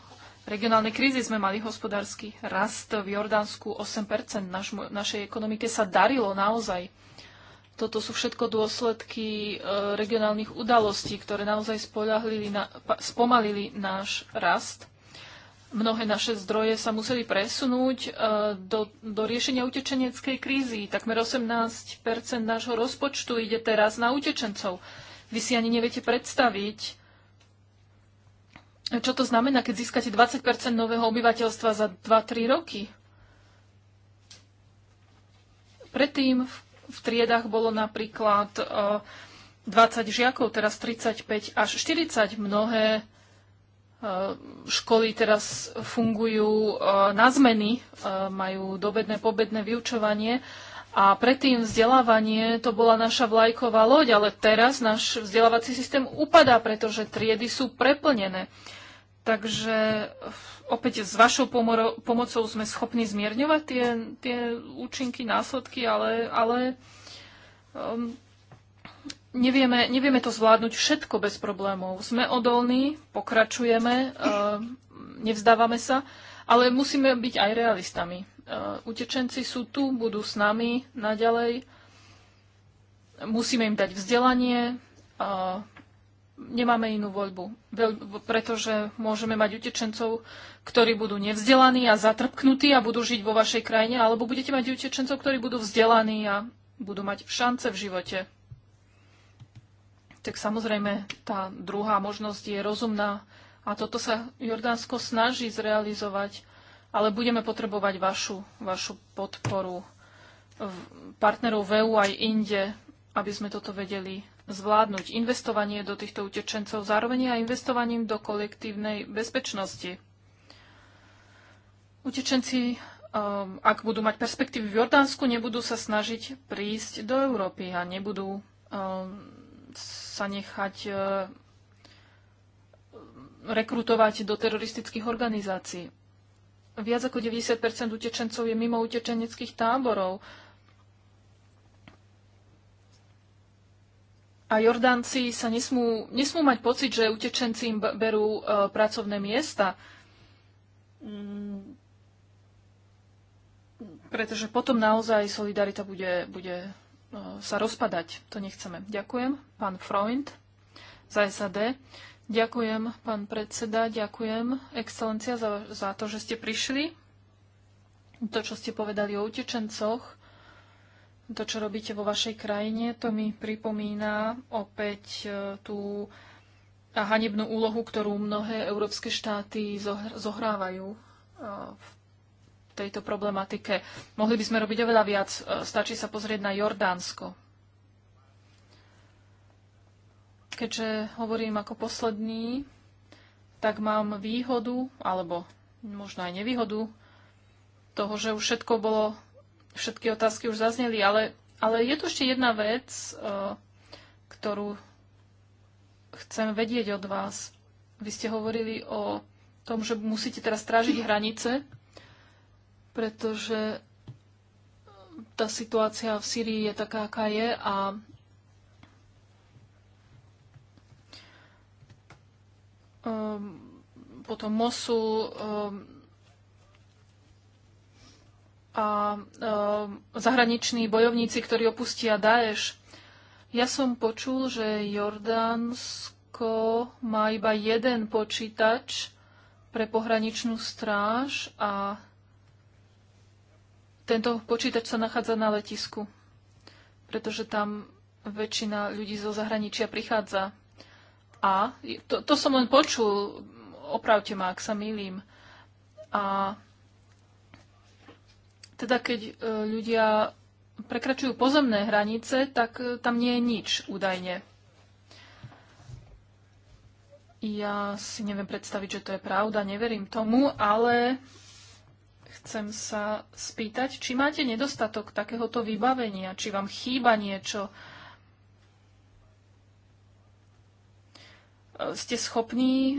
regionálnej krízy sme mali hospodársky rast v Jordánsku 8 Naš, Našej ekonomike sa darilo naozaj. Toto sú všetko dôsledky e, regionálnych udalostí, ktoré naozaj spomalili náš rast. Mnohé naše zdroje sa museli presunúť e, do, do riešenia utečeneckej krízy. Takmer 18 nášho rozpočtu ide teraz na utečencov. Vy si ani neviete predstaviť, čo to znamená, keď získate 20 nového obyvateľstva za 2-3 roky. Predtým v, v triedach bolo napríklad 20 e, žiakov, teraz 35 až 40 mnohé Eh, školy teraz fungujú eh, na zmeny, eh, majú dobedné, pobedné vyučovanie a predtým vzdelávanie to bola naša vlajková loď, ale teraz náš vzdelávací systém upadá, pretože triedy sú preplnené. Takže opäť s vašou pomoro- pomocou sme schopní zmierňovať tie, tie účinky, následky, ale, ale um, nevieme, nevieme to zvládnuť všetko bez problémov. Sme odolní, pokračujeme, eh, nevzdávame sa, ale musíme byť aj realistami. Eh, utečenci sú tu, budú s nami naďalej. Musíme im dať vzdelanie, eh, nemáme inú voľbu, pretože môžeme mať utečencov, ktorí budú nevzdelaní a zatrpknutí a budú žiť vo vašej krajine, alebo budete mať utečencov, ktorí budú vzdelaní a budú mať šance v živote tak samozrejme tá druhá možnosť je rozumná. A toto sa Jordánsko snaží zrealizovať, ale budeme potrebovať vašu, vašu podporu partnerov v EU aj inde, aby sme toto vedeli zvládnuť. Investovanie do týchto utečencov zároveň aj investovaním do kolektívnej bezpečnosti. Utečenci, um, ak budú mať perspektívy v Jordánsku, nebudú sa snažiť prísť do Európy a nebudú um, sa nechať e, rekrutovať do teroristických organizácií. Viac ako 90 utečencov je mimo utečeneckých táborov. A Jordánci sa nesmú, nesmú mať pocit, že utečenci im berú e, pracovné miesta, mm. pretože potom naozaj solidarita bude, bude E, sa rozpadať. To nechceme. Ďakujem, pán Freund za SAD. Ďakujem, pán predseda, ďakujem, excelencia, za, za to, že ste prišli. To, čo ste povedali o utečencoch, to, čo robíte vo vašej krajine, to mi pripomína opäť e, tú hanebnú úlohu, ktorú mnohé európske štáty zohrávajú e, v tejto problematike. Mohli by sme robiť oveľa viac. E, Stačí sa pozrieť na Jordánsko. Keďže hovorím ako posledný, tak mám výhodu, alebo možno aj nevýhodu, toho, že už všetko bolo, všetky otázky už zazneli, ale, ale je tu ešte jedna vec, e, ktorú chcem vedieť od vás. Vy ste hovorili o tom, že musíte teraz strážiť hranice pretože tá situácia v Sýrii je taká, aká je a um, potom Mosu um, a um, zahraniční bojovníci, ktorí opustia Daesh. Ja som počul, že Jordánsko má iba jeden počítač pre pohraničnú stráž a tento počítač sa nachádza na letisku, pretože tam väčšina ľudí zo zahraničia prichádza. A to, to som len počul, opravte ma, ak sa milím. A teda keď e, ľudia prekračujú pozemné hranice, tak e, tam nie je nič údajne. Ja si neviem predstaviť, že to je pravda, neverím tomu, ale Chcem sa spýtať, či máte nedostatok takéhoto vybavenia, či vám chýba niečo. Ste schopní e,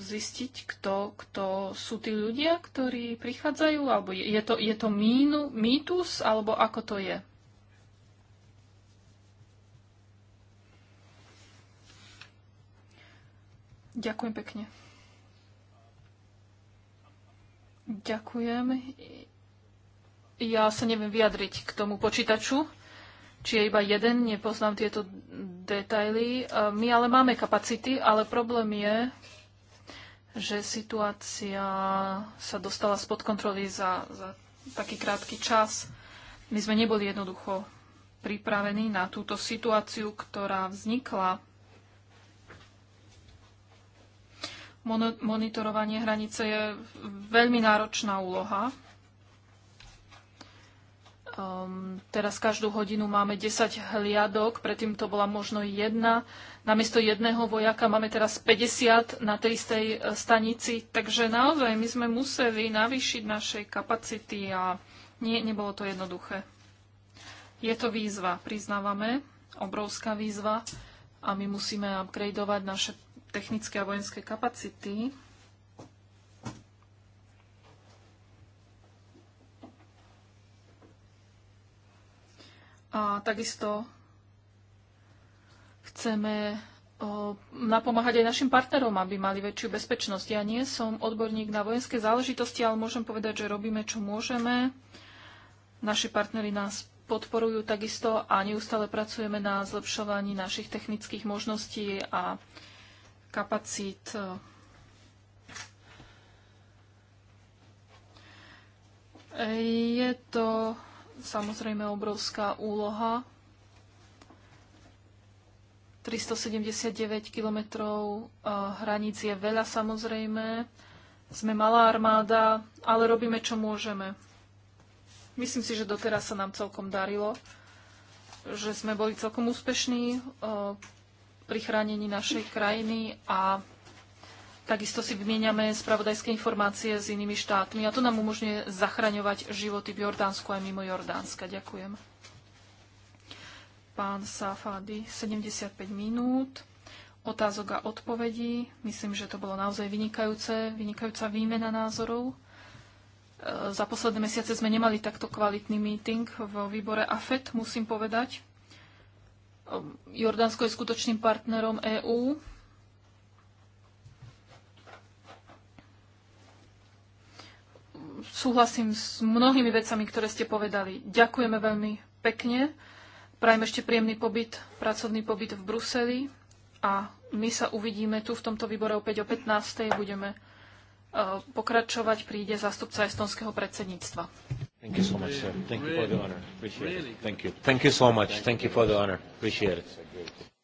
zistiť, kto, kto sú tí ľudia, ktorí prichádzajú? Alebo je to, je to mínu, mýtus, alebo ako to je? Ďakujem pekne. Ďakujem. Ja sa neviem vyjadriť k tomu počítaču, či je iba jeden, nepoznám tieto detaily. My ale máme kapacity, ale problém je, že situácia sa dostala spod kontroly za, za taký krátky čas. My sme neboli jednoducho pripravení na túto situáciu, ktorá vznikla Monitorovanie hranice je veľmi náročná úloha. Um, teraz každú hodinu máme 10 hliadok, predtým to bola možno jedna. Namiesto jedného vojaka máme teraz 50 na tej istej e, stanici. Takže naozaj my sme museli navýšiť naše kapacity a nie, nebolo to jednoduché. Je to výzva, priznávame, obrovská výzva a my musíme upgradeovať naše technické a vojenské kapacity. A takisto chceme napomáhať aj našim partnerom, aby mali väčšiu bezpečnosť. Ja nie som odborník na vojenské záležitosti, ale môžem povedať, že robíme, čo môžeme. Naši partnery nás podporujú takisto a neustále pracujeme na zlepšovaní našich technických možností a kapacít. Je to samozrejme obrovská úloha. 379 kilometrov eh, hraníc je veľa samozrejme. Sme malá armáda, ale robíme, čo môžeme. Myslím si, že doteraz sa nám celkom darilo, že sme boli celkom úspešní. Eh, pri chránení našej krajiny a takisto si vymieňame spravodajské informácie s inými štátmi a to nám umožňuje zachraňovať životy v Jordánsku aj mimo Jordánska. Ďakujem. Pán Safady, 75 minút otázok a odpovedí. Myslím, že to bolo naozaj vynikajúce, vynikajúca výmena názorov. E, za posledné mesiace sme nemali takto kvalitný meeting v výbore AFET, musím povedať. Jordánsko je skutočným partnerom EÚ. Súhlasím s mnohými vecami, ktoré ste povedali. Ďakujeme veľmi pekne. Prajem ešte príjemný pobyt, pracovný pobyt v Bruseli a my sa uvidíme tu v tomto výbore opäť o 15. Budeme e, pokračovať, príde zástupca estonského predsedníctva. Thank you so much, sir. Thank you for the honor. Appreciate it. Thank you. Thank you so much. Thank you for the honor. Appreciate it.